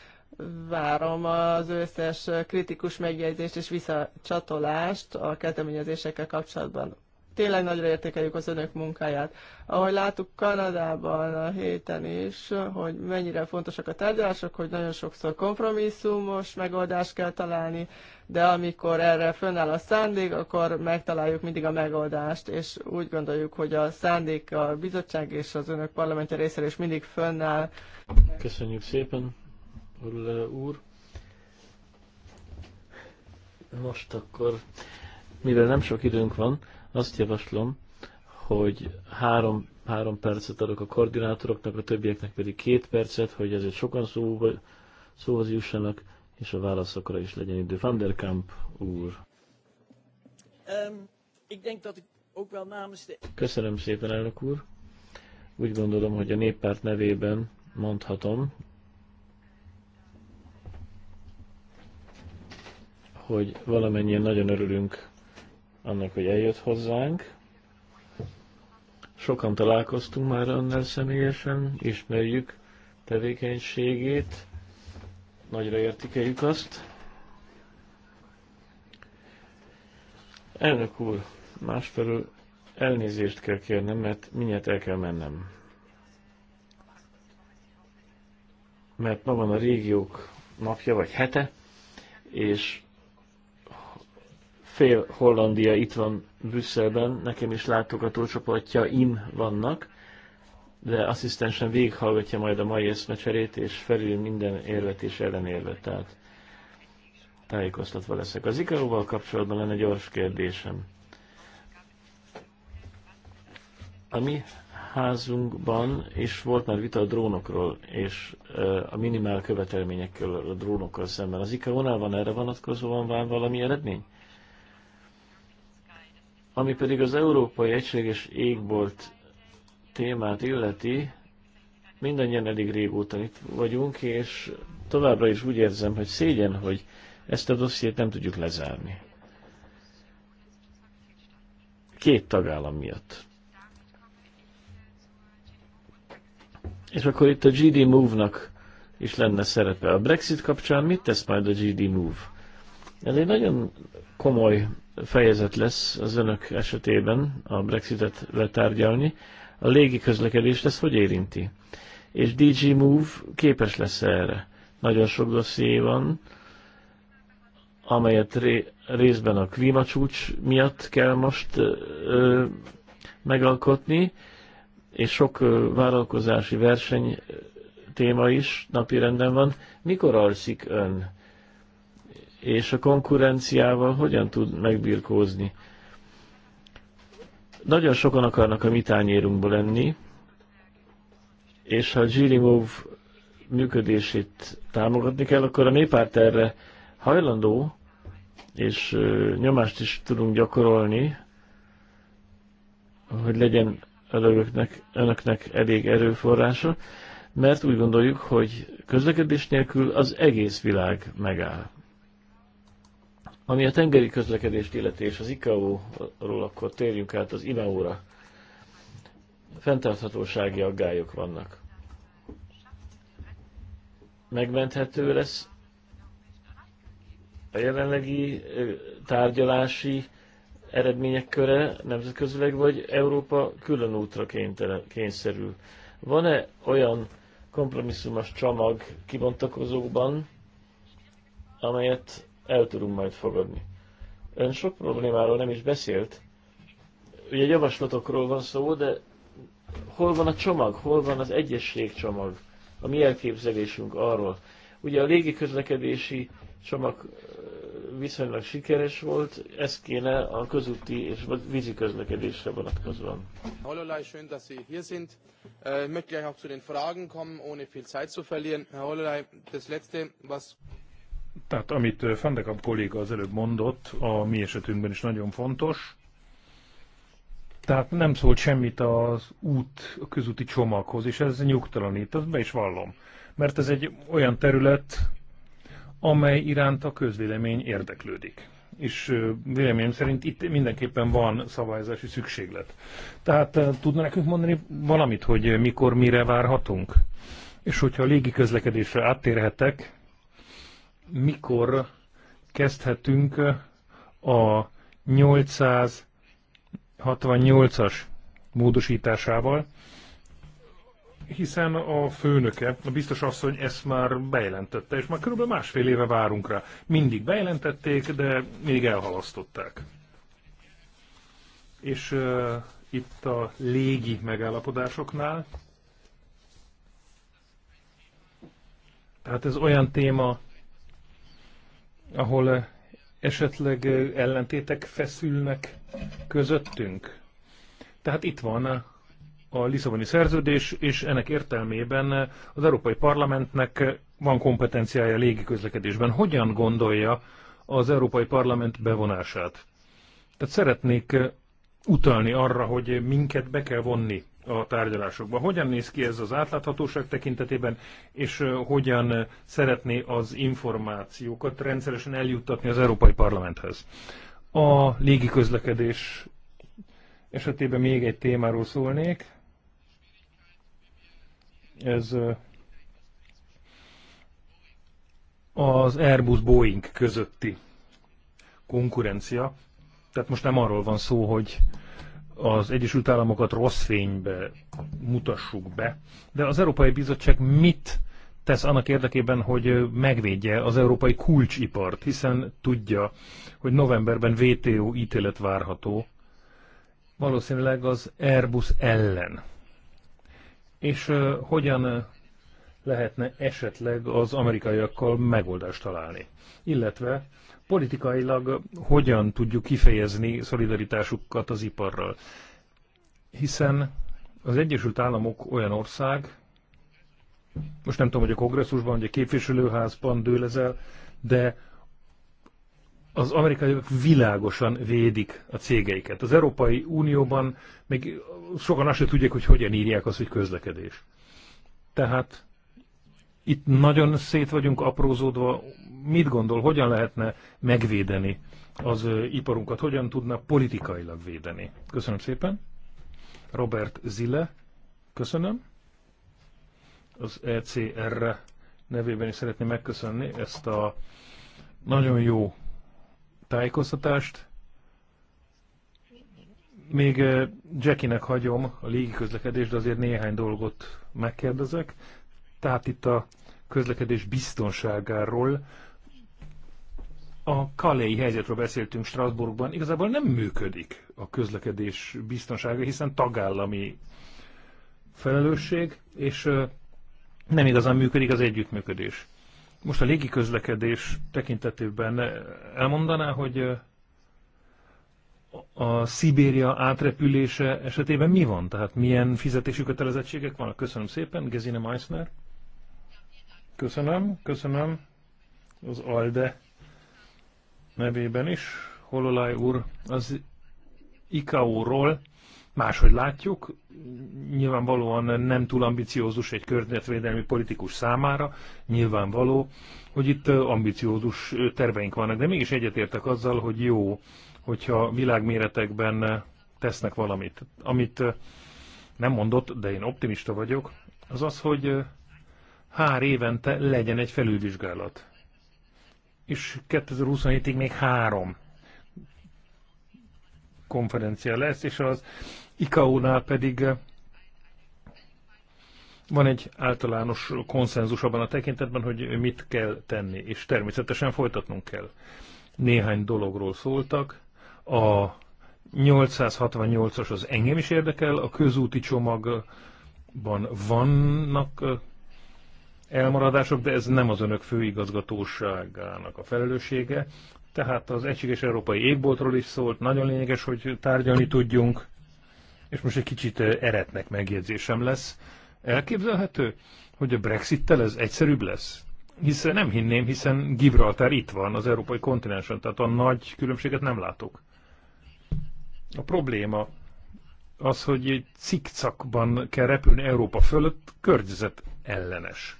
várom az összes kritikus megjegyzést és visszacsatolást a kezdeményezésekkel kapcsolatban tényleg nagyra értékeljük az önök munkáját. Ahogy láttuk Kanadában a héten is, hogy mennyire fontosak a tárgyalások, hogy nagyon sokszor kompromisszumos megoldást kell találni, de amikor erre fönnáll a szándék, akkor megtaláljuk mindig a megoldást, és úgy gondoljuk, hogy a szándék a bizottság és az önök parlamentje részéről is mindig fönnáll. Köszönjük szépen, Orle úr. Most akkor, mivel nem sok időnk van, azt javaslom, hogy három, három percet adok a koordinátoroknak, a többieknek pedig két percet, hogy ezért sokan szóval, szóhoz jussanak, és a válaszokra is legyen idő. Van der Kamp úr. Ehm, Köszönöm szépen, elnök úr. Úgy gondolom, hogy a néppárt nevében mondhatom, hogy valamennyien nagyon örülünk annak, hogy eljött hozzánk. Sokan találkoztunk már önnel személyesen, ismerjük tevékenységét, nagyra értékeljük azt. Elnök úr, másfelől elnézést kell kérnem, mert mindjárt el kell mennem. Mert ma van a régiók napja, vagy hete, és fél Hollandia itt van Brüsszelben, nekem is látogatócsoportja im vannak, de asszisztensen végighallgatja majd a mai eszmecserét, és felül minden érvet és ellenérvet, tehát tájékoztatva leszek. Az Ikaróval kapcsolatban lenne gyors kérdésem. A mi házunkban is volt már vita a drónokról, és a minimál követelményekkel a drónokkal szemben. Az icao van erre vonatkozóan van valami eredmény? Ami pedig az Európai Egységes Égbolt témát illeti, mindannyian elég régóta itt vagyunk, és továbbra is úgy érzem, hogy szégyen, hogy ezt a dossziét nem tudjuk lezárni. Két tagállam miatt. És akkor itt a GD Move-nak is lenne szerepe. A Brexit kapcsán mit tesz majd a GD Move? Ez egy nagyon komoly fejezet lesz az önök esetében a Brexitet letárgyalni, a légi közlekedést ez hogy érinti? És DG Move képes lesz erre? Nagyon sok dosszié van, amelyet ré, részben a klímacsúcs miatt kell most ö, megalkotni, és sok ö, vállalkozási verseny téma is napirenden van. Mikor alszik ön? és a konkurenciával hogyan tud megbirkózni. Nagyon sokan akarnak a mi tányérunkba lenni, és ha a Zsirimov működését támogatni kell, akkor a népárt erre hajlandó, és nyomást is tudunk gyakorolni, hogy legyen önöknek, önöknek elég erőforrása, mert úgy gondoljuk, hogy közlekedés nélkül az egész világ megáll. Ami a tengeri közlekedést illeti, és az ICAO-ról akkor térjünk át az IMAO-ra. Fentarthatósági aggályok vannak. Megmenthető lesz a jelenlegi tárgyalási eredmények köre nemzetközileg, vagy Európa külön útra kényszerül. Van-e olyan kompromisszumos csomag kibontakozókban, amelyet el tudunk majd fogadni. Ön sok problémáról nem is beszélt. Ugye javaslatokról van szó, de hol van a csomag, hol van az csomag, a mi elképzelésünk arról. Ugye a légi közlekedési csomag viszonylag sikeres volt, ez kéne a közúti és vízi közlekedésre vonatkozóan. Hololai, schön, dass Sie hier sind. Äh, ich möchte gleich auch zu den Fragen kommen, ohne viel Zeit zu verlieren. Herr Hololai, das letzte, was tehát amit Fandekap kolléga az előbb mondott, a mi esetünkben is nagyon fontos. Tehát nem szólt semmit az út, a közúti csomaghoz, és ez nyugtalanít, azt be is vallom. Mert ez egy olyan terület, amely iránt a közvélemény érdeklődik. És véleményem szerint itt mindenképpen van szabályozási szükséglet. Tehát tudna nekünk mondani valamit, hogy mikor, mire várhatunk? És hogyha a légi közlekedésre áttérhetek, mikor kezdhetünk a 868-as módosításával, hiszen a főnöke, a biztos asszony ezt már bejelentette, és már körülbelül másfél éve várunk rá. Mindig bejelentették, de még elhalasztották. És uh, itt a légi megállapodásoknál, tehát ez olyan téma, ahol eh, esetleg eh, ellentétek feszülnek közöttünk. Tehát itt van eh, a Lisszaboni szerződés, és ennek értelmében az Európai Parlamentnek van kompetenciája légi közlekedésben. Hogyan gondolja az Európai Parlament bevonását? Tehát szeretnék utalni arra, hogy minket be kell vonni a tárgyalásokban. Hogyan néz ki ez az átláthatóság tekintetében, és hogyan szeretné az információkat rendszeresen eljuttatni az Európai Parlamenthez? A közlekedés esetében még egy témáról szólnék. Ez az Airbus-Boeing közötti konkurencia. Tehát most nem arról van szó, hogy az Egyesült Államokat rossz fénybe mutassuk be, de az Európai Bizottság mit tesz annak érdekében, hogy megvédje az európai kulcsipart, hiszen tudja, hogy novemberben WTO ítélet várható, valószínűleg az Airbus ellen. És uh, hogyan lehetne esetleg az amerikaiakkal megoldást találni? Illetve politikailag hogyan tudjuk kifejezni szolidaritásukat az iparral. Hiszen az Egyesült Államok olyan ország, most nem tudom, hogy a kongresszusban, vagy a képviselőházban dől ez de az amerikaiak világosan védik a cégeiket. Az Európai Unióban még sokan azt tudják, hogy hogyan írják azt, hogy közlekedés. Tehát itt nagyon szét vagyunk aprózódva, mit gondol, hogyan lehetne megvédeni az iparunkat, hogyan tudna politikailag védeni. Köszönöm szépen. Robert Zille, köszönöm. Az ECR nevében is szeretném megköszönni ezt a nagyon jó tájékoztatást. Még Jackinek hagyom a közlekedést, de azért néhány dolgot megkérdezek. Tehát itt a közlekedés biztonságáról a kaléi helyzetről beszéltünk Strasbourgban, igazából nem működik a közlekedés biztonsága, hiszen tagállami felelősség, és nem igazán működik az együttműködés. Most a légi közlekedés tekintetében elmondaná, hogy a Szibéria átrepülése esetében mi van? Tehát milyen fizetési kötelezettségek vannak? Köszönöm szépen, Gezine Meissner. Köszönöm, köszönöm. Az ALDE nevében is, Hololaj úr, az ICAO-ról máshogy látjuk, nyilvánvalóan nem túl ambiciózus egy környezetvédelmi politikus számára, nyilvánvaló, hogy itt ambiciózus terveink vannak, de mégis egyetértek azzal, hogy jó, hogyha világméretekben tesznek valamit. Amit nem mondott, de én optimista vagyok, az az, hogy hár évente legyen egy felülvizsgálat és 2027-ig még három konferencia lesz, és az ICAO-nál pedig eh, van egy általános konszenzus abban a tekintetben, hogy mit kell tenni, és természetesen folytatnunk kell. Néhány dologról szóltak. A 868-as az engem is érdekel, a közúti csomagban vannak eh, elmaradások, de ez nem az önök főigazgatóságának a felelőssége. Tehát az Egységes Európai Égboltról is szólt, nagyon lényeges, hogy tárgyalni tudjunk, és most egy kicsit eretnek megjegyzésem lesz. Elképzelhető, hogy a Brexittel ez egyszerűbb lesz? Hiszen nem hinném, hiszen Gibraltar itt van az európai kontinensen, tehát a nagy különbséget nem látok. A probléma az, hogy cikcakban kell repülni Európa fölött, környezet ellenes.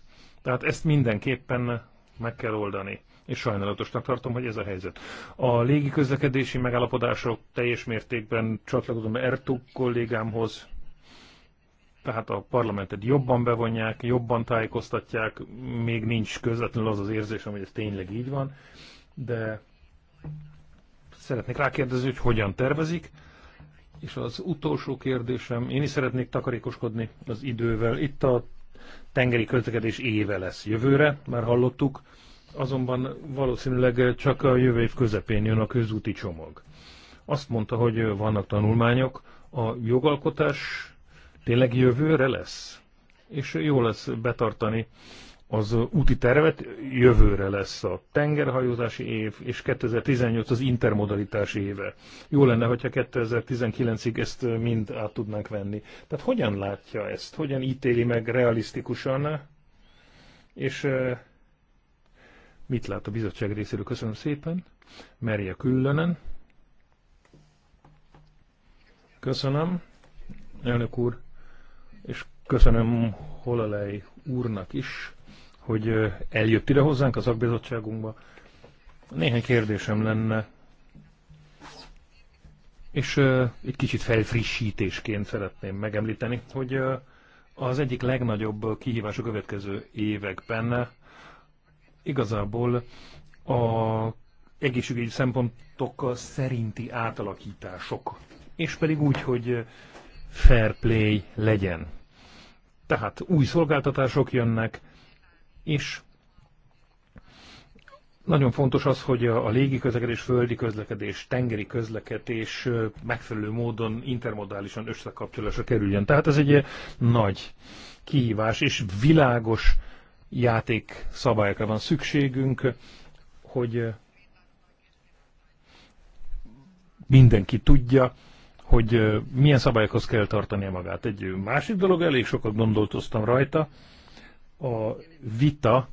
Tehát ezt mindenképpen meg kell oldani. És sajnálatosnak tartom, hogy ez a helyzet. A légi közlekedési megállapodások teljes mértékben csatlakozom Ertug kollégámhoz, tehát a parlamentet jobban bevonják, jobban tájékoztatják, még nincs közvetlenül az az érzésem, hogy ez tényleg így van, de szeretnék rákérdezni, hogy hogyan tervezik, és az utolsó kérdésem, én is szeretnék takarékoskodni az idővel. Itt a tengeri közlekedés éve lesz jövőre, már hallottuk, azonban valószínűleg csak a jövő év közepén jön a közúti csomag. Azt mondta, hogy vannak tanulmányok, a jogalkotás tényleg jövőre lesz, és jó lesz betartani az úti tervet, jövőre lesz a tengerhajózási év, és 2018 az intermodalitási éve. Jó lenne, hogyha 2019-ig ezt mind át tudnánk venni. Tehát hogyan látja ezt? Hogyan ítéli meg realisztikusan? És eh, mit lát a bizottság részéről? Köszönöm szépen. Merje Küllönen. Köszönöm, elnök úr, és köszönöm Holalei úrnak is hogy eljött ide hozzánk a szakbizottságunkba. Néhány kérdésem lenne, és egy kicsit felfrissítésként szeretném megemlíteni, hogy az egyik legnagyobb kihívás a következő években igazából a egészségügyi szempontokkal szerinti átalakítások. És pedig úgy, hogy fair play legyen. Tehát új szolgáltatások jönnek, és nagyon fontos az, hogy a légi közlekedés, földi közlekedés, tengeri közlekedés megfelelő módon intermodálisan összekapcsolásra kerüljön. Tehát ez egy nagy kihívás, és világos játék szabályokra van szükségünk, hogy mindenki tudja, hogy milyen szabályokhoz kell tartania magát. Egy másik dolog, elég sokat gondoltoztam rajta, a vita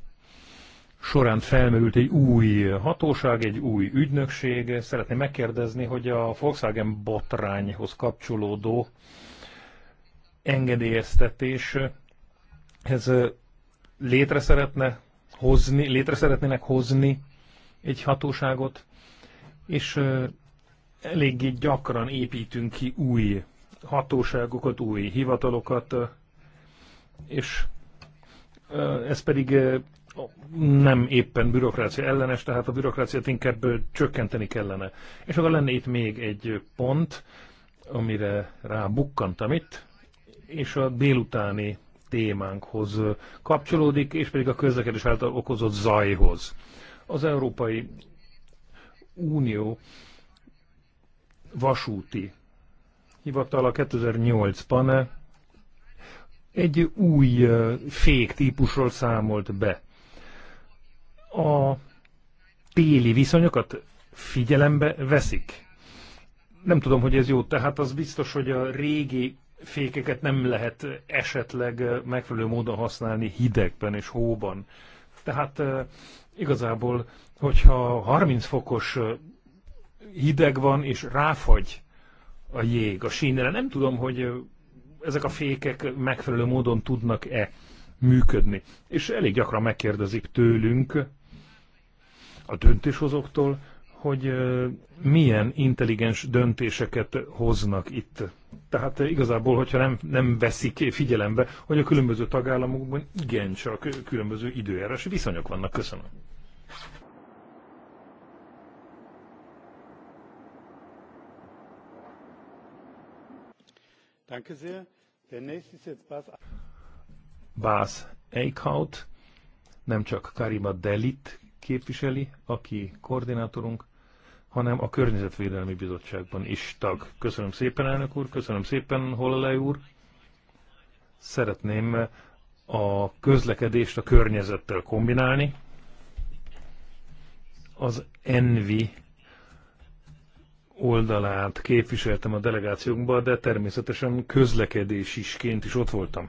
során felmerült egy új hatóság, egy új ügynökség. Szeretném megkérdezni, hogy a Volkswagen botrányhoz kapcsolódó ez létre szeretne hozni, létre szeretnének hozni egy hatóságot, és eléggé gyakran építünk ki új hatóságokat, új hivatalokat, és ez pedig nem éppen bürokrácia ellenes, tehát a bürokráciát inkább csökkenteni kellene. És akkor lenne itt még egy pont, amire rábukkantam itt, és a délutáni témánkhoz kapcsolódik, és pedig a közlekedés által okozott zajhoz. Az Európai Unió vasúti hivatala 2008-ban egy új fék típusról számolt be. A téli viszonyokat figyelembe veszik. Nem tudom, hogy ez jó, tehát az biztos, hogy a régi fékeket nem lehet esetleg megfelelő módon használni hidegben és hóban. Tehát igazából, hogyha 30 fokos hideg van és ráfagy a jég a sínre, nem tudom, hogy ezek a fékek megfelelő módon tudnak-e működni. És elég gyakran megkérdezik tőlünk, a döntéshozóktól, hogy milyen intelligens döntéseket hoznak itt. Tehát igazából, hogyha nem, nem veszik figyelembe, hogy a különböző tagállamokban igencsak különböző időjárási viszonyok vannak. Köszönöm. Danke Bász Eichhout nem csak Karima Delit képviseli, aki koordinátorunk, hanem a Környezetvédelmi Bizottságban is tag. Köszönöm szépen, elnök úr, köszönöm szépen, Hololej úr. Szeretném a közlekedést a környezettel kombinálni. Az Envi oldalát képviseltem a delegációkban, de természetesen isként is ott voltam.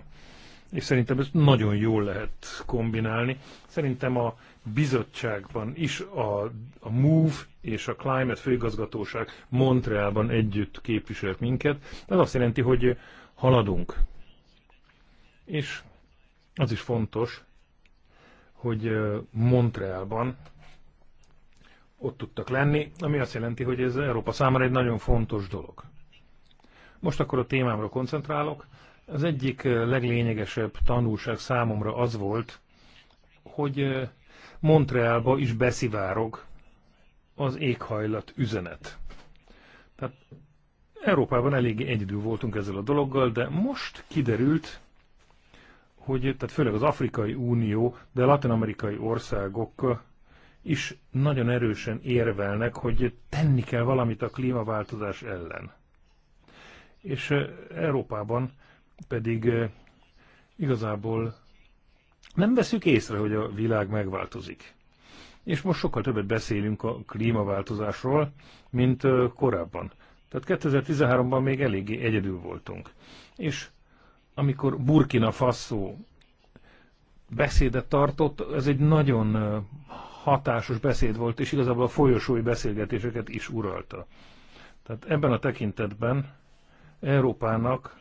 És szerintem ezt nagyon jól lehet kombinálni. Szerintem a bizottságban is a, a MOVE és a Climate főigazgatóság Montrealban együtt képviselt minket. Ez azt jelenti, hogy haladunk. És az is fontos, hogy Montrealban ott tudtak lenni, ami azt jelenti, hogy ez Európa számára egy nagyon fontos dolog. Most akkor a témámra koncentrálok. Az egyik eh, leglényegesebb tanulság számomra az volt, hogy eh, Montrealba is beszivárog az éghajlat üzenet. Tehát Európában eléggé egyedül voltunk ezzel a dologgal, de most kiderült, hogy tehát főleg az Afrikai Unió, de latin-amerikai országok is nagyon erősen érvelnek, hogy tenni kell valamit a klímaváltozás ellen. És Európában pedig igazából nem veszük észre, hogy a világ megváltozik. És most sokkal többet beszélünk a klímaváltozásról, mint korábban. Tehát 2013-ban még eléggé egyedül voltunk. És amikor Burkina Faso beszédet tartott, ez egy nagyon hatásos beszéd volt, és igazából a folyosói beszélgetéseket is uralta. Tehát ebben a tekintetben Európának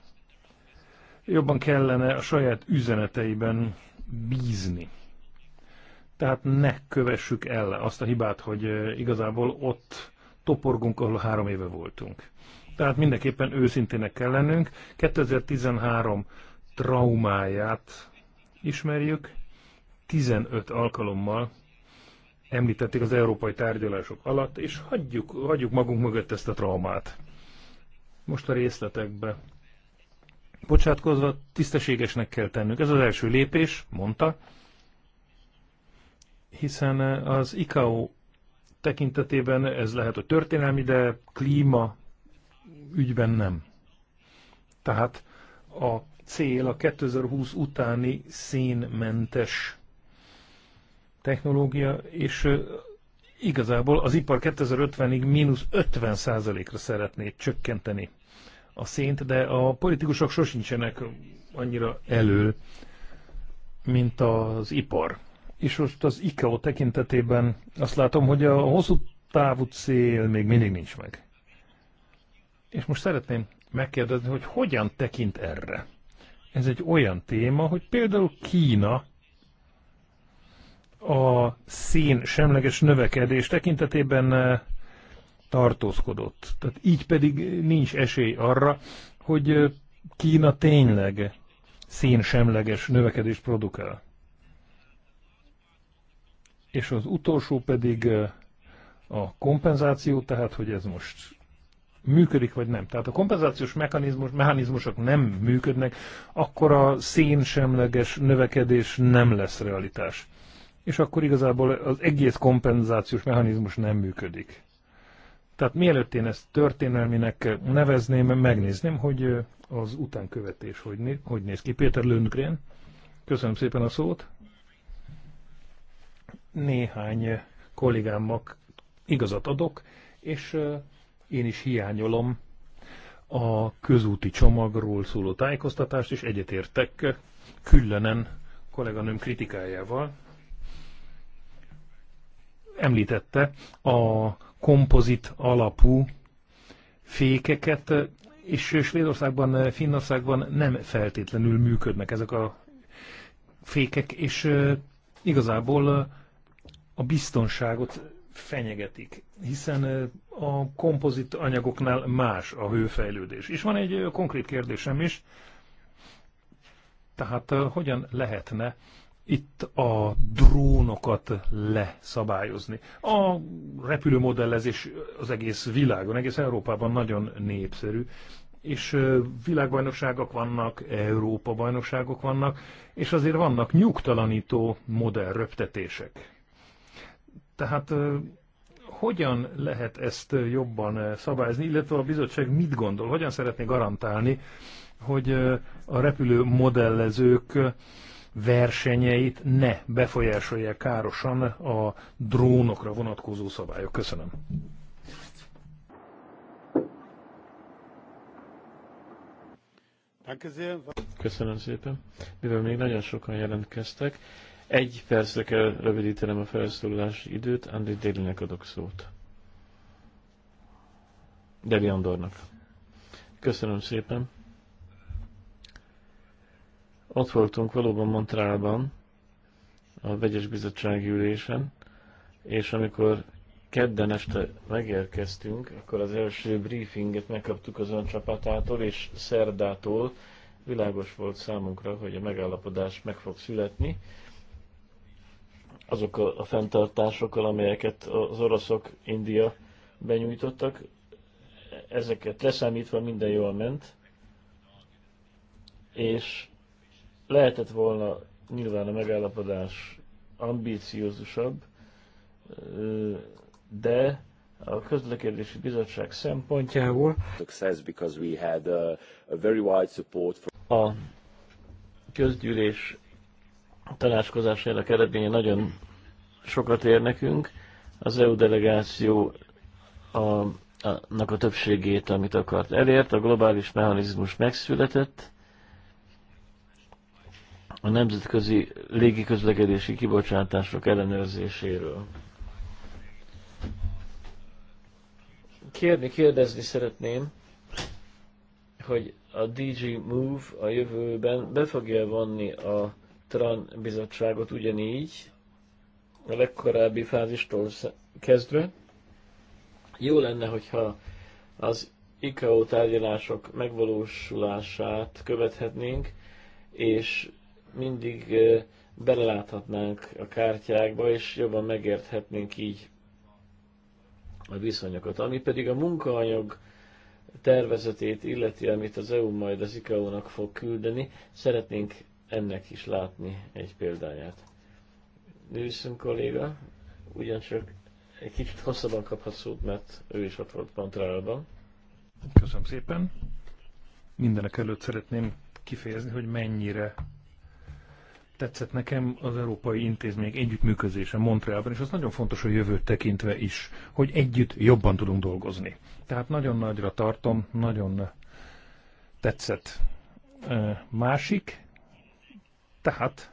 jobban kellene a saját üzeneteiben bízni. Tehát ne kövessük el azt a hibát, hogy eh, igazából ott toporgunk, ahol három éve voltunk. Tehát mindenképpen őszintének kell lennünk. 2013 traumáját ismerjük, 15 alkalommal említették az európai tárgyalások alatt, és hagyjuk, hagyjuk magunk mögött ezt a traumát. Most a részletekbe. Bocsátkozva, tisztességesnek kell tennünk. Ez az első lépés, mondta, hiszen az ICAO tekintetében ez lehet a történelmi, de klíma ügyben nem. Tehát a cél a 2020 utáni szénmentes technológia, és igazából az ipar 2050-ig mínusz 50 százalékra szeretné csökkenteni a szént, de a politikusok sosincsenek annyira elő, mint az ipar. És most az ICAO tekintetében azt látom, hogy a hosszú távú cél még mindig nincs meg. És most szeretném megkérdezni, hogy hogyan tekint erre. Ez egy olyan téma, hogy például Kína a szén semleges növekedés tekintetében eh, tartózkodott. Tehát így pedig nincs esély arra, hogy eh, Kína tényleg semleges növekedést produkál. És az utolsó pedig eh, a kompenzáció, tehát hogy ez most működik vagy nem. Tehát a kompenzációs mechanizmus, mechanizmusok nem működnek, akkor a szénsemleges növekedés nem lesz realitás és akkor igazából az egész kompenzációs mechanizmus nem működik. Tehát mielőtt én ezt történelminek nevezném, megnézném, hogy az utánkövetés hogy, hogy néz ki. Péter Löngrén, köszönöm szépen a szót. Néhány kollégámnak igazat adok, és én is hiányolom a közúti csomagról szóló tájékoztatást, és egyetértek különen kolléganőm kritikájával említette, a kompozit alapú fékeket, és Svédországban, Finnországban nem feltétlenül működnek ezek a fékek, és igazából a biztonságot fenyegetik, hiszen a kompozit anyagoknál más a hőfejlődés. És van egy konkrét kérdésem is, tehát hogyan lehetne itt a drónokat leszabályozni. A repülőmodellezés az egész világon, egész Európában nagyon népszerű, és világbajnokságok vannak, Európa bajnokságok vannak, és azért vannak nyugtalanító modellröptetések. Tehát hogyan lehet ezt jobban szabályozni, illetve a bizottság mit gondol, hogyan szeretné garantálni, hogy a repülő modellezők versenyeit ne befolyásolja károsan a drónokra vonatkozó szabályok. Köszönöm. Köszönöm szépen. Mivel még nagyon sokan jelentkeztek, egy percre kell rövidítenem a felszólalási időt, Andi Délinek adok szót. Deli Andornak. Köszönöm szépen. Ott voltunk valóban Montrealban, a vegyes bizottsági ülésen, és amikor kedden este megérkeztünk, akkor az első briefinget megkaptuk az csapatától és szerdától világos volt számunkra, hogy a megállapodás meg fog születni. Azok a, a fenntartásokkal, amelyeket az oroszok India benyújtottak, ezeket leszámítva minden jól ment, és Lehetett volna nyilván a megállapodás ambíciózusabb, de a közlekedési bizottság szempontjából a közgyűlés tanácskozásának eredménye nagyon sokat ér nekünk. Az EU delegáció a, a, a többségét, amit akart elért, a globális mechanizmus megszületett, a nemzetközi légiközlekedési kibocsátások ellenőrzéséről. Kérni, kérdezni szeretném, hogy a DG Move a jövőben be fogja vonni a TRAN bizottságot ugyanígy, a legkorábbi fázistól kezdve. Jó lenne, hogyha az ICAO tárgyalások megvalósulását követhetnénk, és mindig beleláthatnánk a kártyákba, és jobban megérthetnénk így a viszonyokat. Ami pedig a munkaanyag tervezetét illeti, amit az EU majd az ICAO-nak e fog küldeni, szeretnénk ennek is látni egy példáját. Nőszünk kolléga, ugyancsak egy kicsit hosszabban kaphat szót, mert ő is ott volt Pantrálban. Köszönöm szépen. Mindenek előtt szeretném kifejezni, hogy mennyire tetszett nekem az európai intézmények együttműködése Montrealban, és az nagyon fontos a jövőt tekintve is, hogy együtt jobban tudunk dolgozni. Tehát nagyon nagyra tartom, nagyon tetszett. Másik, tehát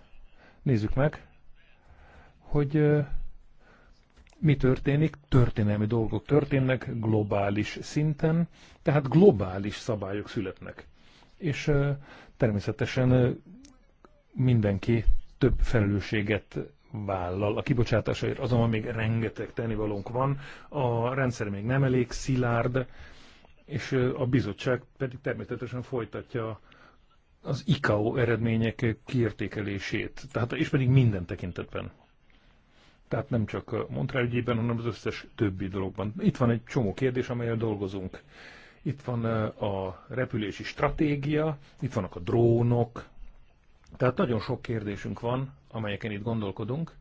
nézzük meg, hogy mi történik, történelmi dolgok történnek globális szinten, tehát globális szabályok születnek. És természetesen mindenki több felelősséget vállal a kibocsátásaért. Azonban még rengeteg tennivalónk van, a rendszer még nem elég szilárd, és a bizottság pedig természetesen folytatja az ICAO eredmények kiértékelését, tehát és pedig minden tekintetben. Tehát nem csak a Montreal ügyében, hanem az összes többi dologban. Itt van egy csomó kérdés, amelyel dolgozunk. Itt van a repülési stratégia, itt vannak a drónok, tehát nagyon sok kérdésünk van, amelyeken itt gondolkodunk,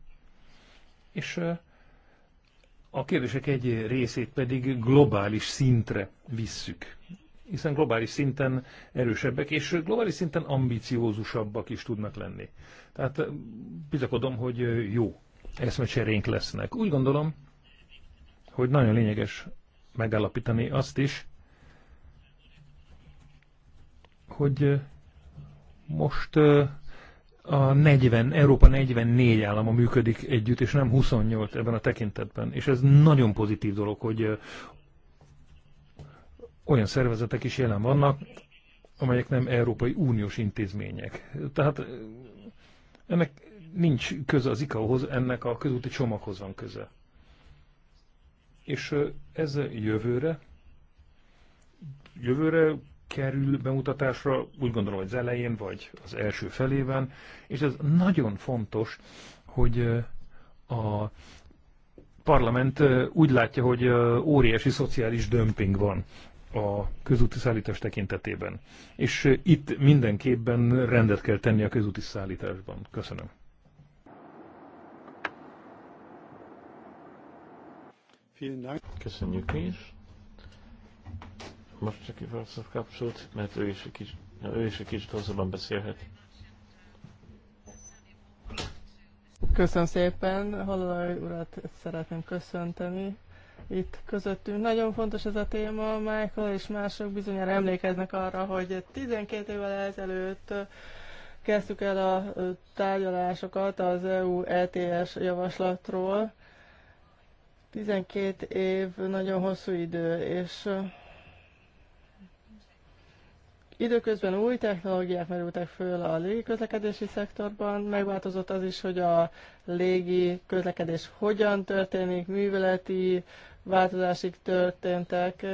és a kérdések egy részét pedig globális szintre visszük. Hiszen globális szinten erősebbek, és globális szinten ambiciózusabbak is tudnak lenni. Tehát bizakodom, hogy jó eszmecserénk lesznek. Úgy gondolom, hogy nagyon lényeges megállapítani azt is, hogy most a 40, Európa 44 állama működik együtt, és nem 28 ebben a tekintetben. És ez nagyon pozitív dolog, hogy olyan szervezetek is jelen vannak, amelyek nem Európai Uniós intézmények. Tehát ennek nincs köze az ICAO-hoz, ennek a közúti csomaghoz van köze. És ez jövőre, jövőre kerül bemutatásra, úgy gondolom, hogy az elején, vagy az első felében, és ez nagyon fontos, hogy a parlament úgy látja, hogy óriási szociális dömping van a közúti szállítás tekintetében. És itt mindenképpen rendet kell tenni a közúti szállításban. Köszönöm. Köszönjük is. Most csak Ivarszov kapcsolt, mert ő is egy kis, ő is egy kis hosszabban beszélhet. Köszönöm szépen, Halalai urat szeretném köszönteni itt közöttünk. Nagyon fontos ez a téma, Michael és mások bizonyára emlékeznek arra, hogy 12 évvel ezelőtt kezdtük el a tárgyalásokat az EU ETS javaslatról. 12 év nagyon hosszú idő, és Időközben új technológiák merültek föl a légiközlekedési szektorban, megváltozott az is, hogy a légi közlekedés hogyan történik, műveleti változásig történtek.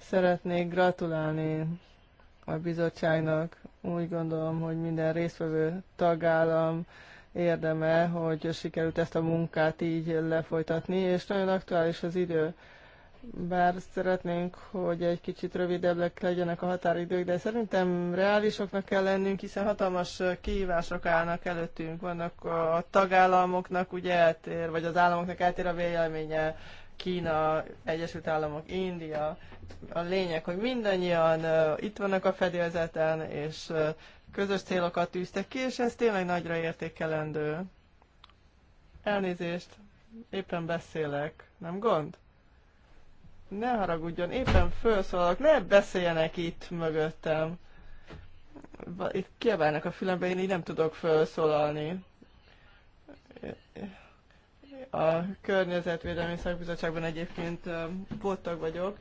Szeretnék gratulálni a bizottságnak. Úgy gondolom, hogy minden résztvevő tagállam érdeme, hogy sikerült ezt a munkát így lefolytatni, és nagyon aktuális az idő bár szeretnénk, hogy egy kicsit rövidebbek legyenek a határidők, de szerintem reálisoknak kell lennünk, hiszen hatalmas kihívások állnak előttünk. Vannak a tagállamoknak ugye eltér, vagy az államoknak eltér a véleménye, Kína, Egyesült Államok, India. A lényeg, hogy mindannyian itt vannak a fedélzeten, és közös célokat tűztek ki, és ez tényleg nagyra értékelendő. Elnézést, éppen beszélek, nem gond? Ne haragudjon, éppen felszólalok, ne beszéljenek itt mögöttem. Itt kiabálnak a fülembe, én így nem tudok felszólalni. A Környezetvédelmi Szakbizottságban egyébként voltak um, vagyok,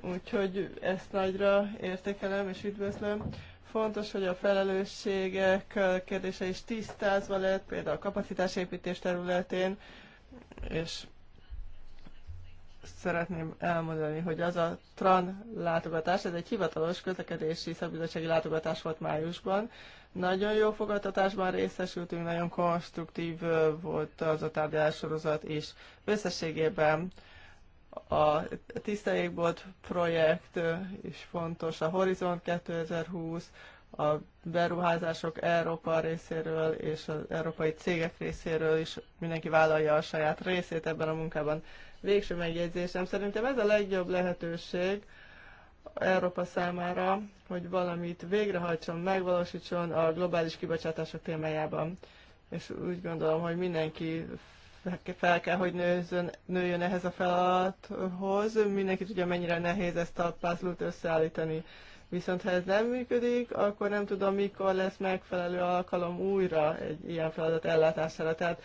úgyhogy ezt nagyra értékelem és üdvözlöm. Fontos, hogy a felelősségek uh, kérdése is tisztázva lett, például a kapacitásépítés területén, és szeretném elmondani, hogy az a TRAN látogatás, ez egy hivatalos közlekedési szakbizottsági látogatás volt májusban. Nagyon jó fogadtatásban részesültünk, nagyon konstruktív volt az a tárgyalás sorozat is. Összességében a tisztelékbolt projekt is fontos, a Horizont 2020, a beruházások Európa részéről és az európai cégek részéről is mindenki vállalja a saját részét ebben a munkában végső megjegyzésem. Szerintem ez a legjobb lehetőség Európa számára, hogy valamit végrehajtson, megvalósítson a globális kibocsátások témájában. És úgy gondolom, hogy mindenki fel kell, hogy nőzön, nőjön ehhez a feladathoz. Mindenki tudja, mennyire nehéz ezt a puzzle összeállítani. Viszont ha ez nem működik, akkor nem tudom, mikor lesz megfelelő alkalom újra egy ilyen feladat ellátására. Tehát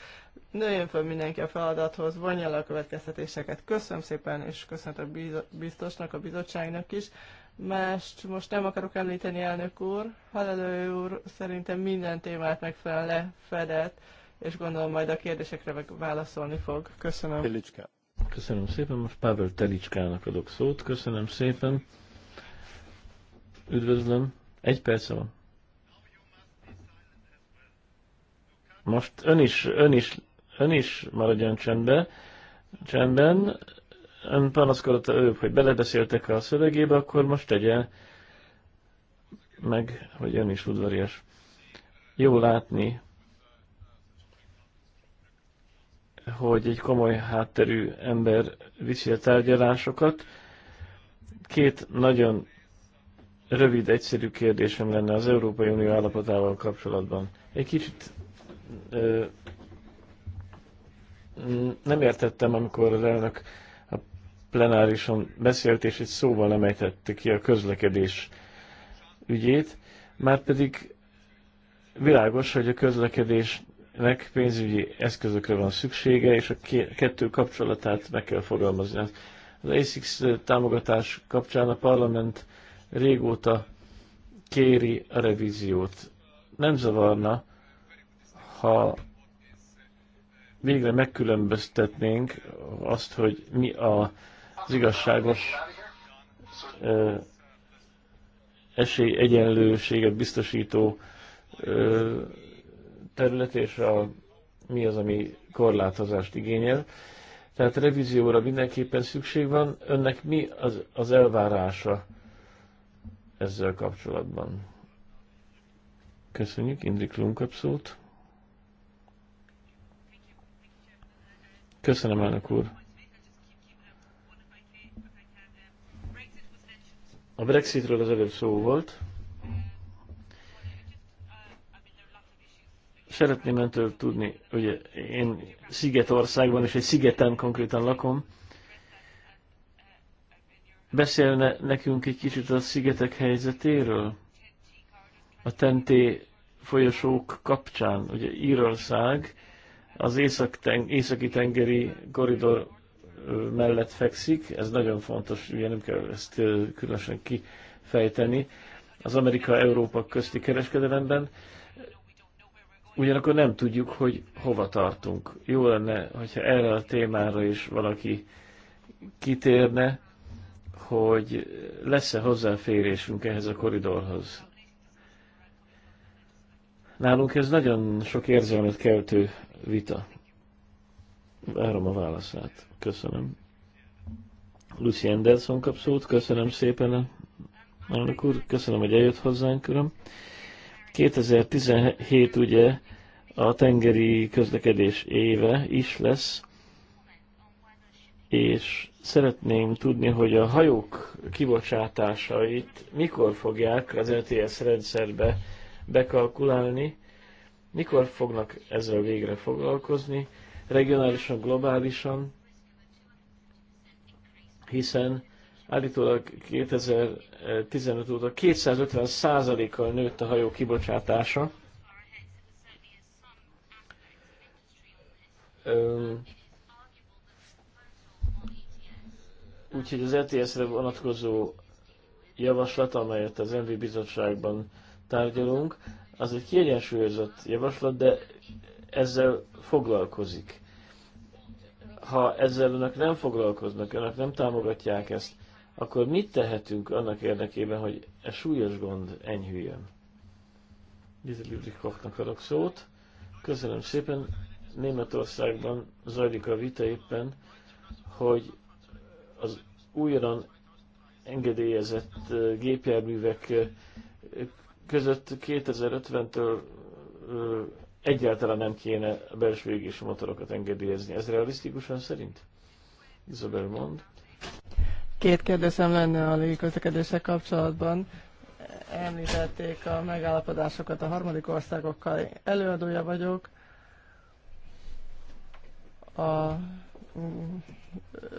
nőjön föl mindenki a feladathoz, vonja le a következtetéseket. Köszönöm szépen, és köszönöm a biztosnak, a bizottságnak is. Mást most nem akarok említeni, elnök úr. Halelő úr szerintem minden témát megfelelően lefedett, és gondolom majd a kérdésekre meg válaszolni fog. Köszönöm. Telicska. Köszönöm szépen, most Pavel Telicskának adok szót. Köszönöm szépen. Üdvözlöm. Egy perc van. Most ön is, ön is, ön is maradjon csendben, Csendben. Ön panaszkodott előbb, hogy belebeszéltek a szövegébe, akkor most tegye meg, hogy ön is udvarias. Jó látni, hogy egy komoly hátterű ember viszi a tárgyalásokat. Két nagyon rövid, egyszerű kérdésem lenne az Európai Unió állapotával kapcsolatban. Egy kicsit ö, nem értettem, amikor az elnök a plenárison beszélt, és egy szóval nem ejtette ki a közlekedés ügyét, már pedig világos, hogy a közlekedésnek pénzügyi eszközökre van szüksége, és a kettő kapcsolatát meg kell fogalmazni. Az ASICS támogatás kapcsán a parlament régóta kéri a revíziót. Nem zavarna, ha végre megkülönböztetnénk azt, hogy mi az igazságos esély egyenlőséget biztosító terület, és a, mi az, ami korlátozást igényel. Tehát revízióra mindenképpen szükség van. Önnek mi az, az elvárása ezzel kapcsolatban. Köszönjük, Indrik Lunkap szót. Köszönöm, elnök úr. A Brexitről az előbb szó volt. Szeretném öntől tudni, hogy én Szigetországban és egy szigeten konkrétan lakom, Beszélne nekünk egy kicsit a szigetek helyzetéről? A tenté folyosók kapcsán, ugye Írország az észak -ten északi tengeri koridor mellett fekszik, ez nagyon fontos, ugye nem kell ezt különösen kifejteni, az Amerika-Európa közti kereskedelemben, ugyanakkor nem tudjuk, hogy hova tartunk. Jó lenne, hogyha erre a témára is valaki kitérne, hogy lesz-e hozzáférésünk ehhez a koridorhoz. Nálunk ez nagyon sok érzelmet keltő vita. Várom a válaszát. Köszönöm. Lucy Anderson kap szót. Köszönöm szépen, elnök úr. Köszönöm, hogy eljött hozzánk, uram. 2017 ugye a tengeri közlekedés éve is lesz, és szeretném tudni, hogy a hajók kibocsátásait mikor fogják az ETS rendszerbe bekalkulálni, mikor fognak ezzel végre foglalkozni, regionálisan, globálisan, hiszen állítólag 2015 óta 250 százalékkal nőtt a hajó kibocsátása. Öm, Úgyhogy az ETS-re vonatkozó javaslat, amelyet az MV bizottságban tárgyalunk, az egy kiegyensúlyozott javaslat, de ezzel foglalkozik. Ha ezzel önök nem foglalkoznak, önök nem támogatják ezt, akkor mit tehetünk annak érdekében, hogy e súlyos gond enyhüljön? Gizelibrik Kochnak adok szót. Köszönöm szépen. Németországban zajlik a vita éppen, hogy az újonnan engedélyezett gépjárművek között 2050-től egyáltalán nem kéne a belső égési motorokat engedélyezni. Ez realisztikusan szerint? Isabel mond. Két kérdésem lenne a légiközlekedéssel kapcsolatban. Említették a megállapodásokat a harmadik országokkal. Előadója vagyok a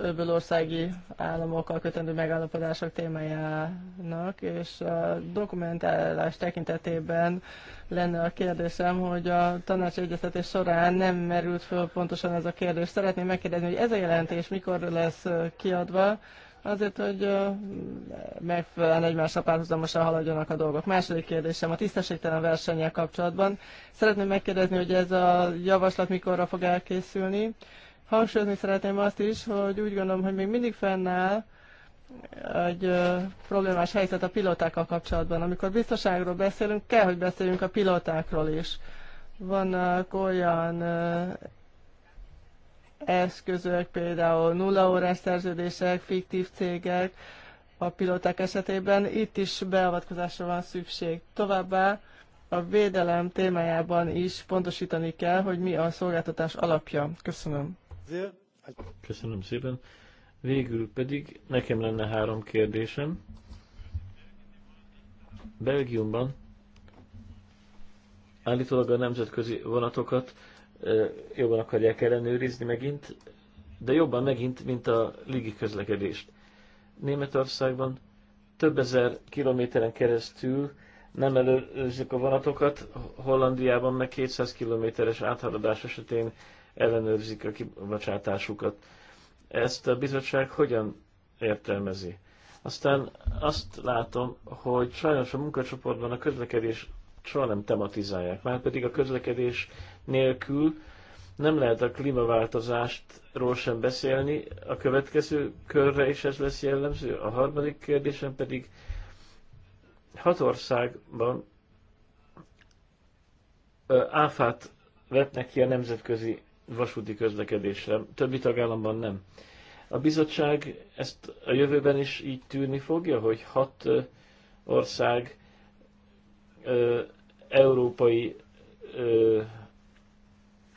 öbölországi államokkal kötendő megállapodások témájának, és a dokumentálás tekintetében lenne a kérdésem, hogy a tanács egyeztetés során nem merült föl pontosan ez a kérdés. Szeretném megkérdezni, hogy ez a jelentés mikor lesz kiadva, azért, hogy megfelelően egymásra párhuzamosan haladjanak a dolgok. Második kérdésem a tisztességtelen versennyel kapcsolatban. Szeretném megkérdezni, hogy ez a javaslat mikorra fog elkészülni, Hangsúlyozni szeretném azt is, hogy úgy gondolom, hogy még mindig fennáll egy problémás helyzet a pilotákkal kapcsolatban. Amikor biztonságról beszélünk, kell, hogy beszéljünk a pilótákról is. Vannak olyan eszközök, például nullaórás szerződések, fiktív cégek a pilóták esetében. Itt is beavatkozásra van szükség. Továbbá a védelem témájában is pontosítani kell, hogy mi a szolgáltatás alapja. Köszönöm. Köszönöm szépen. Végül pedig nekem lenne három kérdésem. Belgiumban állítólag a nemzetközi vonatokat jobban akarják ellenőrizni megint, de jobban megint, mint a ligi közlekedést. Németországban több ezer kilométeren keresztül nem előzik a vonatokat, Hollandiában meg 200 kilométeres áthaladás esetén ellenőrzik a kibocsátásukat. Ezt a bizottság hogyan értelmezi? Aztán azt látom, hogy sajnos a munkacsoportban a közlekedés soha nem tematizálják, már pedig a közlekedés nélkül nem lehet a klímaváltozástról sem beszélni. A következő körre is ez lesz jellemző. A harmadik kérdésem pedig hat országban áfát vetnek ki a nemzetközi vasúti közlekedésre, többi tagállamban nem. A bizottság ezt a jövőben is így tűrni fogja, hogy hat ország ö, európai ö,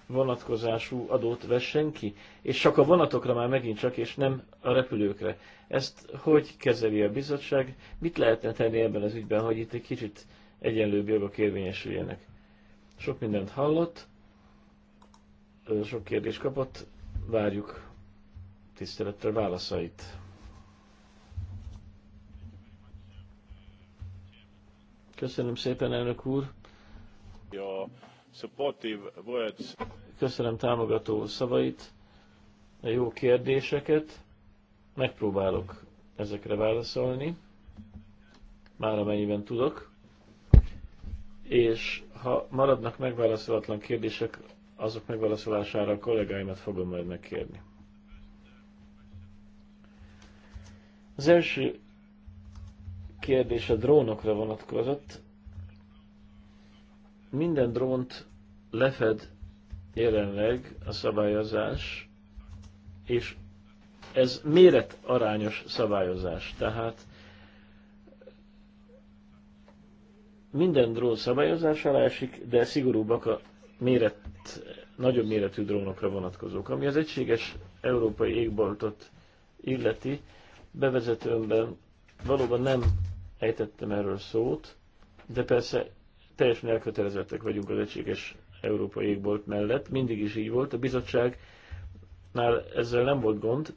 vonatkozású adót vessen ki, és csak a vonatokra már megint csak, és nem a repülőkre. Ezt hogy kezeli a bizottság? Mit lehetne tenni ebben az ügyben, hogy itt egy kicsit egyenlőbb jogok érvényesüljenek? Sok mindent hallott, sok kérdést kapott, várjuk tisztelettel válaszait. Köszönöm szépen, elnök úr! Köszönöm támogató szavait, a jó kérdéseket. Megpróbálok ezekre válaszolni, már amennyiben tudok. És ha maradnak megválaszolatlan kérdések, azok megválaszolására a kollégáimat fogom majd megkérni. Az első kérdés a drónokra vonatkozott. Minden drónt lefed jelenleg a szabályozás, és ez méret arányos szabályozás. Tehát minden drón szabályozás alá esik, de szigorúbbak a méret nagyobb méretű drónokra vonatkozók. Ami az egységes európai égboltot illeti, bevezetőmben valóban nem ejtettem erről szót, de persze teljesen elkötelezettek vagyunk az egységes európai égbolt mellett. Mindig is így volt. A bizottságnál ezzel nem volt gond.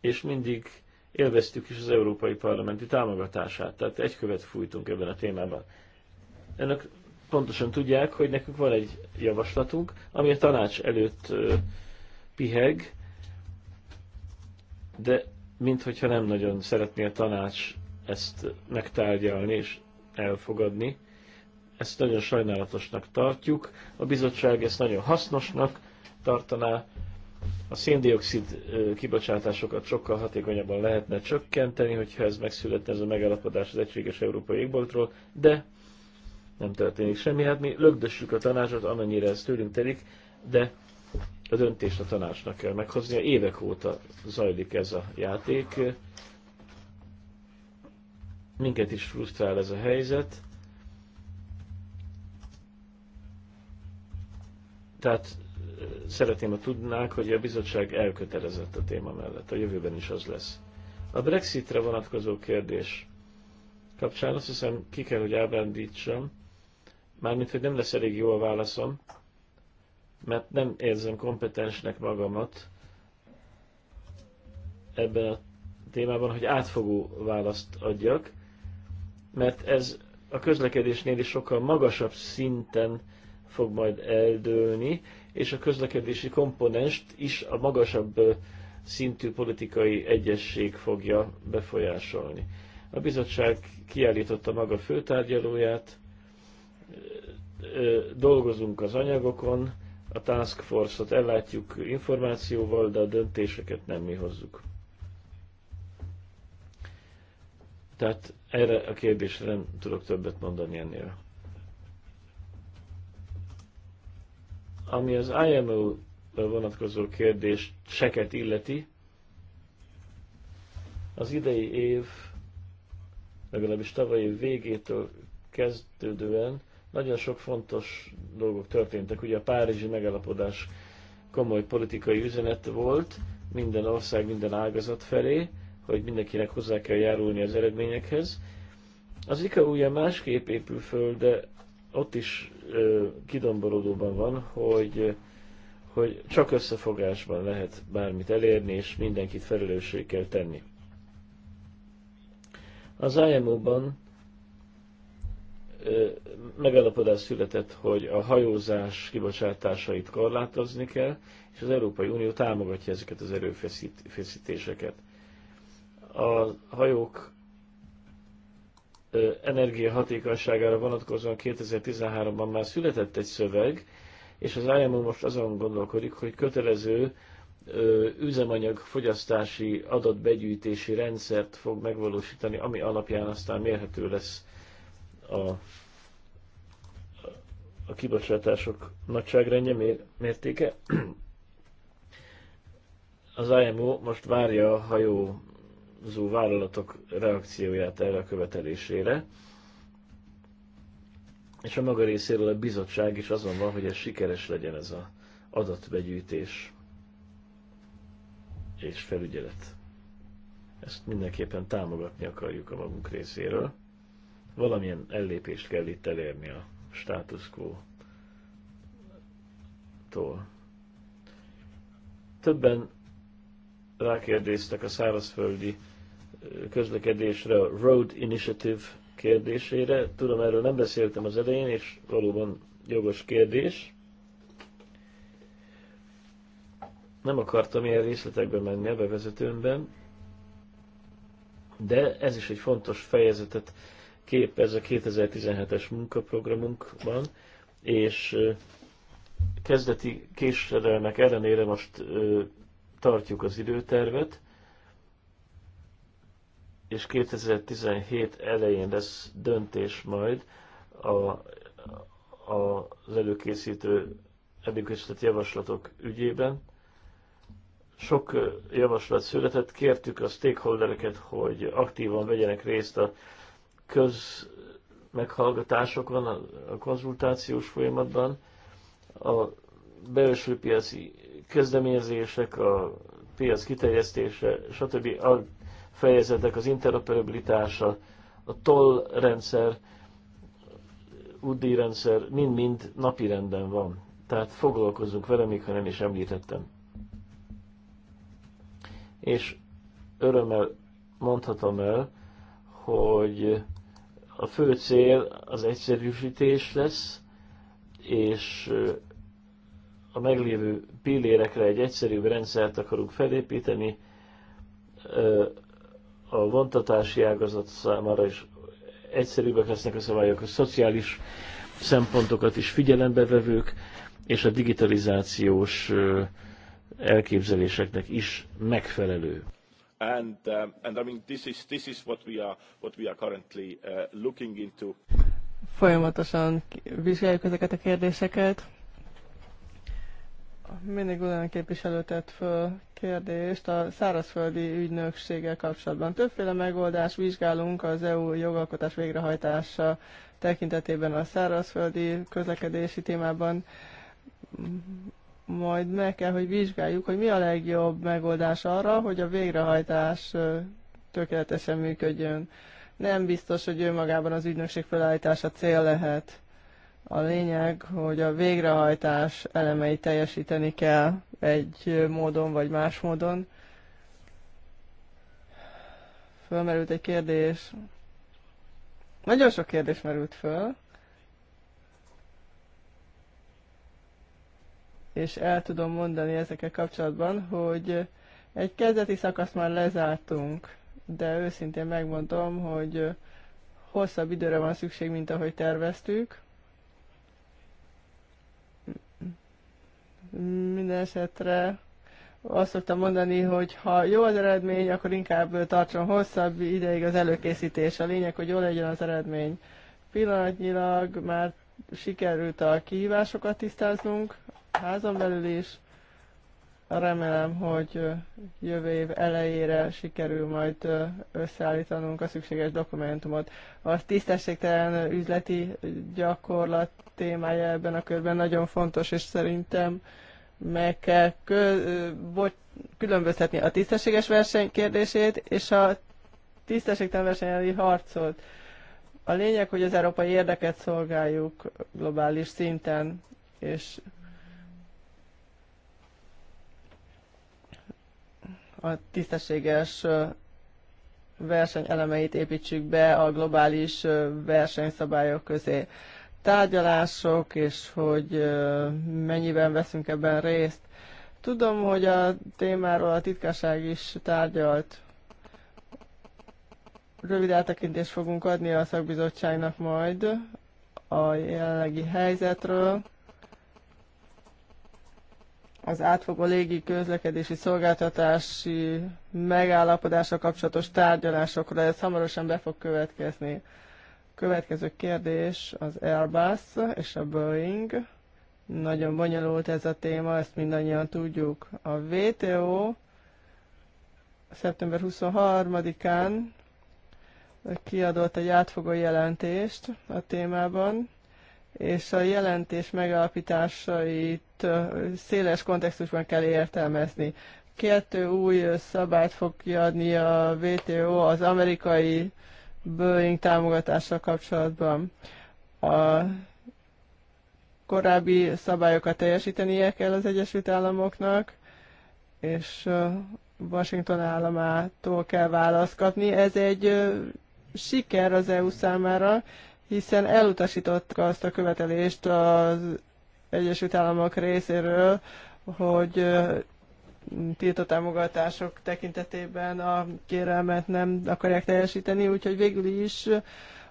És mindig élveztük is az európai parlamenti támogatását. Tehát egy követ fújtunk ebben a témában. Önök pontosan tudják, hogy nekünk van egy javaslatunk, ami a tanács előtt piheg, de minthogyha nem nagyon szeretné a tanács ezt megtárgyalni és elfogadni. Ezt nagyon sajnálatosnak tartjuk. A bizottság ezt nagyon hasznosnak tartaná. A széndiokszid kibocsátásokat sokkal hatékonyabban lehetne csökkenteni, hogyha ez megszületne ez a megállapodás az egységes európai égboltról, de nem történik semmi. Hát mi lögdössük a tanácsot, amennyire ez tőlünk telik, de a döntést a tanácsnak kell meghoznia. Évek óta zajlik ez a játék. Minket is frusztrál ez a helyzet. Tehát szeretném, ha tudnák, hogy a bizottság elkötelezett a téma mellett. A jövőben is az lesz. A Brexitre vonatkozó kérdés kapcsán azt hiszem ki kell, hogy ábrándítsam, Mármint, hogy nem lesz elég jó a válaszom, mert nem érzem kompetensnek magamat ebben a témában, hogy átfogó választ adjak, mert ez a közlekedésnél is sokkal magasabb szinten fog majd eldőlni, és a közlekedési komponenst is a magasabb szintű politikai egyesség fogja befolyásolni. A bizottság kiállította maga főtárgyalóját, dolgozunk az anyagokon, a task force-ot ellátjuk információval, de a döntéseket nem mi hozzuk. Tehát erre a kérdésre nem tudok többet mondani ennél. Ami az IMO vonatkozó kérdés seket illeti, az idei év, legalábbis tavalyi végétől kezdődően nagyon sok fontos dolgok történtek. Ugye a Párizsi megállapodás komoly politikai üzenet volt minden ország, minden ágazat felé, hogy mindenkinek hozzá kell járulni az eredményekhez. Az IKA ugye másképp épül föl, de ott is ö, kidomborodóban van, hogy, hogy csak összefogásban lehet bármit elérni, és mindenkit felelősség kell tenni. Az IMO-ban megállapodás született, hogy a hajózás kibocsátásait korlátozni kell, és az Európai Unió támogatja ezeket az erőfeszítéseket. A hajók energiahatékonyságára vonatkozóan 2013-ban már született egy szöveg, és az IMO most azon gondolkodik, hogy kötelező üzemanyag fogyasztási adatbegyűjtési rendszert fog megvalósítani, ami alapján aztán mérhető lesz a, a kibocsátások nagyságrendje, mértéke. Az IMO most várja a hajózó vállalatok reakcióját erre a követelésére, és a maga részéről a bizottság is azon van, hogy ez sikeres legyen ez az adatbegyűjtés és felügyelet. Ezt mindenképpen támogatni akarjuk a magunk részéről. Valamilyen ellépést kell itt elérni a status quo-tól. Többen rákérdeztek a szárazföldi közlekedésre, a Road Initiative kérdésére. Tudom, erről nem beszéltem az elején, és valóban jogos kérdés. Nem akartam ilyen részletekbe menni a bevezetőmben, de ez is egy fontos fejezetet kép ez a 2017-es munkaprogramunkban, és kezdeti késedelmek ellenére most tartjuk az időtervet, és 2017 elején lesz döntés majd a, a, az előkészítő előkészített javaslatok ügyében. Sok javaslat született, kértük a stakeholdereket, hogy aktívan vegyenek részt a köz meghallgatásokon, a konzultációs folyamatban, a belső piaci kezdeményezések, a piac kiterjesztése, stb. A fejezetek, az interoperabilitása, a toll rendszer, rendszer mind-mind napirenden van. Tehát foglalkozunk vele, még ha nem is említettem. És örömmel mondhatom el, hogy a fő cél az egyszerűsítés lesz, és a meglévő pillérekre egy egyszerűbb rendszert akarunk felépíteni, a vontatási ágazat számára is egyszerűbbek lesznek a szabályok, a szociális szempontokat is figyelembe vevők, és a digitalizációs elképzeléseknek is megfelelő. Folyamatosan vizsgáljuk ezeket a kérdéseket. Mindig olyan képviselő tett föl kérdést a szárazföldi ügynökséggel kapcsolatban. Többféle megoldást vizsgálunk az EU jogalkotás végrehajtása tekintetében a szárazföldi közlekedési témában majd meg kell, hogy vizsgáljuk, hogy mi a legjobb megoldás arra, hogy a végrehajtás tökéletesen működjön. Nem biztos, hogy önmagában az ügynökség felállítása cél lehet. A lényeg, hogy a végrehajtás elemei teljesíteni kell egy módon vagy más módon. Fölmerült egy kérdés. Nagyon sok kérdés merült föl. és el tudom mondani ezekkel kapcsolatban, hogy egy kezdeti szakaszt már lezártunk, de őszintén megmondom, hogy hosszabb időre van szükség, mint ahogy terveztük. Minden esetre azt szoktam mondani, hogy ha jó az eredmény, akkor inkább tartson hosszabb ideig az előkészítés. A lényeg, hogy jó legyen az eredmény. Pillanatnyilag már sikerült a kihívásokat tisztáznunk, házon belül is. Remélem, hogy jövő év elejére sikerül majd összeállítanunk a szükséges dokumentumot. A tisztességtelen üzleti gyakorlat témája ebben a körben nagyon fontos, és szerintem meg kell különböztetni a tisztességes verseny kérdését és a tisztességtelen versenyelvi harcot. A lényeg, hogy az európai érdeket szolgáljuk globális szinten, és a tisztességes verseny elemeit építsük be a globális versenyszabályok közé. Tárgyalások, és hogy mennyiben veszünk ebben részt. Tudom, hogy a témáról a titkárság is tárgyalt. Rövid eltekintést fogunk adni a szakbizottságnak majd a jelenlegi helyzetről az átfogó légi közlekedési szolgáltatási megállapodásra kapcsolatos tárgyalásokra. Ez hamarosan be fog következni. Következő kérdés az Airbus és a Boeing. Nagyon bonyolult ez a téma, ezt mindannyian tudjuk. A WTO szeptember 23-án kiadott egy átfogó jelentést a témában és a jelentés megalapításait széles kontextusban kell értelmezni. Kettő új szabályt fog kiadni a WTO az amerikai Boeing támogatással kapcsolatban. A korábbi szabályokat teljesítenie kell az Egyesült Államoknak, és Washington államától kell választ kapni. Ez egy siker az EU számára, hiszen elutasították azt a követelést az Egyesült Államok részéről, hogy tiltott támogatások tekintetében a kérelmet nem akarják teljesíteni, úgyhogy végül is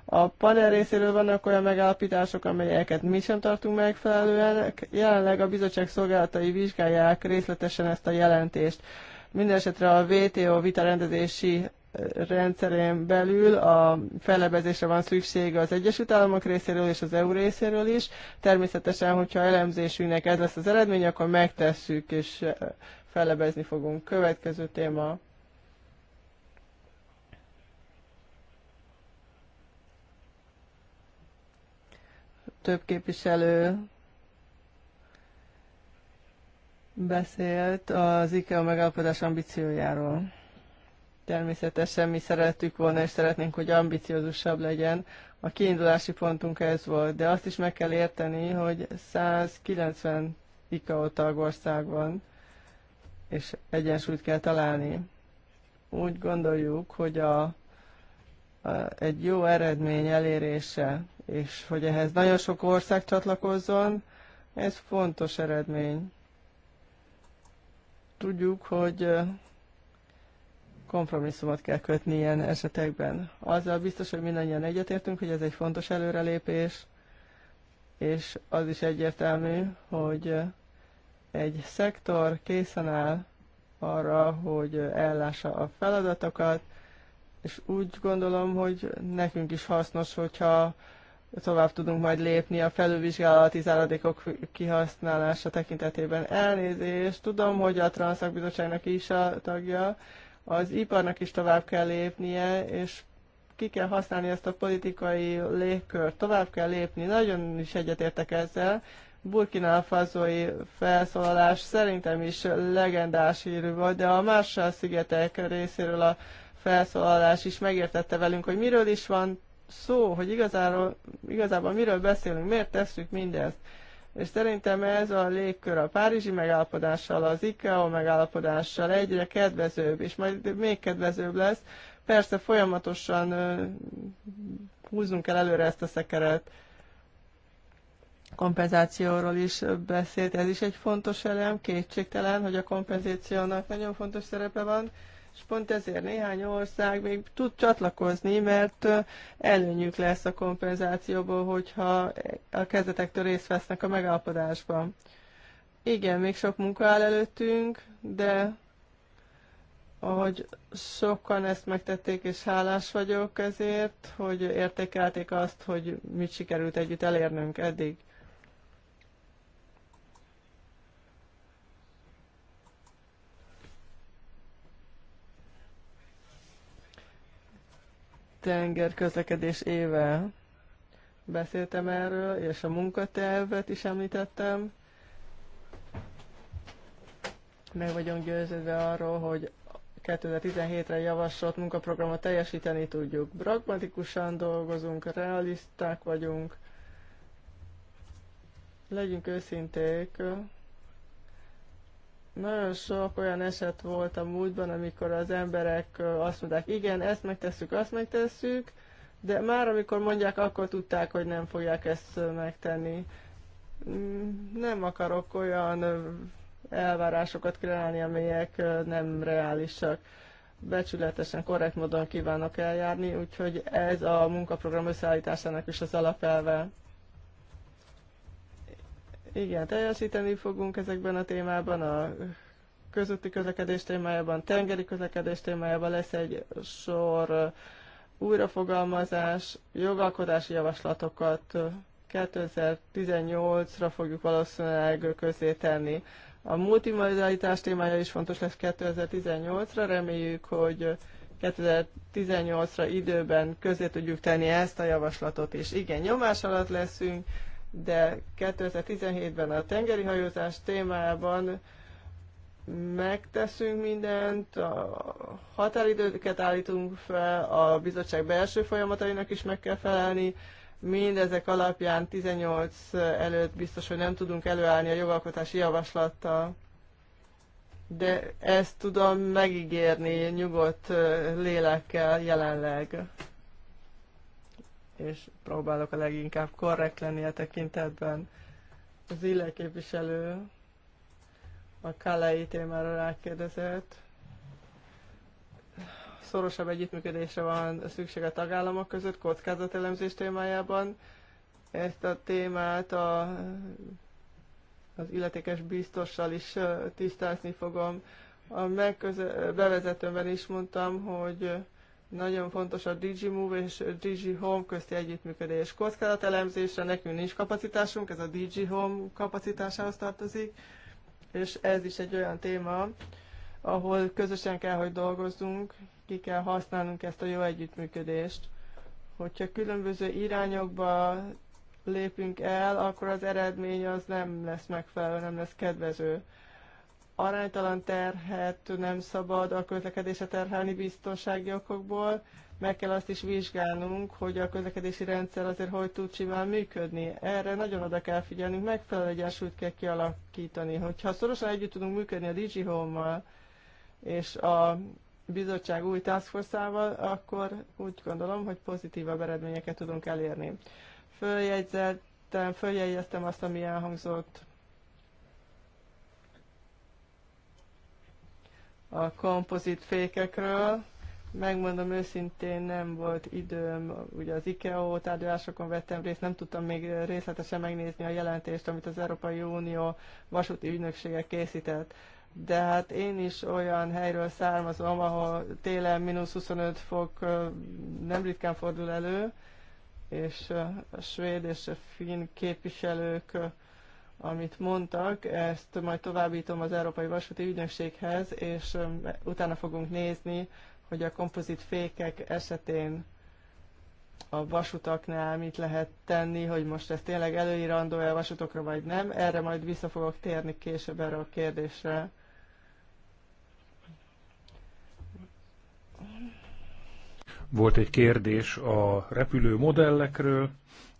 a panel részéről vannak olyan megállapítások, amelyeket mi sem tartunk megfelelően. Jelenleg a bizottság szolgálatai vizsgálják részletesen ezt a jelentést. Mindenesetre a WTO vitarendezési rendszerén belül a fellebezésre van szüksége az Egyesült Államok részéről és az EU részéről is. Természetesen, hogyha elemzésünknek ez lesz az eredmény, akkor megtesszük és eh, fellebezni fogunk. Következő téma. Több képviselő beszélt az IKEA megállapodás ambíciójáról. Természetesen mi szerettük volna, és szeretnénk, hogy ambiciózusabb legyen. A kiindulási pontunk ez volt, de azt is meg kell érteni, hogy 190 ICAO tagország van, és egyensúlyt kell találni. Úgy gondoljuk, hogy a, a, egy jó eredmény elérése, és hogy ehhez nagyon sok ország csatlakozzon, ez fontos eredmény. Tudjuk, hogy kompromisszumot kell kötni ilyen esetekben. Azzal biztos, hogy mindannyian egyetértünk, hogy ez egy fontos előrelépés, és az is egyértelmű, hogy egy szektor készen áll arra, hogy ellássa a feladatokat, és úgy gondolom, hogy nekünk is hasznos, hogyha tovább tudunk majd lépni a felülvizsgálati záradékok kihasználása tekintetében. Elnézést, tudom, hogy a Transzakbizottságnak is a tagja, az iparnak is tovább kell lépnie, és ki kell használni ezt a politikai légkört, tovább kell lépni. Nagyon is egyetértek ezzel. Burkina Fazói felszólalás szerintem is legendás írő volt, de a Marshall szigetek részéről a felszólalás is megértette velünk, hogy miről is van szó, hogy igazából igazából miről beszélünk, miért tesszük mindezt. És szerintem ez a légkör a Párizsi megállapodással, az ICAO megállapodással egyre kedvezőbb, és majd még kedvezőbb lesz. Persze folyamatosan húzzunk el előre ezt a szekeret. Kompenzációról is beszélt, ez is egy fontos elem, kétségtelen, hogy a kompenzációnak nagyon fontos szerepe van és pont ezért néhány ország még tud csatlakozni, mert előnyük lesz a kompenzációból, hogyha a kezdetektől részt vesznek a megállapodásban. Igen, még sok munka áll előttünk, de ahogy sokan ezt megtették, és hálás vagyok ezért, hogy értékelték azt, hogy mit sikerült együtt elérnünk eddig. tenger közlekedés éve. Beszéltem erről, és a munkatervet is említettem. Meg vagyunk győződve arról, hogy 2017-re javasolt munkaprogramot teljesíteni tudjuk. Pragmatikusan dolgozunk, realisták vagyunk. Legyünk őszinték, nagyon sok olyan eset volt a múltban, amikor az emberek azt mondták, igen, ezt megtesszük, azt megtesszük, de már amikor mondják, akkor tudták, hogy nem fogják ezt megtenni. Mm, nem akarok olyan elvárásokat kreálni, amelyek nem reálisak. Becsületesen, korrekt módon kívánok eljárni, úgyhogy ez a munkaprogram összeállításának is az alapelve. Igen, teljesíteni fogunk ezekben a témában, a közötti közlekedés témájában, tengeri közlekedés témájában lesz egy sor újrafogalmazás, jogalkotási javaslatokat 2018-ra fogjuk valószínűleg közé tenni. A multimodalitás témája is fontos lesz 2018-ra, reméljük, hogy 2018-ra időben közé tudjuk tenni ezt a javaslatot is. Igen, nyomás alatt leszünk, de 2017-ben a tengeri hajózás témában megteszünk mindent, a határidőket állítunk fel, a bizottság belső folyamatainak is meg kell felelni, mindezek alapján 18 előtt biztos, hogy nem tudunk előállni a jogalkotási javaslattal. De ezt tudom megígérni nyugodt lélekkel jelenleg és próbálok a leginkább korrekt lenni a tekintetben. Az Ille a Kalei témára rákérdezett. Szorosabb együttműködésre van szükség a tagállamok között kockázatelemzés témájában. Ezt a témát a, az illetékes biztossal is tisztázni fogom. A megköze- bevezetőmben is mondtam, hogy nagyon fontos a DigiMove és DigiHome közti együttműködés. Kockázatelemzésre nekünk nincs kapacitásunk, ez a DigiHome kapacitásához tartozik, és ez is egy olyan téma, ahol közösen kell, hogy dolgozzunk, ki kell használnunk ezt a jó együttműködést. Hogyha különböző irányokba lépünk el, akkor az eredmény az nem lesz megfelelő, nem lesz kedvező aránytalan terhet nem szabad a közlekedése terhelni biztonsági okokból. Meg kell azt is vizsgálnunk, hogy a közlekedési rendszer azért hogy tud simán működni. Erre nagyon oda kell figyelnünk, megfelelő egyensúlyt kell kialakítani. Hogyha szorosan együtt tudunk működni a DG Home-mal és a bizottság új task akkor úgy gondolom, hogy pozitívabb eredményeket tudunk elérni. Följegyzettem, följegyeztem azt, ami elhangzott a kompozit fékekről. Megmondom őszintén, nem volt időm, ugye az IKEA tárgyalásokon vettem részt, nem tudtam még részletesen megnézni a jelentést, amit az Európai Unió vasúti ügynöksége készített. De hát én is olyan helyről származom, ahol télen mínusz 25 fok nem ritkán fordul elő, és a svéd és a finn képviselők amit mondtak, ezt majd továbbítom az Európai Vasúti Ügynökséghez, és um, utána fogunk nézni, hogy a kompozit fékek esetén a vasutaknál mit lehet tenni, hogy most ez tényleg előírandó-e a vasutokra, vagy nem. Erre majd vissza fogok térni később erre a kérdésre. Volt egy kérdés a repülő modellekről,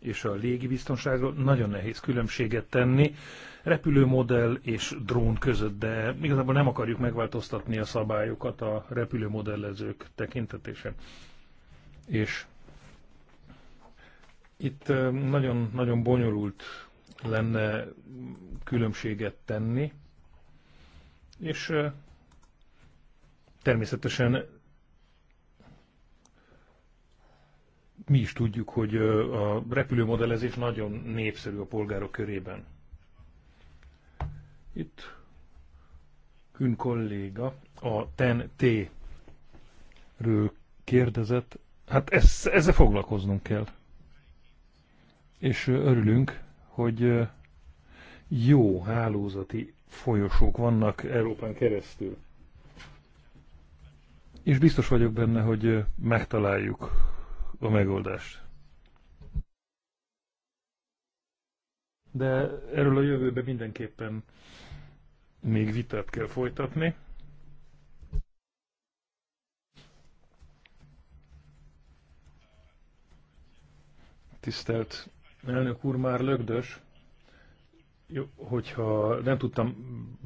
és a légi biztonságról nagyon nehéz különbséget tenni repülőmodell és drón között, de igazából nem akarjuk megváltoztatni a szabályokat a repülőmodellezők tekintetében. És itt nagyon-nagyon bonyolult lenne különbséget tenni, és természetesen mi is tudjuk, hogy a repülőmodellezés nagyon népszerű a polgárok körében. Itt Kün kolléga a TEN-T-ről kérdezett. Hát ez, ezzel foglalkoznunk kell. És örülünk, hogy jó hálózati folyosók vannak Európán keresztül. És biztos vagyok benne, hogy megtaláljuk a megoldást. De erről a jövőben mindenképpen még vitát kell folytatni. Tisztelt elnök úr, már lögdös. Jó, hogyha nem tudtam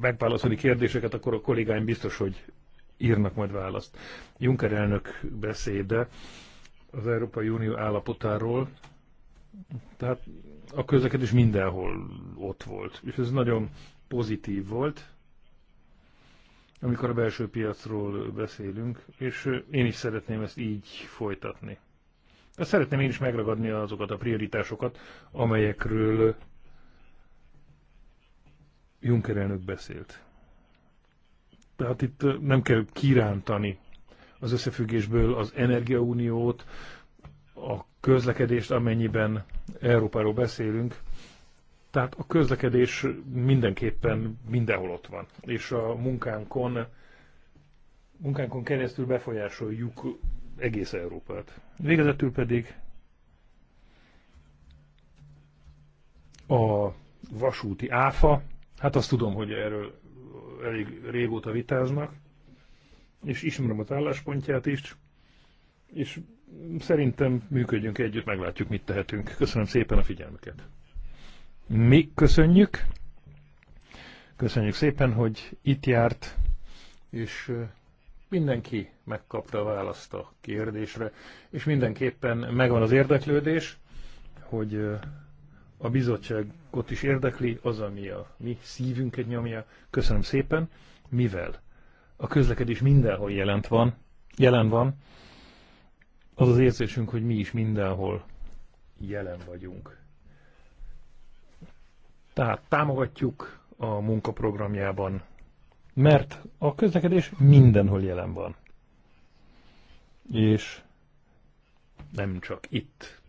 megválaszolni kérdéseket, akkor a kollégáim biztos, hogy írnak majd választ. Juncker elnök beszéde az Európai Unió állapotáról, tehát a közlekedés mindenhol ott volt, és ez nagyon pozitív volt, amikor a belső piacról beszélünk, és én is szeretném ezt így folytatni. De szeretném én is megragadni azokat a prioritásokat, amelyekről Juncker elnök beszélt. Tehát itt nem kell kirántani az összefüggésből az energiauniót, a közlekedést, amennyiben Európáról beszélünk. Tehát a közlekedés mindenképpen mindenhol ott van, és a munkánkon, munkánkon keresztül befolyásoljuk egész Európát. Végezetül pedig a vasúti áfa, hát azt tudom, hogy erről elég régóta vitáznak, és ismerem az álláspontját is, és szerintem működjünk együtt, meglátjuk, mit tehetünk. Köszönöm szépen a figyelmüket. Mi köszönjük. Köszönjük szépen, hogy itt járt, és mindenki megkapta a választ a kérdésre, és mindenképpen megvan az érdeklődés, hogy a bizottságot is érdekli, az, ami a mi szívünket nyomja. Köszönöm szépen, mivel a közlekedés mindenhol jelent van, jelen van, az az érzésünk, hogy mi is mindenhol jelen vagyunk. Tehát támogatjuk a munkaprogramjában, mert a közlekedés mindenhol jelen van. És nem csak itt.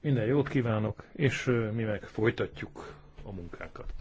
Minden jót kívánok, és mi meg folytatjuk a munkánkat.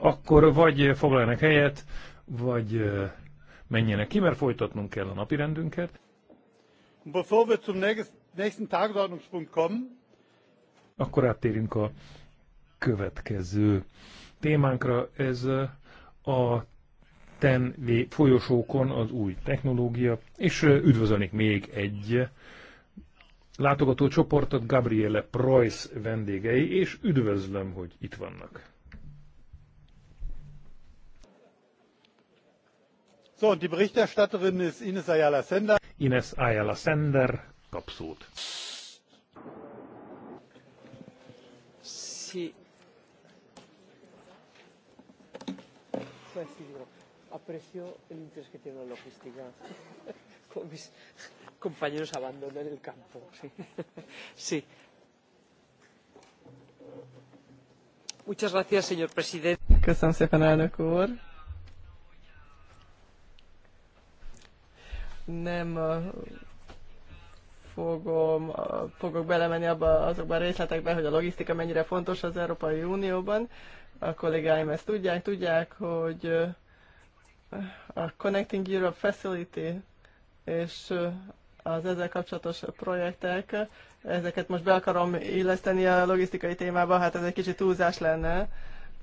Akkor vagy foglalnak helyet, vagy menjenek ki, mert folytatnunk kell a napirendünket. Akkor áttérünk a következő témánkra. Ez a TEN folyosókon az új technológia, és üdvözölnék még egy látogató csoportot Gabriele Preuss vendégei, és üdvözlöm, hogy itt vannak. So, die Berichterstatterin ist Ines Ayala Sender. Ines Ayala Sender kap Si. Sí. Aprecio el interés que tiene la logística. compañeros abandonen el campo. Sí. sí. Muchas gracias, señor presidente. Köszönöm szépen, elnök úr. Nem fogom, fogok belemenni abba azokba a részletekbe, hogy a logisztika mennyire fontos az Európai Unióban. A kollégáim ezt tudják, tudják, hogy a Connecting Europe Facility és az ezzel kapcsolatos projektek. Ezeket most be akarom illeszteni a logisztikai témába, hát ez egy kicsit túlzás lenne.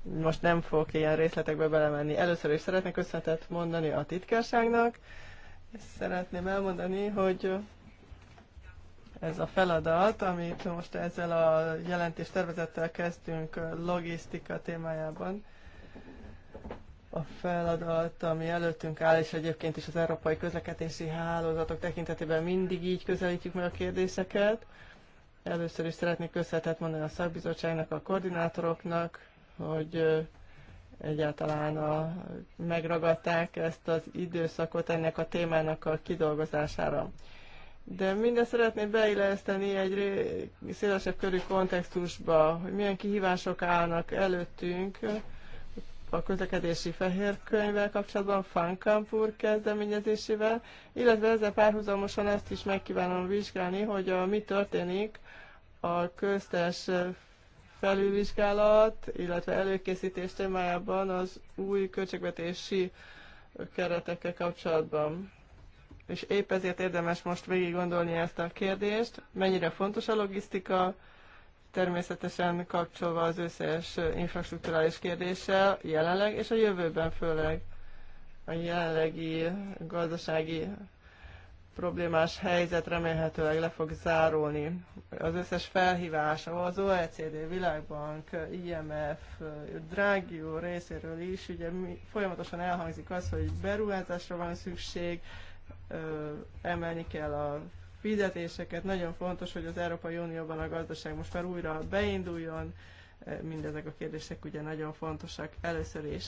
Most nem fogok ilyen részletekbe belemenni. Először is szeretnék köszönetet mondani a titkárságnak. Szeretném elmondani, hogy ez a feladat, amit most ezzel a jelentéstervezettel tervezettel kezdtünk logisztika témájában, a feladat, ami előttünk áll, és egyébként is az európai közlekedési hálózatok tekintetében mindig így közelítjük meg a kérdéseket. Először is szeretnék köszönetet mondani a szakbizottságnak, a koordinátoroknak, hogy egyáltalán a, megragadták ezt az időszakot ennek a témának a kidolgozására. De mindezt szeretném beilleszteni egy szélesebb körű kontextusba, hogy milyen kihívások állnak előttünk, a közlekedési fehér könyvvel kapcsolatban, Fankamp úr kezdeményezésével, illetve ezzel párhuzamosan ezt is megkívánom vizsgálni, hogy a, mi történik a köztes felülvizsgálat, illetve előkészítés témájában az új költségvetési keretekkel kapcsolatban. És épp ezért érdemes most végig gondolni ezt a kérdést, mennyire fontos a logisztika, természetesen kapcsolva az összes infrastruktúrális kérdéssel jelenleg és a jövőben főleg a jelenlegi gazdasági problémás helyzet remélhetőleg le fog zárulni. Az összes felhívás, az OECD, Világbank, IMF, Draghi úr részéről is, ugye mi, folyamatosan elhangzik az, hogy beruházásra van szükség, emelni kell a fizetéseket. Nagyon fontos, hogy az Európai Unióban a gazdaság most már újra beinduljon. E, mindezek a kérdések ugye nagyon fontosak először is.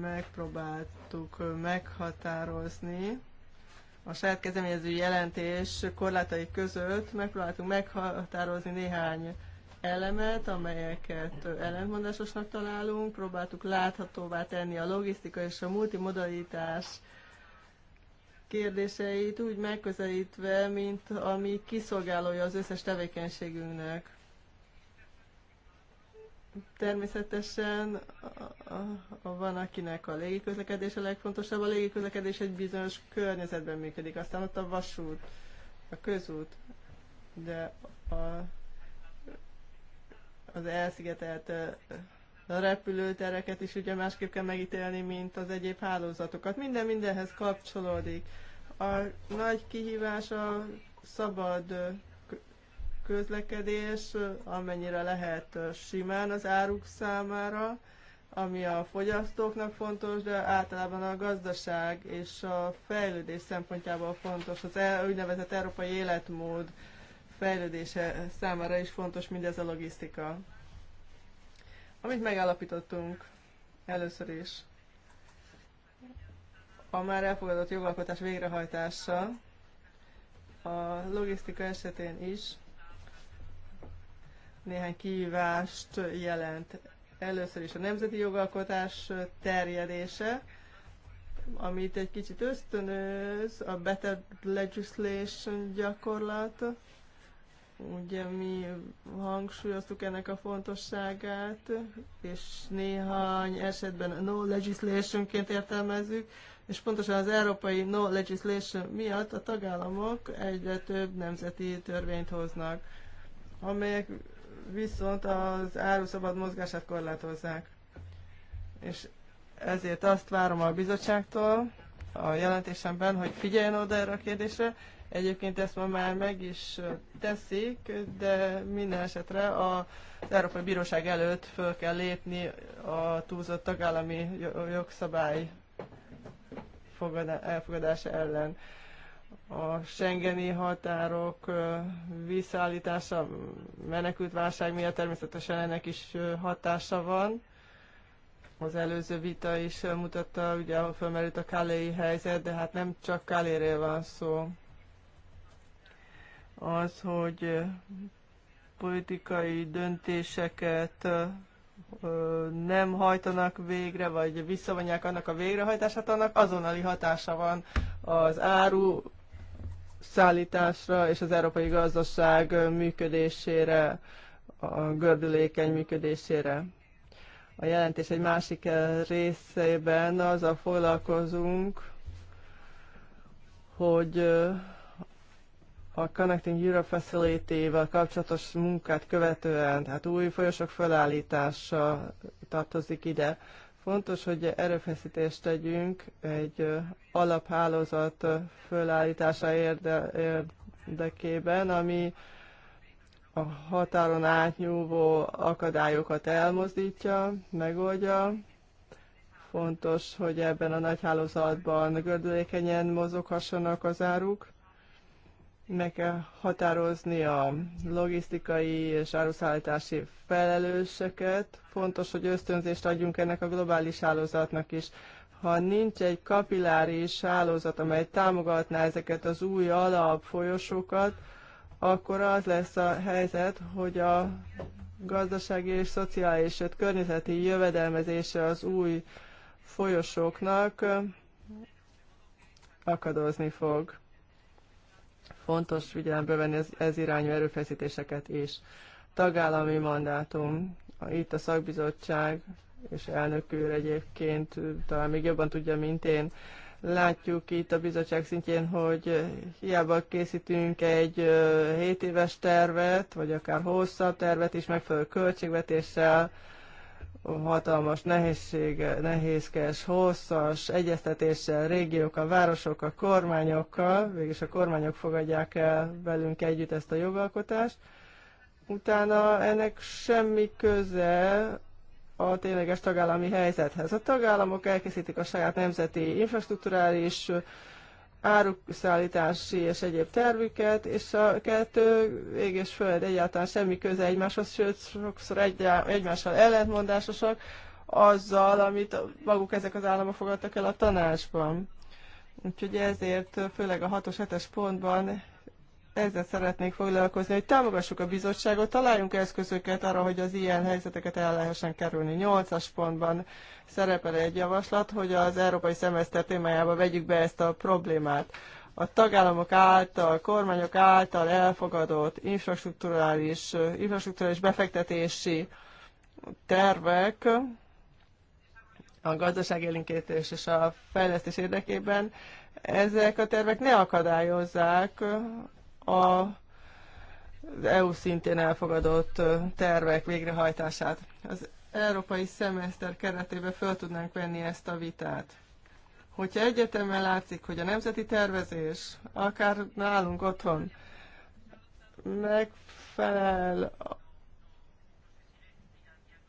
Megpróbáltuk meghatározni a saját kezdeményező jelentés korlátai között megpróbáltunk meghatározni néhány elemet, amelyeket ellentmondásosnak találunk, próbáltuk láthatóvá tenni a logisztika és a multimodalitás kérdéseit úgy megközelítve, mint ami kiszolgálója az összes tevékenységünknek. Természetesen van, akinek a légiközlekedés a legfontosabb. A légiközlekedés egy bizonyos környezetben működik, aztán ott a vasút, a közút, de a, az elszigetelt a repülőtereket is ugye másképp kell megítélni, mint az egyéb hálózatokat. Minden mindenhez kapcsolódik. A nagy kihívás a szabad közlekedés, amennyire lehet simán az áruk számára, ami a fogyasztóknak fontos, de általában a gazdaság és a fejlődés szempontjából fontos. Az e-, úgynevezett európai életmód fejlődése számára is fontos mindez a logisztika. Amit megállapítottunk először is, a már elfogadott jogalkotás végrehajtása a logisztika esetén is néhány kihívást jelent. Először is a nemzeti jogalkotás terjedése, amit egy kicsit ösztönöz a better legislation gyakorlat, Ugye mi hangsúlyoztuk ennek a fontosságát, és néhány esetben no legislationként értelmezzük, és pontosan az európai no legislation miatt a tagállamok egyre több nemzeti törvényt hoznak, amelyek viszont az áru szabad mozgását korlátozzák. És ezért azt várom a bizottságtól a jelentésemben, hogy figyeljen oda erre a kérdésre, Egyébként ezt ma már meg is teszik, de minden esetre az Európai Bíróság előtt föl kell lépni a túlzott tagállami jogszabály elfogadása ellen. A Schengeni határok visszaállítása menekültválság miatt természetesen ennek is hatása van az előző vita is mutatta, ugye ahol felmerült a Kálei helyzet, de hát nem csak Káléről van szó az, hogy politikai döntéseket nem hajtanak végre, vagy visszavonják annak a végrehajtását, annak azonnali hatása van az áru szállításra és az európai gazdaság működésére, a gördülékeny működésére. A jelentés egy másik részében az, a foglalkozunk, hogy a Connecting Europe Facility-vel kapcsolatos munkát követően, tehát új folyosok felállítása tartozik ide. Fontos, hogy erőfeszítést tegyünk egy alaphálózat fölállítása érde, érdekében, ami a határon átnyúló akadályokat elmozdítja, megoldja. Fontos, hogy ebben a nagy hálózatban gördülékenyen mozoghassanak az áruk meg kell határozni a logisztikai és áruszállítási felelőseket. Fontos, hogy ösztönzést adjunk ennek a globális hálózatnak is. Ha nincs egy kapilláris hálózat, amely támogatná ezeket az új alapfolyosókat, akkor az lesz a helyzet, hogy a gazdasági és szociális, sőt környezeti jövedelmezése az új folyosóknak akadozni fog fontos figyelembe venni ez, ez irányú erőfeszítéseket is. Tagállami mandátum. Itt a szakbizottság és elnök úr egyébként talán még jobban tudja, mint én. Látjuk itt a bizottság szintjén, hogy hiába készítünk egy 7 éves tervet, vagy akár hosszabb tervet is megfelelő költségvetéssel, hatalmas nehézség, nehézkes, hosszas egyeztetéssel, régiókkal, városokkal, kormányokkal, végülis a kormányok fogadják el velünk együtt ezt a jogalkotást, utána ennek semmi köze a tényleges tagállami helyzethez. A tagállamok elkészítik a saját nemzeti infrastruktúrális árukszállítási és egyéb tervüket, és a kettő ég és föld egyáltalán semmi köze egymáshoz, sőt, sokszor egy, egymással ellentmondásosak azzal, amit maguk ezek az államok fogadtak el a tanácsban. Úgyhogy ezért főleg a 6-os, 7-es pontban ezzel szeretnék foglalkozni, hogy támogassuk a bizottságot, találjunk eszközöket arra, hogy az ilyen helyzeteket el lehessen kerülni. Nyolcas pontban szerepel egy javaslat, hogy az európai szemeszter témájába vegyük be ezt a problémát. A tagállamok által, kormányok által elfogadott infrastruktúrális, infrastruktúrális befektetési tervek a gazdaságélinkítés és a fejlesztés érdekében ezek a tervek ne akadályozzák a az e EU szintén elfogadott tervek végrehajtását. Az európai szemeszter keretében föl tudnánk venni ezt a vitát. Hogyha egyetemmel látszik, hogy a nemzeti tervezés, akár nálunk otthon, megfelel,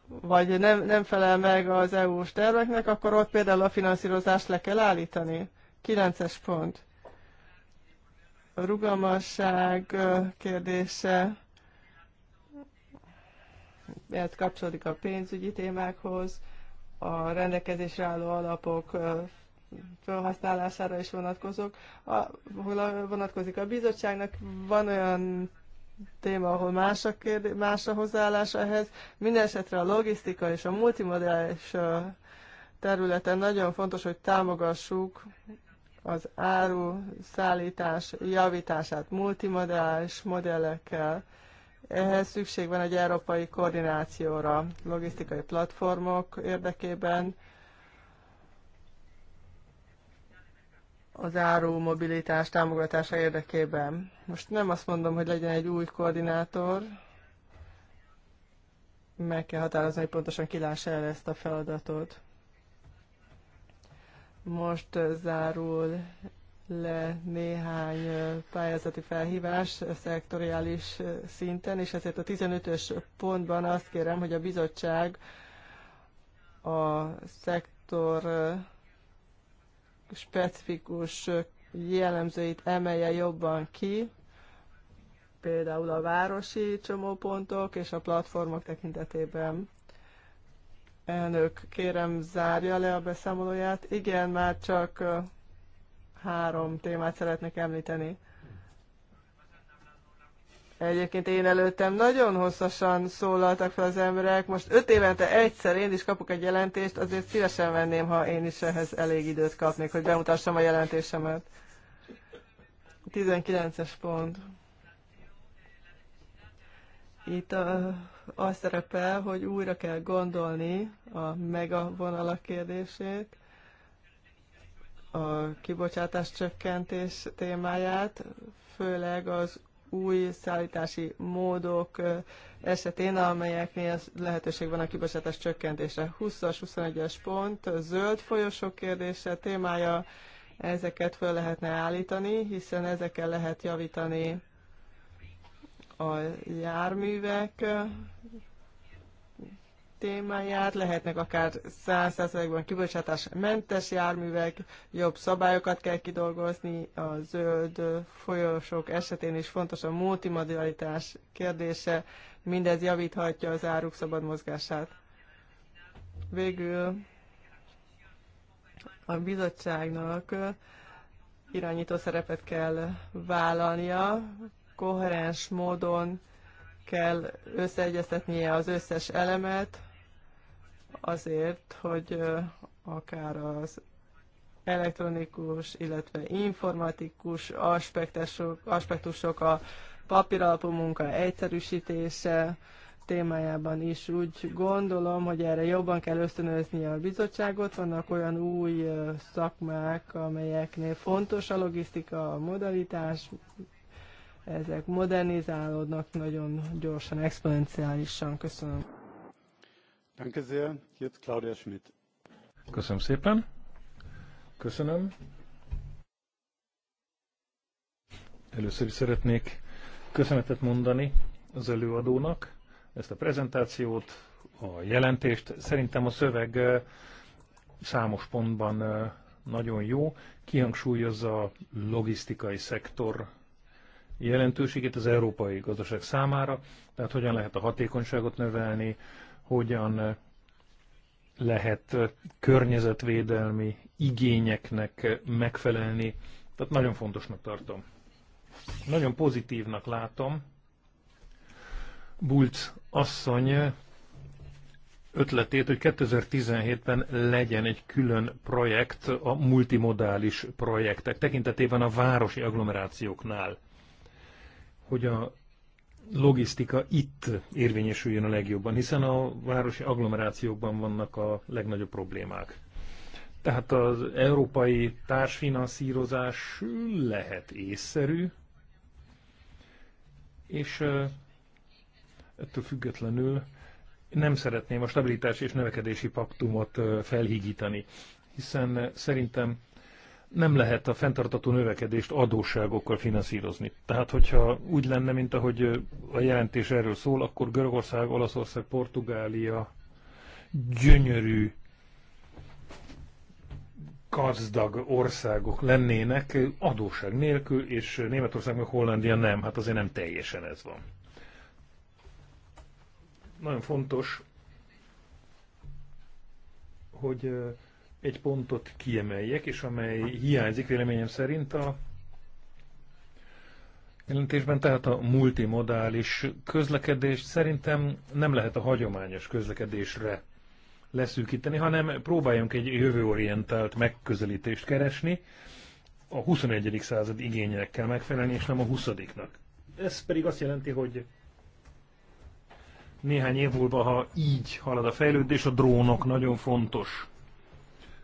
vagy nem, nem felel meg az EU-s terveknek, akkor ott például a finanszírozást le kell állítani. 9-es pont a rugalmasság kérdése, mert kapcsolódik a pénzügyi témákhoz, a rendelkezésre álló alapok felhasználására is vonatkozok. A, hol vonatkozik a bizottságnak, van olyan téma, ahol más a, kérdé, más a hozzáállás ehhez. Mindenesetre a logisztika és a multimodális területen nagyon fontos, hogy támogassuk az áru szállítás javítását multimodális modellekkel. Ehhez szükség van egy európai koordinációra, logisztikai platformok érdekében, az áru mobilitás támogatása érdekében. Most nem azt mondom, hogy legyen egy új koordinátor, meg kell határozni, hogy pontosan kilássa el ezt a feladatot. Most zárul le néhány pályázati felhívás szektoriális szinten, és ezért a 15-ös pontban azt kérem, hogy a bizottság a szektor specifikus jellemzőit emelje jobban ki, például a városi csomópontok és a platformok tekintetében Elnök, kérem zárja le a beszámolóját. Igen, már csak három témát szeretnék említeni. Egyébként én előttem nagyon hosszasan szólaltak fel az emberek. Most öt évente egyszer én is kapok egy jelentést, azért szívesen venném, ha én is ehhez elég időt kapnék, hogy bemutassam a jelentésemet. 19-es pont. Itt a az szerepel, hogy újra kell gondolni a megavonalak kérdését, a kibocsátás csökkentés témáját, főleg az új szállítási módok esetén, amelyeknél lehetőség van a kibocsátás csökkentésre. 20-as, 21-es pont, zöld folyosók kérdése, témája, ezeket föl lehetne állítani, hiszen ezekkel lehet javítani a járművek témáját, lehetnek akár 100%-ban kibocsátás mentes járművek, jobb szabályokat kell kidolgozni, a zöld folyosók esetén is fontos a multimodalitás kérdése, mindez javíthatja az áruk szabad mozgását. Végül a bizottságnak irányító szerepet kell vállalnia, koherens módon kell összeegyeztetnie az összes elemet, azért, hogy akár az elektronikus, illetve informatikus aspektusok, aspektusok a papíralapú munka egyszerűsítése témájában is úgy gondolom, hogy erre jobban kell ösztönözni a bizottságot. Vannak olyan új szakmák, amelyeknél fontos a logisztika, a modalitás, ezek modernizálódnak nagyon gyorsan, exponenciálisan. Köszönöm. Danke sehr. Jetzt Claudia Schmidt. Köszönöm szépen. Köszönöm. Először is szeretnék köszönetet mondani az előadónak ezt a prezentációt, a jelentést. Szerintem a szöveg számos pontban nagyon jó, kihangsúlyozza a logisztikai szektor jelentőségét az európai gazdaság számára, tehát hogyan lehet a hatékonyságot növelni, hogyan lehet környezetvédelmi igényeknek megfelelni. Tehát nagyon fontosnak tartom. Nagyon pozitívnak látom Bulc asszony ötletét, hogy 2017-ben legyen egy külön projekt a multimodális projektek tekintetében a városi agglomerációknál hogy a logisztika itt érvényesüljön a legjobban, hiszen a városi agglomerációkban vannak a legnagyobb problémák. Tehát az európai társfinanszírozás lehet észszerű, és ettől függetlenül nem szeretném a stabilitás és növekedési paktumot felhígítani, hiszen szerintem nem lehet a fenntartató növekedést adósságokkal finanszírozni. Tehát, hogyha úgy lenne, mint ahogy a jelentés erről szól, akkor Görögország, Olaszország, Portugália gyönyörű gazdag országok lennének adóság nélkül, és Németország meg Hollandia nem, hát azért nem teljesen ez van. Nagyon fontos, hogy egy pontot kiemeljek, és amely hiányzik véleményem szerint a jelentésben, tehát a multimodális közlekedés szerintem nem lehet a hagyományos közlekedésre leszűkíteni, hanem próbáljunk egy jövőorientált megközelítést keresni, a 21. század igényekkel megfelelni, és nem a 20 -nak. Ez pedig azt jelenti, hogy néhány év múlva, ha így halad a fejlődés, a drónok nagyon fontos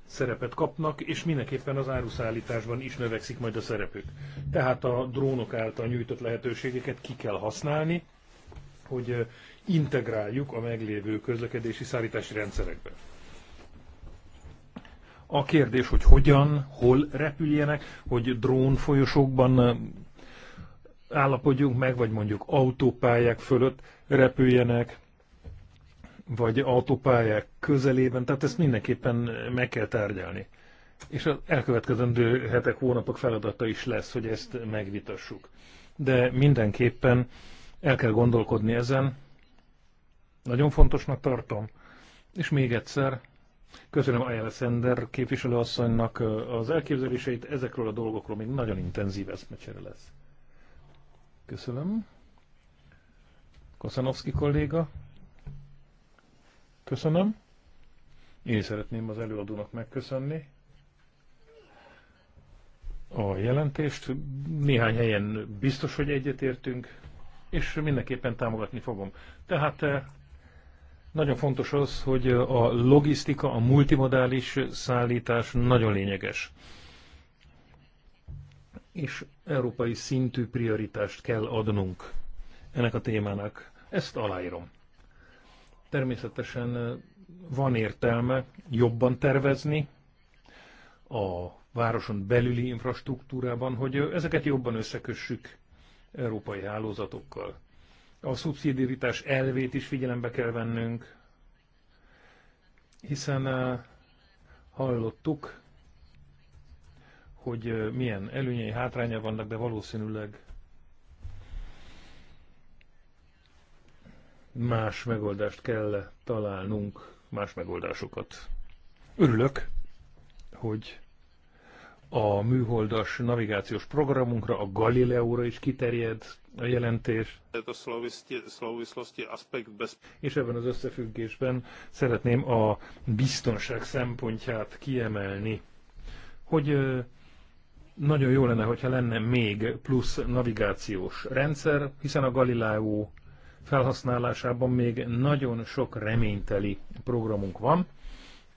szerepet kapnak, és mindenképpen az áruszállításban is növekszik majd a szerepük. Tehát a drónok által nyújtott lehetőségeket ki kell használni, hogy integráljuk a meglévő közlekedési szállítási rendszerekbe. A kérdés, hogy hogyan, hol repüljenek, hogy drón folyosókban állapodjunk meg, vagy mondjuk autópályák fölött repüljenek, vagy autópályák közelében, tehát ezt mindenképpen meg kell tárgyalni. És az elkövetkezendő hetek, hónapok feladata is lesz, hogy ezt megvitassuk. De mindenképpen el kell gondolkodni ezen. Nagyon fontosnak tartom. És még egyszer, köszönöm Ayala Sender képviselőasszonynak az elképzeléseit, ezekről a dolgokról még nagyon intenzív eszmecsere lesz. Köszönöm. Koszanovszki kolléga. Köszönöm. Én szeretném az előadónak megköszönni a jelentést. Néhány helyen biztos, hogy egyetértünk, és mindenképpen támogatni fogom. Tehát eh, nagyon fontos az, hogy a logisztika, a multimodális szállítás nagyon lényeges. És európai szintű prioritást kell adnunk ennek a témának. Ezt aláírom. Természetesen van értelme jobban tervezni a városon belüli infrastruktúrában, hogy ezeket jobban összekössük európai hálózatokkal. A szubszidiaritás elvét is figyelembe kell vennünk, hiszen hallottuk, hogy milyen előnyei, hátránya vannak, de valószínűleg más megoldást kell találnunk, más megoldásokat. Örülök, hogy a műholdas navigációs programunkra, a Galileóra is kiterjed a jelentés. És ebben az összefüggésben szeretném a biztonság szempontját kiemelni, hogy nagyon jó lenne, hogyha lenne még plusz navigációs rendszer, hiszen a Galileo felhasználásában még nagyon sok reményteli programunk van,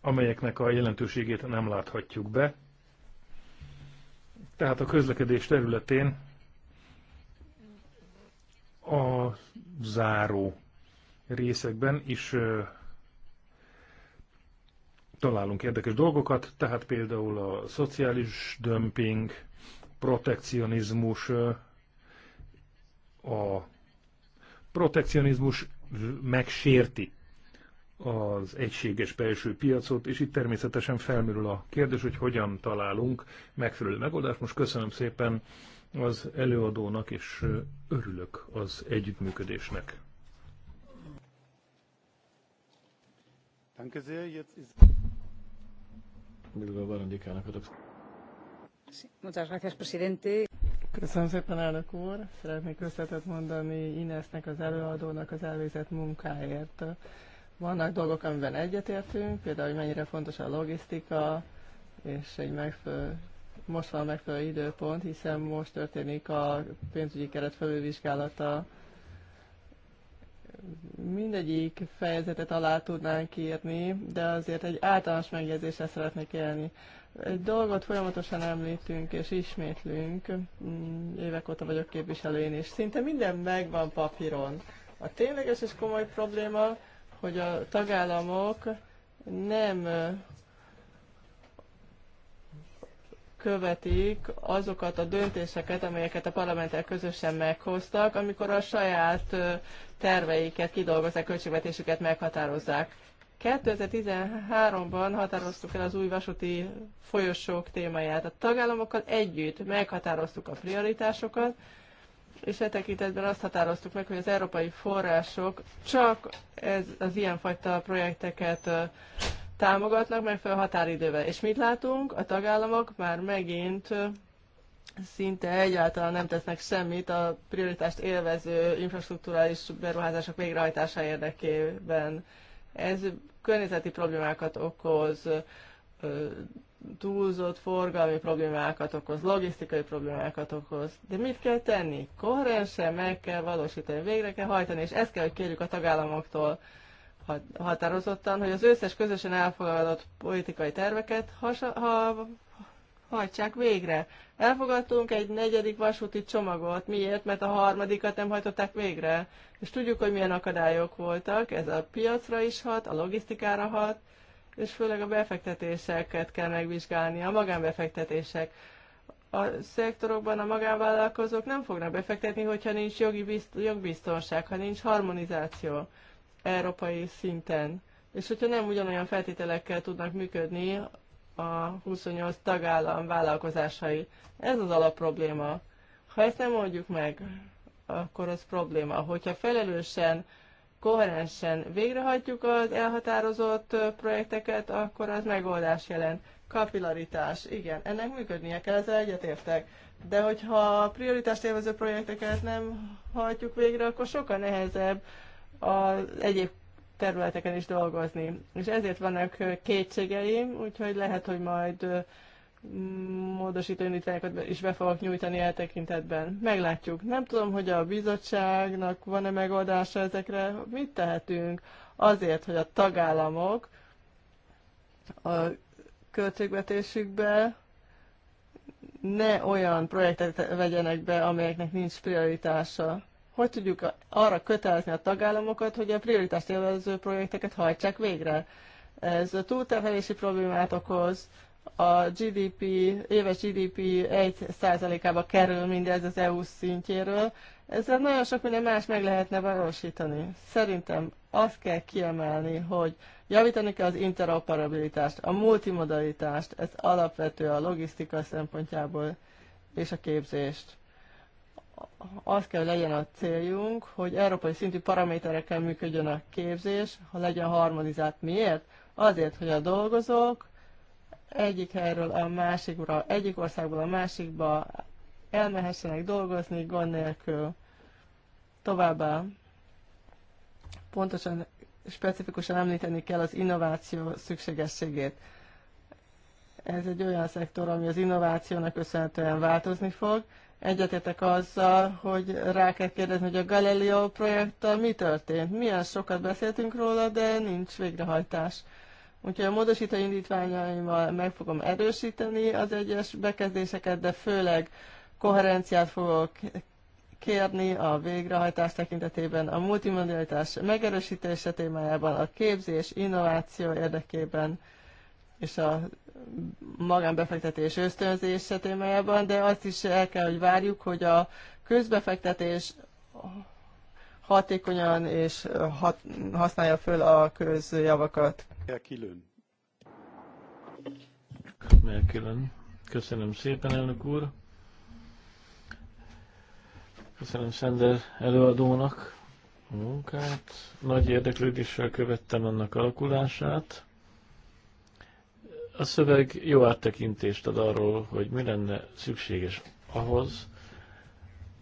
amelyeknek a jelentőségét nem láthatjuk be. Tehát a közlekedés területén a záró részekben is találunk érdekes dolgokat, tehát például a szociális dömping, protekcionizmus, a protekcionizmus megsérti az egységes belső piacot, és itt természetesen felmerül a kérdés, hogy hogyan találunk megfelelő megoldást. Most köszönöm szépen az előadónak, és örülök az együttműködésnek. Danke sehr, jetzt ist... Muchas gracias, presidente. Köszönöm szépen, elnök úr! Szeretnék köszönetet mondani Inesnek, az előadónak az elvégzett munkáért. Vannak dolgok, amiben egyetértünk, például, hogy mennyire fontos a logisztika, és egy megfelelő, most van a megfelelő időpont, hiszen most történik a pénzügyi keret felülvizsgálata. Mindegyik fejezetet alá tudnánk írni, de azért egy általános megjegyzésre szeretnék élni. Egy dolgot folyamatosan említünk és ismétlünk, mm, évek óta vagyok képviselőjén én is, szinte minden megvan papíron. A tényleges és komoly probléma, hogy a tagállamok nem követik azokat a döntéseket, amelyeket a parlamenttel közösen meghoztak, amikor a saját terveiket kidolgozzák, költségvetésüket meghatározzák. 2013-ban határoztuk el az új vasúti folyosók témáját. A tagállamokkal együtt meghatároztuk a prioritásokat, és e tekintetben azt határoztuk meg, hogy az európai források csak ez, az ilyenfajta projekteket támogatnak meg fel határidővel. És mit látunk? A tagállamok már megint szinte egyáltalán nem tesznek semmit a prioritást élvező infrastruktúrális beruházások végrehajtása érdekében. Ez környezeti problémákat okoz, túlzott forgalmi problémákat okoz, logisztikai problémákat okoz. De mit kell tenni? Koherensen meg kell valósítani, végre kell hajtani, és ezt kell, hogy kérjük a tagállamoktól határozottan, hogy az összes közösen elfogadott politikai terveket ha, ha hajtsák végre. Elfogadtunk egy negyedik vasúti csomagot. Miért? Mert a harmadikat nem hajtották végre. És tudjuk, hogy milyen akadályok voltak. Ez a piacra is hat, a logisztikára hat, és főleg a befektetéseket kell megvizsgálni, a magánbefektetések. A szektorokban a magánvállalkozók nem fognak befektetni, hogyha nincs jogi bizt- jogbiztonság, ha nincs harmonizáció európai szinten. És hogyha nem ugyanolyan feltételekkel tudnak működni a 28 tagállam vállalkozásai. Ez az alapprobléma. Ha ezt nem oldjuk meg, akkor az probléma. Hogyha felelősen, koherensen végrehajtjuk az elhatározott projekteket, akkor az megoldás jelent. Kapillaritás, igen, ennek működnie kell, ezzel egyetértek. De hogyha a prioritást élvező projekteket nem hajtjuk végre, akkor sokkal nehezebb az egyéb területeken is dolgozni. És ezért vannak kétségeim, úgyhogy lehet, hogy majd módosító indítványokat is be fogok nyújtani el tekintetben. Meglátjuk. Nem tudom, hogy a bizottságnak van-e megoldása ezekre. Mit tehetünk azért, hogy a tagállamok a költségvetésükbe ne olyan projektet vegyenek be, amelyeknek nincs prioritása hogy tudjuk arra kötelezni a tagállamokat, hogy a prioritást élvező projekteket hajtsák végre. Ez a túlterhelési problémát okoz, a GDP, éves GDP 1%-ába kerül mindez az EU szintjéről. Ezzel nagyon sok minden más meg lehetne valósítani. Szerintem azt kell kiemelni, hogy javítani kell az interoperabilitást, a multimodalitást, ez alapvető a logisztika szempontjából és a képzést az kell legyen a céljunk, hogy európai szintű paramétereken működjön a képzés, ha legyen harmonizált. Miért? Azért, hogy a dolgozók egyik helyről a másikra, egyik országból a másikba elmehessenek dolgozni gond nélkül. Továbbá pontosan, specifikusan említeni kell az innováció szükségességét. Ez egy olyan szektor, ami az innovációnak köszönhetően változni fog, Egyetetek azzal, hogy rá kell kérdezni, hogy a Galileo projekttel mi történt. Milyen sokat beszéltünk róla, de nincs végrehajtás. Úgyhogy a módosító indítványaimmal meg fogom erősíteni az egyes bekezdéseket, de főleg koherenciát fogok kérni a végrehajtás tekintetében, a multimodalitás megerősítése témájában, a képzés, innováció érdekében és a magánbefektetés ösztönzése témájában, de azt is el kell, hogy várjuk, hogy a közbefektetés hatékonyan és hat, használja föl a közjavakat. Elkülön. Elkülön. Köszönöm szépen, elnök úr. Köszönöm Szender előadónak a munkát. Nagy érdeklődéssel követtem annak alakulását a szöveg jó áttekintést ad arról, hogy mi lenne szükséges ahhoz,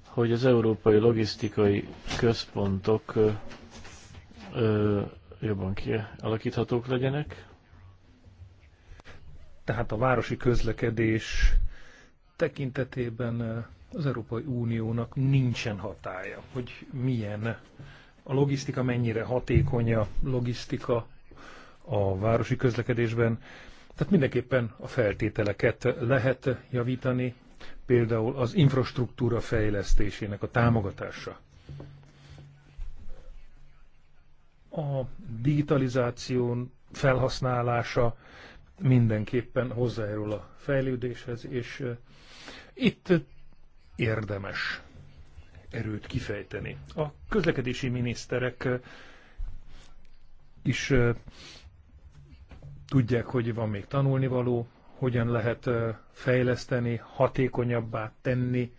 hogy az európai logisztikai központok ö, jobban kialakíthatók legyenek. Tehát a városi közlekedés tekintetében az Európai Uniónak nincsen hatája, hogy milyen a logisztika, mennyire hatékony a logisztika a városi közlekedésben, tehát mindenképpen a feltételeket lehet javítani, például az infrastruktúra fejlesztésének a támogatása. A digitalizáción felhasználása mindenképpen hozzájárul a fejlődéshez, és eh, itt érdemes erőt kifejteni. A közlekedési miniszterek eh, is eh, tudják, hogy van még tanulnivaló, hogyan lehet fejleszteni, hatékonyabbá tenni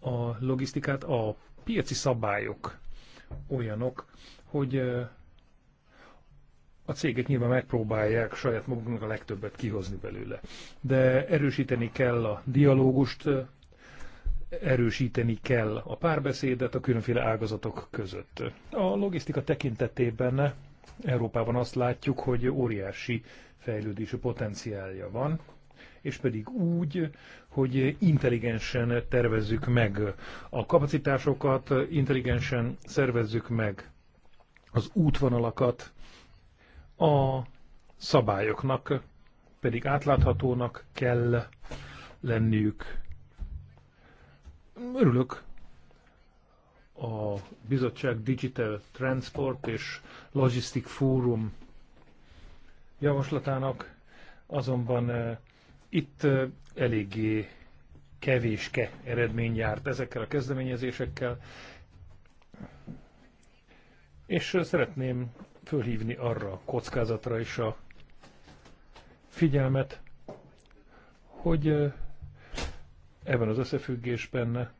a logisztikát. A piaci szabályok olyanok, hogy a cégek nyilván megpróbálják saját maguknak a legtöbbet kihozni belőle. De erősíteni kell a dialógust, erősíteni kell a párbeszédet a különféle ágazatok között. A logisztika tekintetében Európában azt látjuk, hogy óriási fejlődési potenciálja van, és pedig úgy, hogy intelligensen tervezzük meg a kapacitásokat, intelligensen szervezzük meg az útvonalakat, a szabályoknak pedig átláthatónak kell lenniük. Örülök, a bizottság Digital Transport és Logistic Forum javaslatának, azonban eh, itt eh, eléggé kevéske eredmény járt ezekkel a kezdeményezésekkel, és eh, szeretném fölhívni arra a kockázatra is a figyelmet, hogy ebben az összefüggésben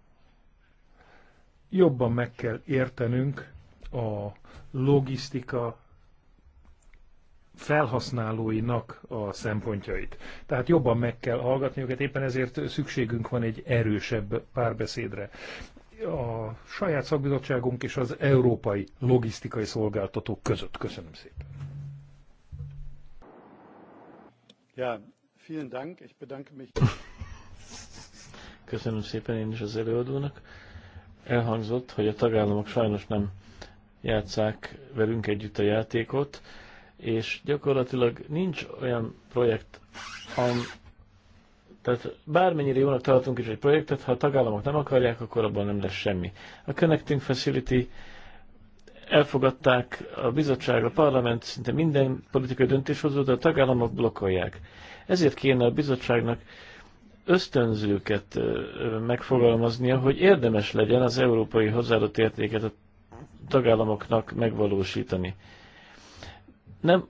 jobban meg kell értenünk a logisztika felhasználóinak a szempontjait. Tehát jobban meg kell hallgatni őket, éppen ezért szükségünk van egy erősebb párbeszédre. A saját szakbizottságunk és az európai logisztikai szolgáltatók között. Köszönöm szépen. Ja, vielen Dank, ich bedanke mich. Köszönöm szépen én is az előadónak elhangzott, hogy a tagállamok sajnos nem játszák velünk együtt a játékot, és gyakorlatilag nincs olyan projekt, am, tehát bármennyire jónak tartunk is egy projektet, ha a tagállamok nem akarják, akkor abban nem lesz semmi. A Connecting Facility elfogadták a bizottság, a parlament, szinte minden politikai döntéshozó, de a tagállamok blokkolják. Ezért kéne a bizottságnak ösztönzőket megfogalmaznia, hogy érdemes legyen az európai hozzáadott értéket a tagállamoknak megvalósítani. Nem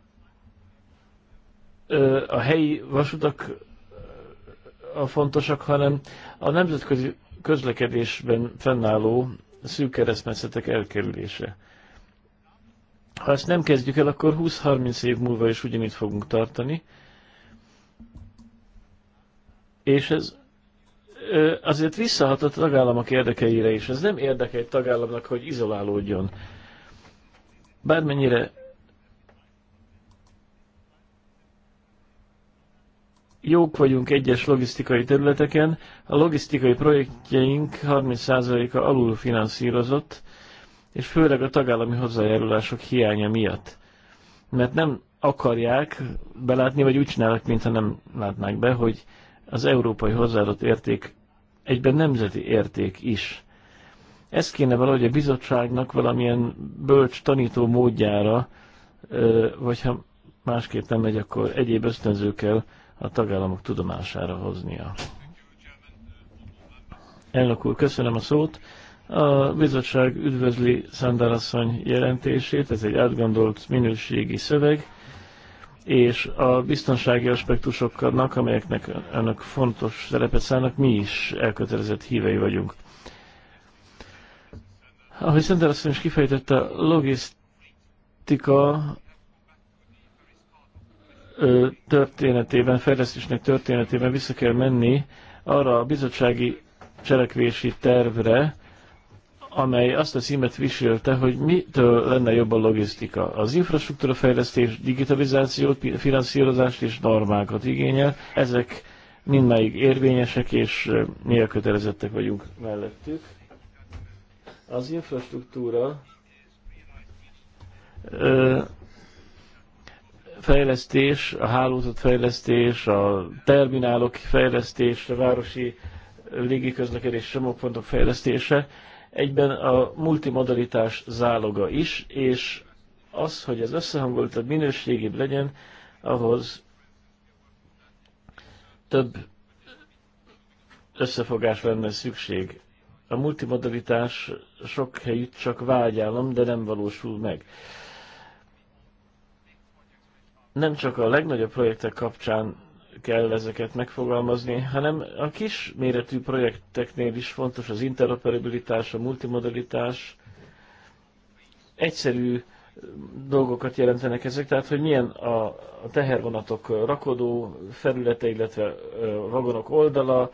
a helyi vasutak a fontosak, hanem a nemzetközi közlekedésben fennálló szűk keresztmetszetek elkerülése. Ha ezt nem kezdjük el, akkor 20-30 év múlva is ugyanitt fogunk tartani, és ez azért visszahatott a tagállamok érdekeire is. Ez nem érdeke egy tagállamnak, hogy izolálódjon. Bármennyire jók vagyunk egyes logisztikai területeken, a logisztikai projektjeink 30%-a alul finanszírozott, és főleg a tagállami hozzájárulások hiánya miatt. Mert nem akarják belátni, vagy úgy csinálnak, mintha nem látnák be, hogy az európai hozzáadott érték egyben nemzeti érték is. Ezt kéne valahogy a bizottságnak valamilyen bölcs tanító módjára, vagy ha másképp nem megy, akkor egyéb ösztönzőkkel a tagállamok tudomására hoznia. Elnök úr, köszönöm a szót. A bizottság üdvözli Szandár jelentését, ez egy átgondolt minőségi szöveg, és a biztonsági aspektusoknak, amelyeknek önök fontos szerepet szállnak, mi is elkötelezett hívei vagyunk. Ahogy Szent asszony is kifejtette, logisztika történetében, fejlesztésnek történetében vissza kell menni arra a bizottsági cselekvési tervre, amely azt a címet viselte, hogy mitől lenne jobb a logisztika. Az infrastruktúra fejlesztés, digitalizációt, finanszírozást és normákat igényel. Ezek mindmáig érvényesek, és mi kötelezettek vagyunk mellettük. Az infrastruktúra fejlesztés, a hálózat fejlesztés, a terminálok fejlesztése, a városi légiközlekedés csomópontok fejlesztése, egyben a multimodalitás záloga is, és az, hogy ez összehangoltabb, minőségibb legyen, ahhoz több összefogás lenne szükség. A multimodalitás sok helyütt csak vágyálom, de nem valósul meg. Nem csak a legnagyobb projektek kapcsán kell ezeket megfogalmazni, hanem a kis méretű projekteknél is fontos az interoperabilitás, a multimodalitás. Egyszerű dolgokat jelentenek ezek, tehát hogy milyen a tehervonatok rakodó felülete, illetve vagonok oldala.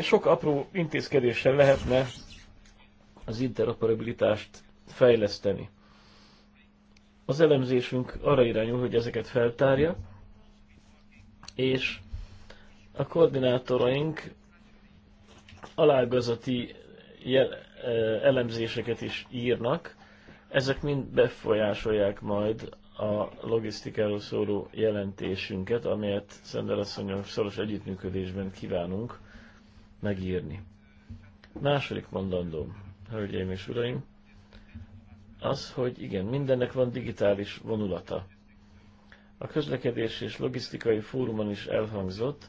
Sok apró intézkedéssel lehetne az interoperabilitást fejleszteni. Az elemzésünk arra irányul, hogy ezeket feltárja, és a koordinátoraink alágazati elemzéseket is írnak, ezek mind befolyásolják majd a logisztikáról szóló jelentésünket, amelyet Szender szoros együttműködésben kívánunk megírni. Második mondandóm, hölgyeim és uraim, az, hogy igen, mindennek van digitális vonulata. A közlekedés és logisztikai fórumon is elhangzott,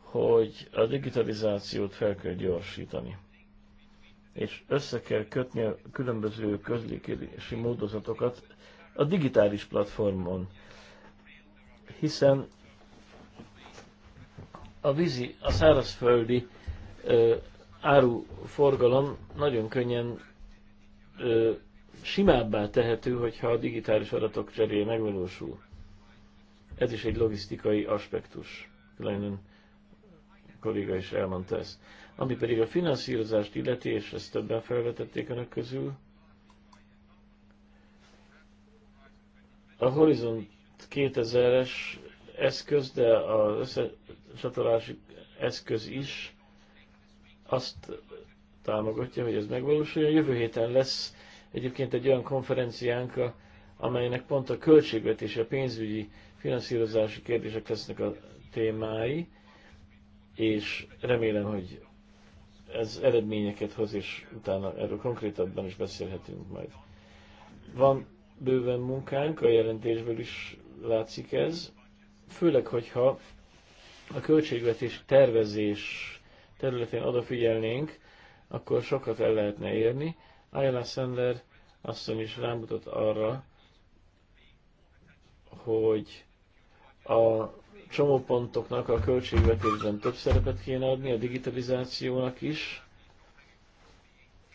hogy a digitalizációt fel kell gyorsítani, és össze kell kötni a különböző közlekedési módozatokat a digitális platformon, hiszen a vízi, a szárazföldi ö, áruforgalom nagyon könnyen ö, simábbá tehető, hogyha a digitális adatok cseréje megvalósul. Ez is egy logisztikai aspektus. Lenin kolléga is elmondta ezt. Ami pedig a finanszírozást illeti, és ezt többen felvetették önök közül, a Horizont 2000-es eszköz, de az összecsatolási eszköz is azt támogatja, hogy ez megvalósuljon. Jövő héten lesz egyébként egy olyan konferenciánk, amelynek pont a költségvetése, a pénzügyi finanszírozási kérdések lesznek a témái, és remélem, hogy ez eredményeket hoz, és utána erről konkrétabban is beszélhetünk majd. Van bőven munkánk, a jelentésből is látszik ez, főleg, hogyha a költségvetés tervezés területén odafigyelnénk, akkor sokat el lehetne érni. Ayala Sender asszony is rámutat arra, hogy a csomópontoknak a költségvetésben több szerepet kéne adni, a digitalizációnak is,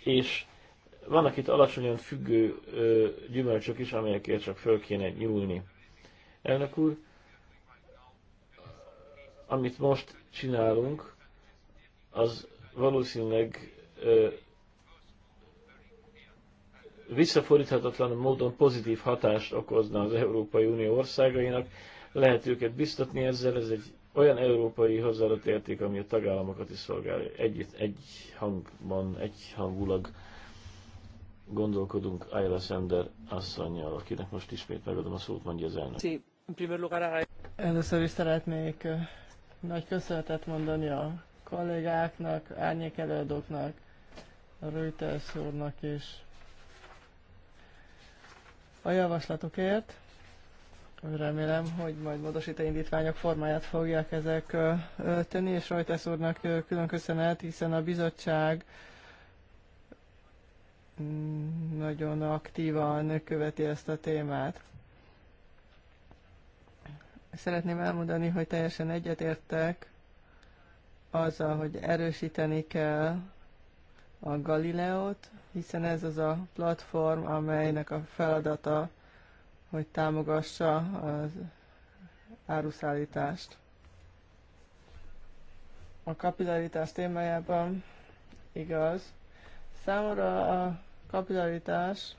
és vannak itt alacsonyan függő ö, gyümölcsök is, amelyekért csak föl kéne nyúlni. Elnök úr, amit most csinálunk, az valószínűleg ö, visszafordíthatatlan módon pozitív hatást okozna az Európai Unió országainak, lehet őket biztatni ezzel, ez egy olyan európai hozzáadott érték, ami a tagállamokat is szolgálja. Egy, egy hangban, egy hangulag gondolkodunk Ayla Sender asszonyjal, akinek most ismét megadom a szót, mondja az elnök. Először is szeretnék nagy köszönetet mondani a kollégáknak, árnyékelőadóknak, a Reuters úrnak is a javaslatokért. Remélem, hogy majd módosító indítványok formáját fogják ezek tenni, és rajta úrnak külön köszönet, hiszen a bizottság mm, nagyon aktívan követi ezt a témát. Szeretném elmondani, hogy teljesen egyetértek azzal, hogy erősíteni kell a Galileót, hiszen ez az a platform, amelynek a feladata hogy támogassa az áruszállítást. A kapitalitás témájában igaz. Számomra a kapitalitás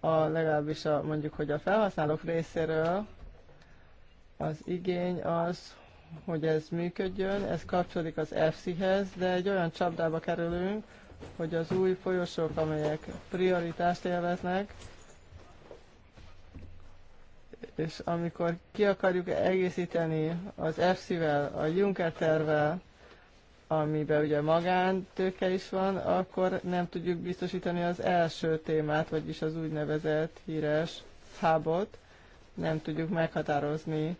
a legalábbis a, mondjuk, hogy a felhasználók részéről az igény az, hogy ez működjön, ez kapcsolódik az EFSI-hez, de egy olyan csapdába kerülünk, hogy az új folyosók, amelyek prioritást élveznek, és amikor ki akarjuk egészíteni az EFSI-vel, a Juncker tervvel, amiben ugye magántőke is van, akkor nem tudjuk biztosítani az első témát, vagyis az úgynevezett híres hábot, nem tudjuk meghatározni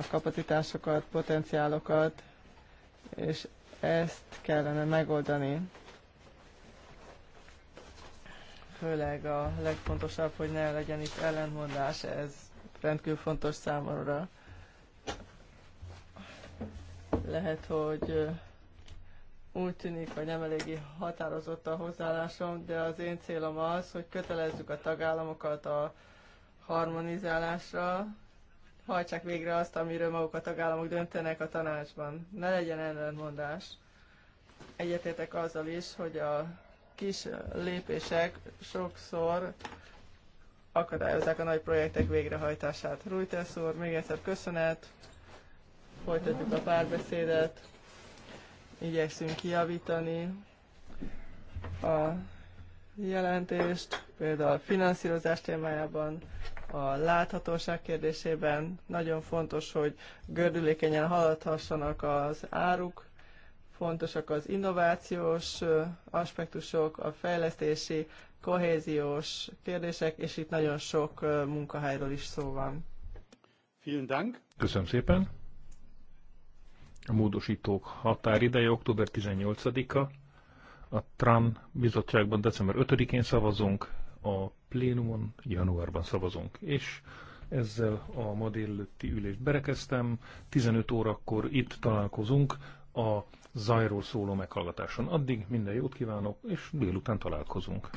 a kapacitásokat, potenciálokat, és ezt kellene megoldani. Főleg a legfontosabb, hogy ne legyen itt ellenmondás, ez rendkívül fontos számomra. Lehet, hogy úgy tűnik, hogy nem eléggé határozott a hozzáállásom, de az én célom az, hogy kötelezzük a tagállamokat a harmonizálásra, hajtsák végre azt, amiről maguk a tagállamok döntenek a tanácsban. Ne legyen ellenmondás. Egyetértek azzal is, hogy a kis lépések sokszor akadályozzák a nagy projektek végrehajtását. Rújtesz úr, még egyszer köszönet, folytatjuk a párbeszédet, igyekszünk kijavítani a jelentést, például a finanszírozás témájában, a láthatóság kérdésében nagyon fontos, hogy gördülékenyen haladhassanak az áruk, fontosak az innovációs aspektusok, a fejlesztési kohéziós kérdések, és itt nagyon sok munkahelyről is szó van. Köszönöm szépen. A módosítók határideje október 18-a. A TRAN bizottságban december 5-én szavazunk, a plénumon januárban szavazunk. És ezzel a ma délelőtti ülést berekeztem. 15 órakor itt találkozunk a zajról szóló meghallgatáson. Addig minden jót kívánok, és délután találkozunk.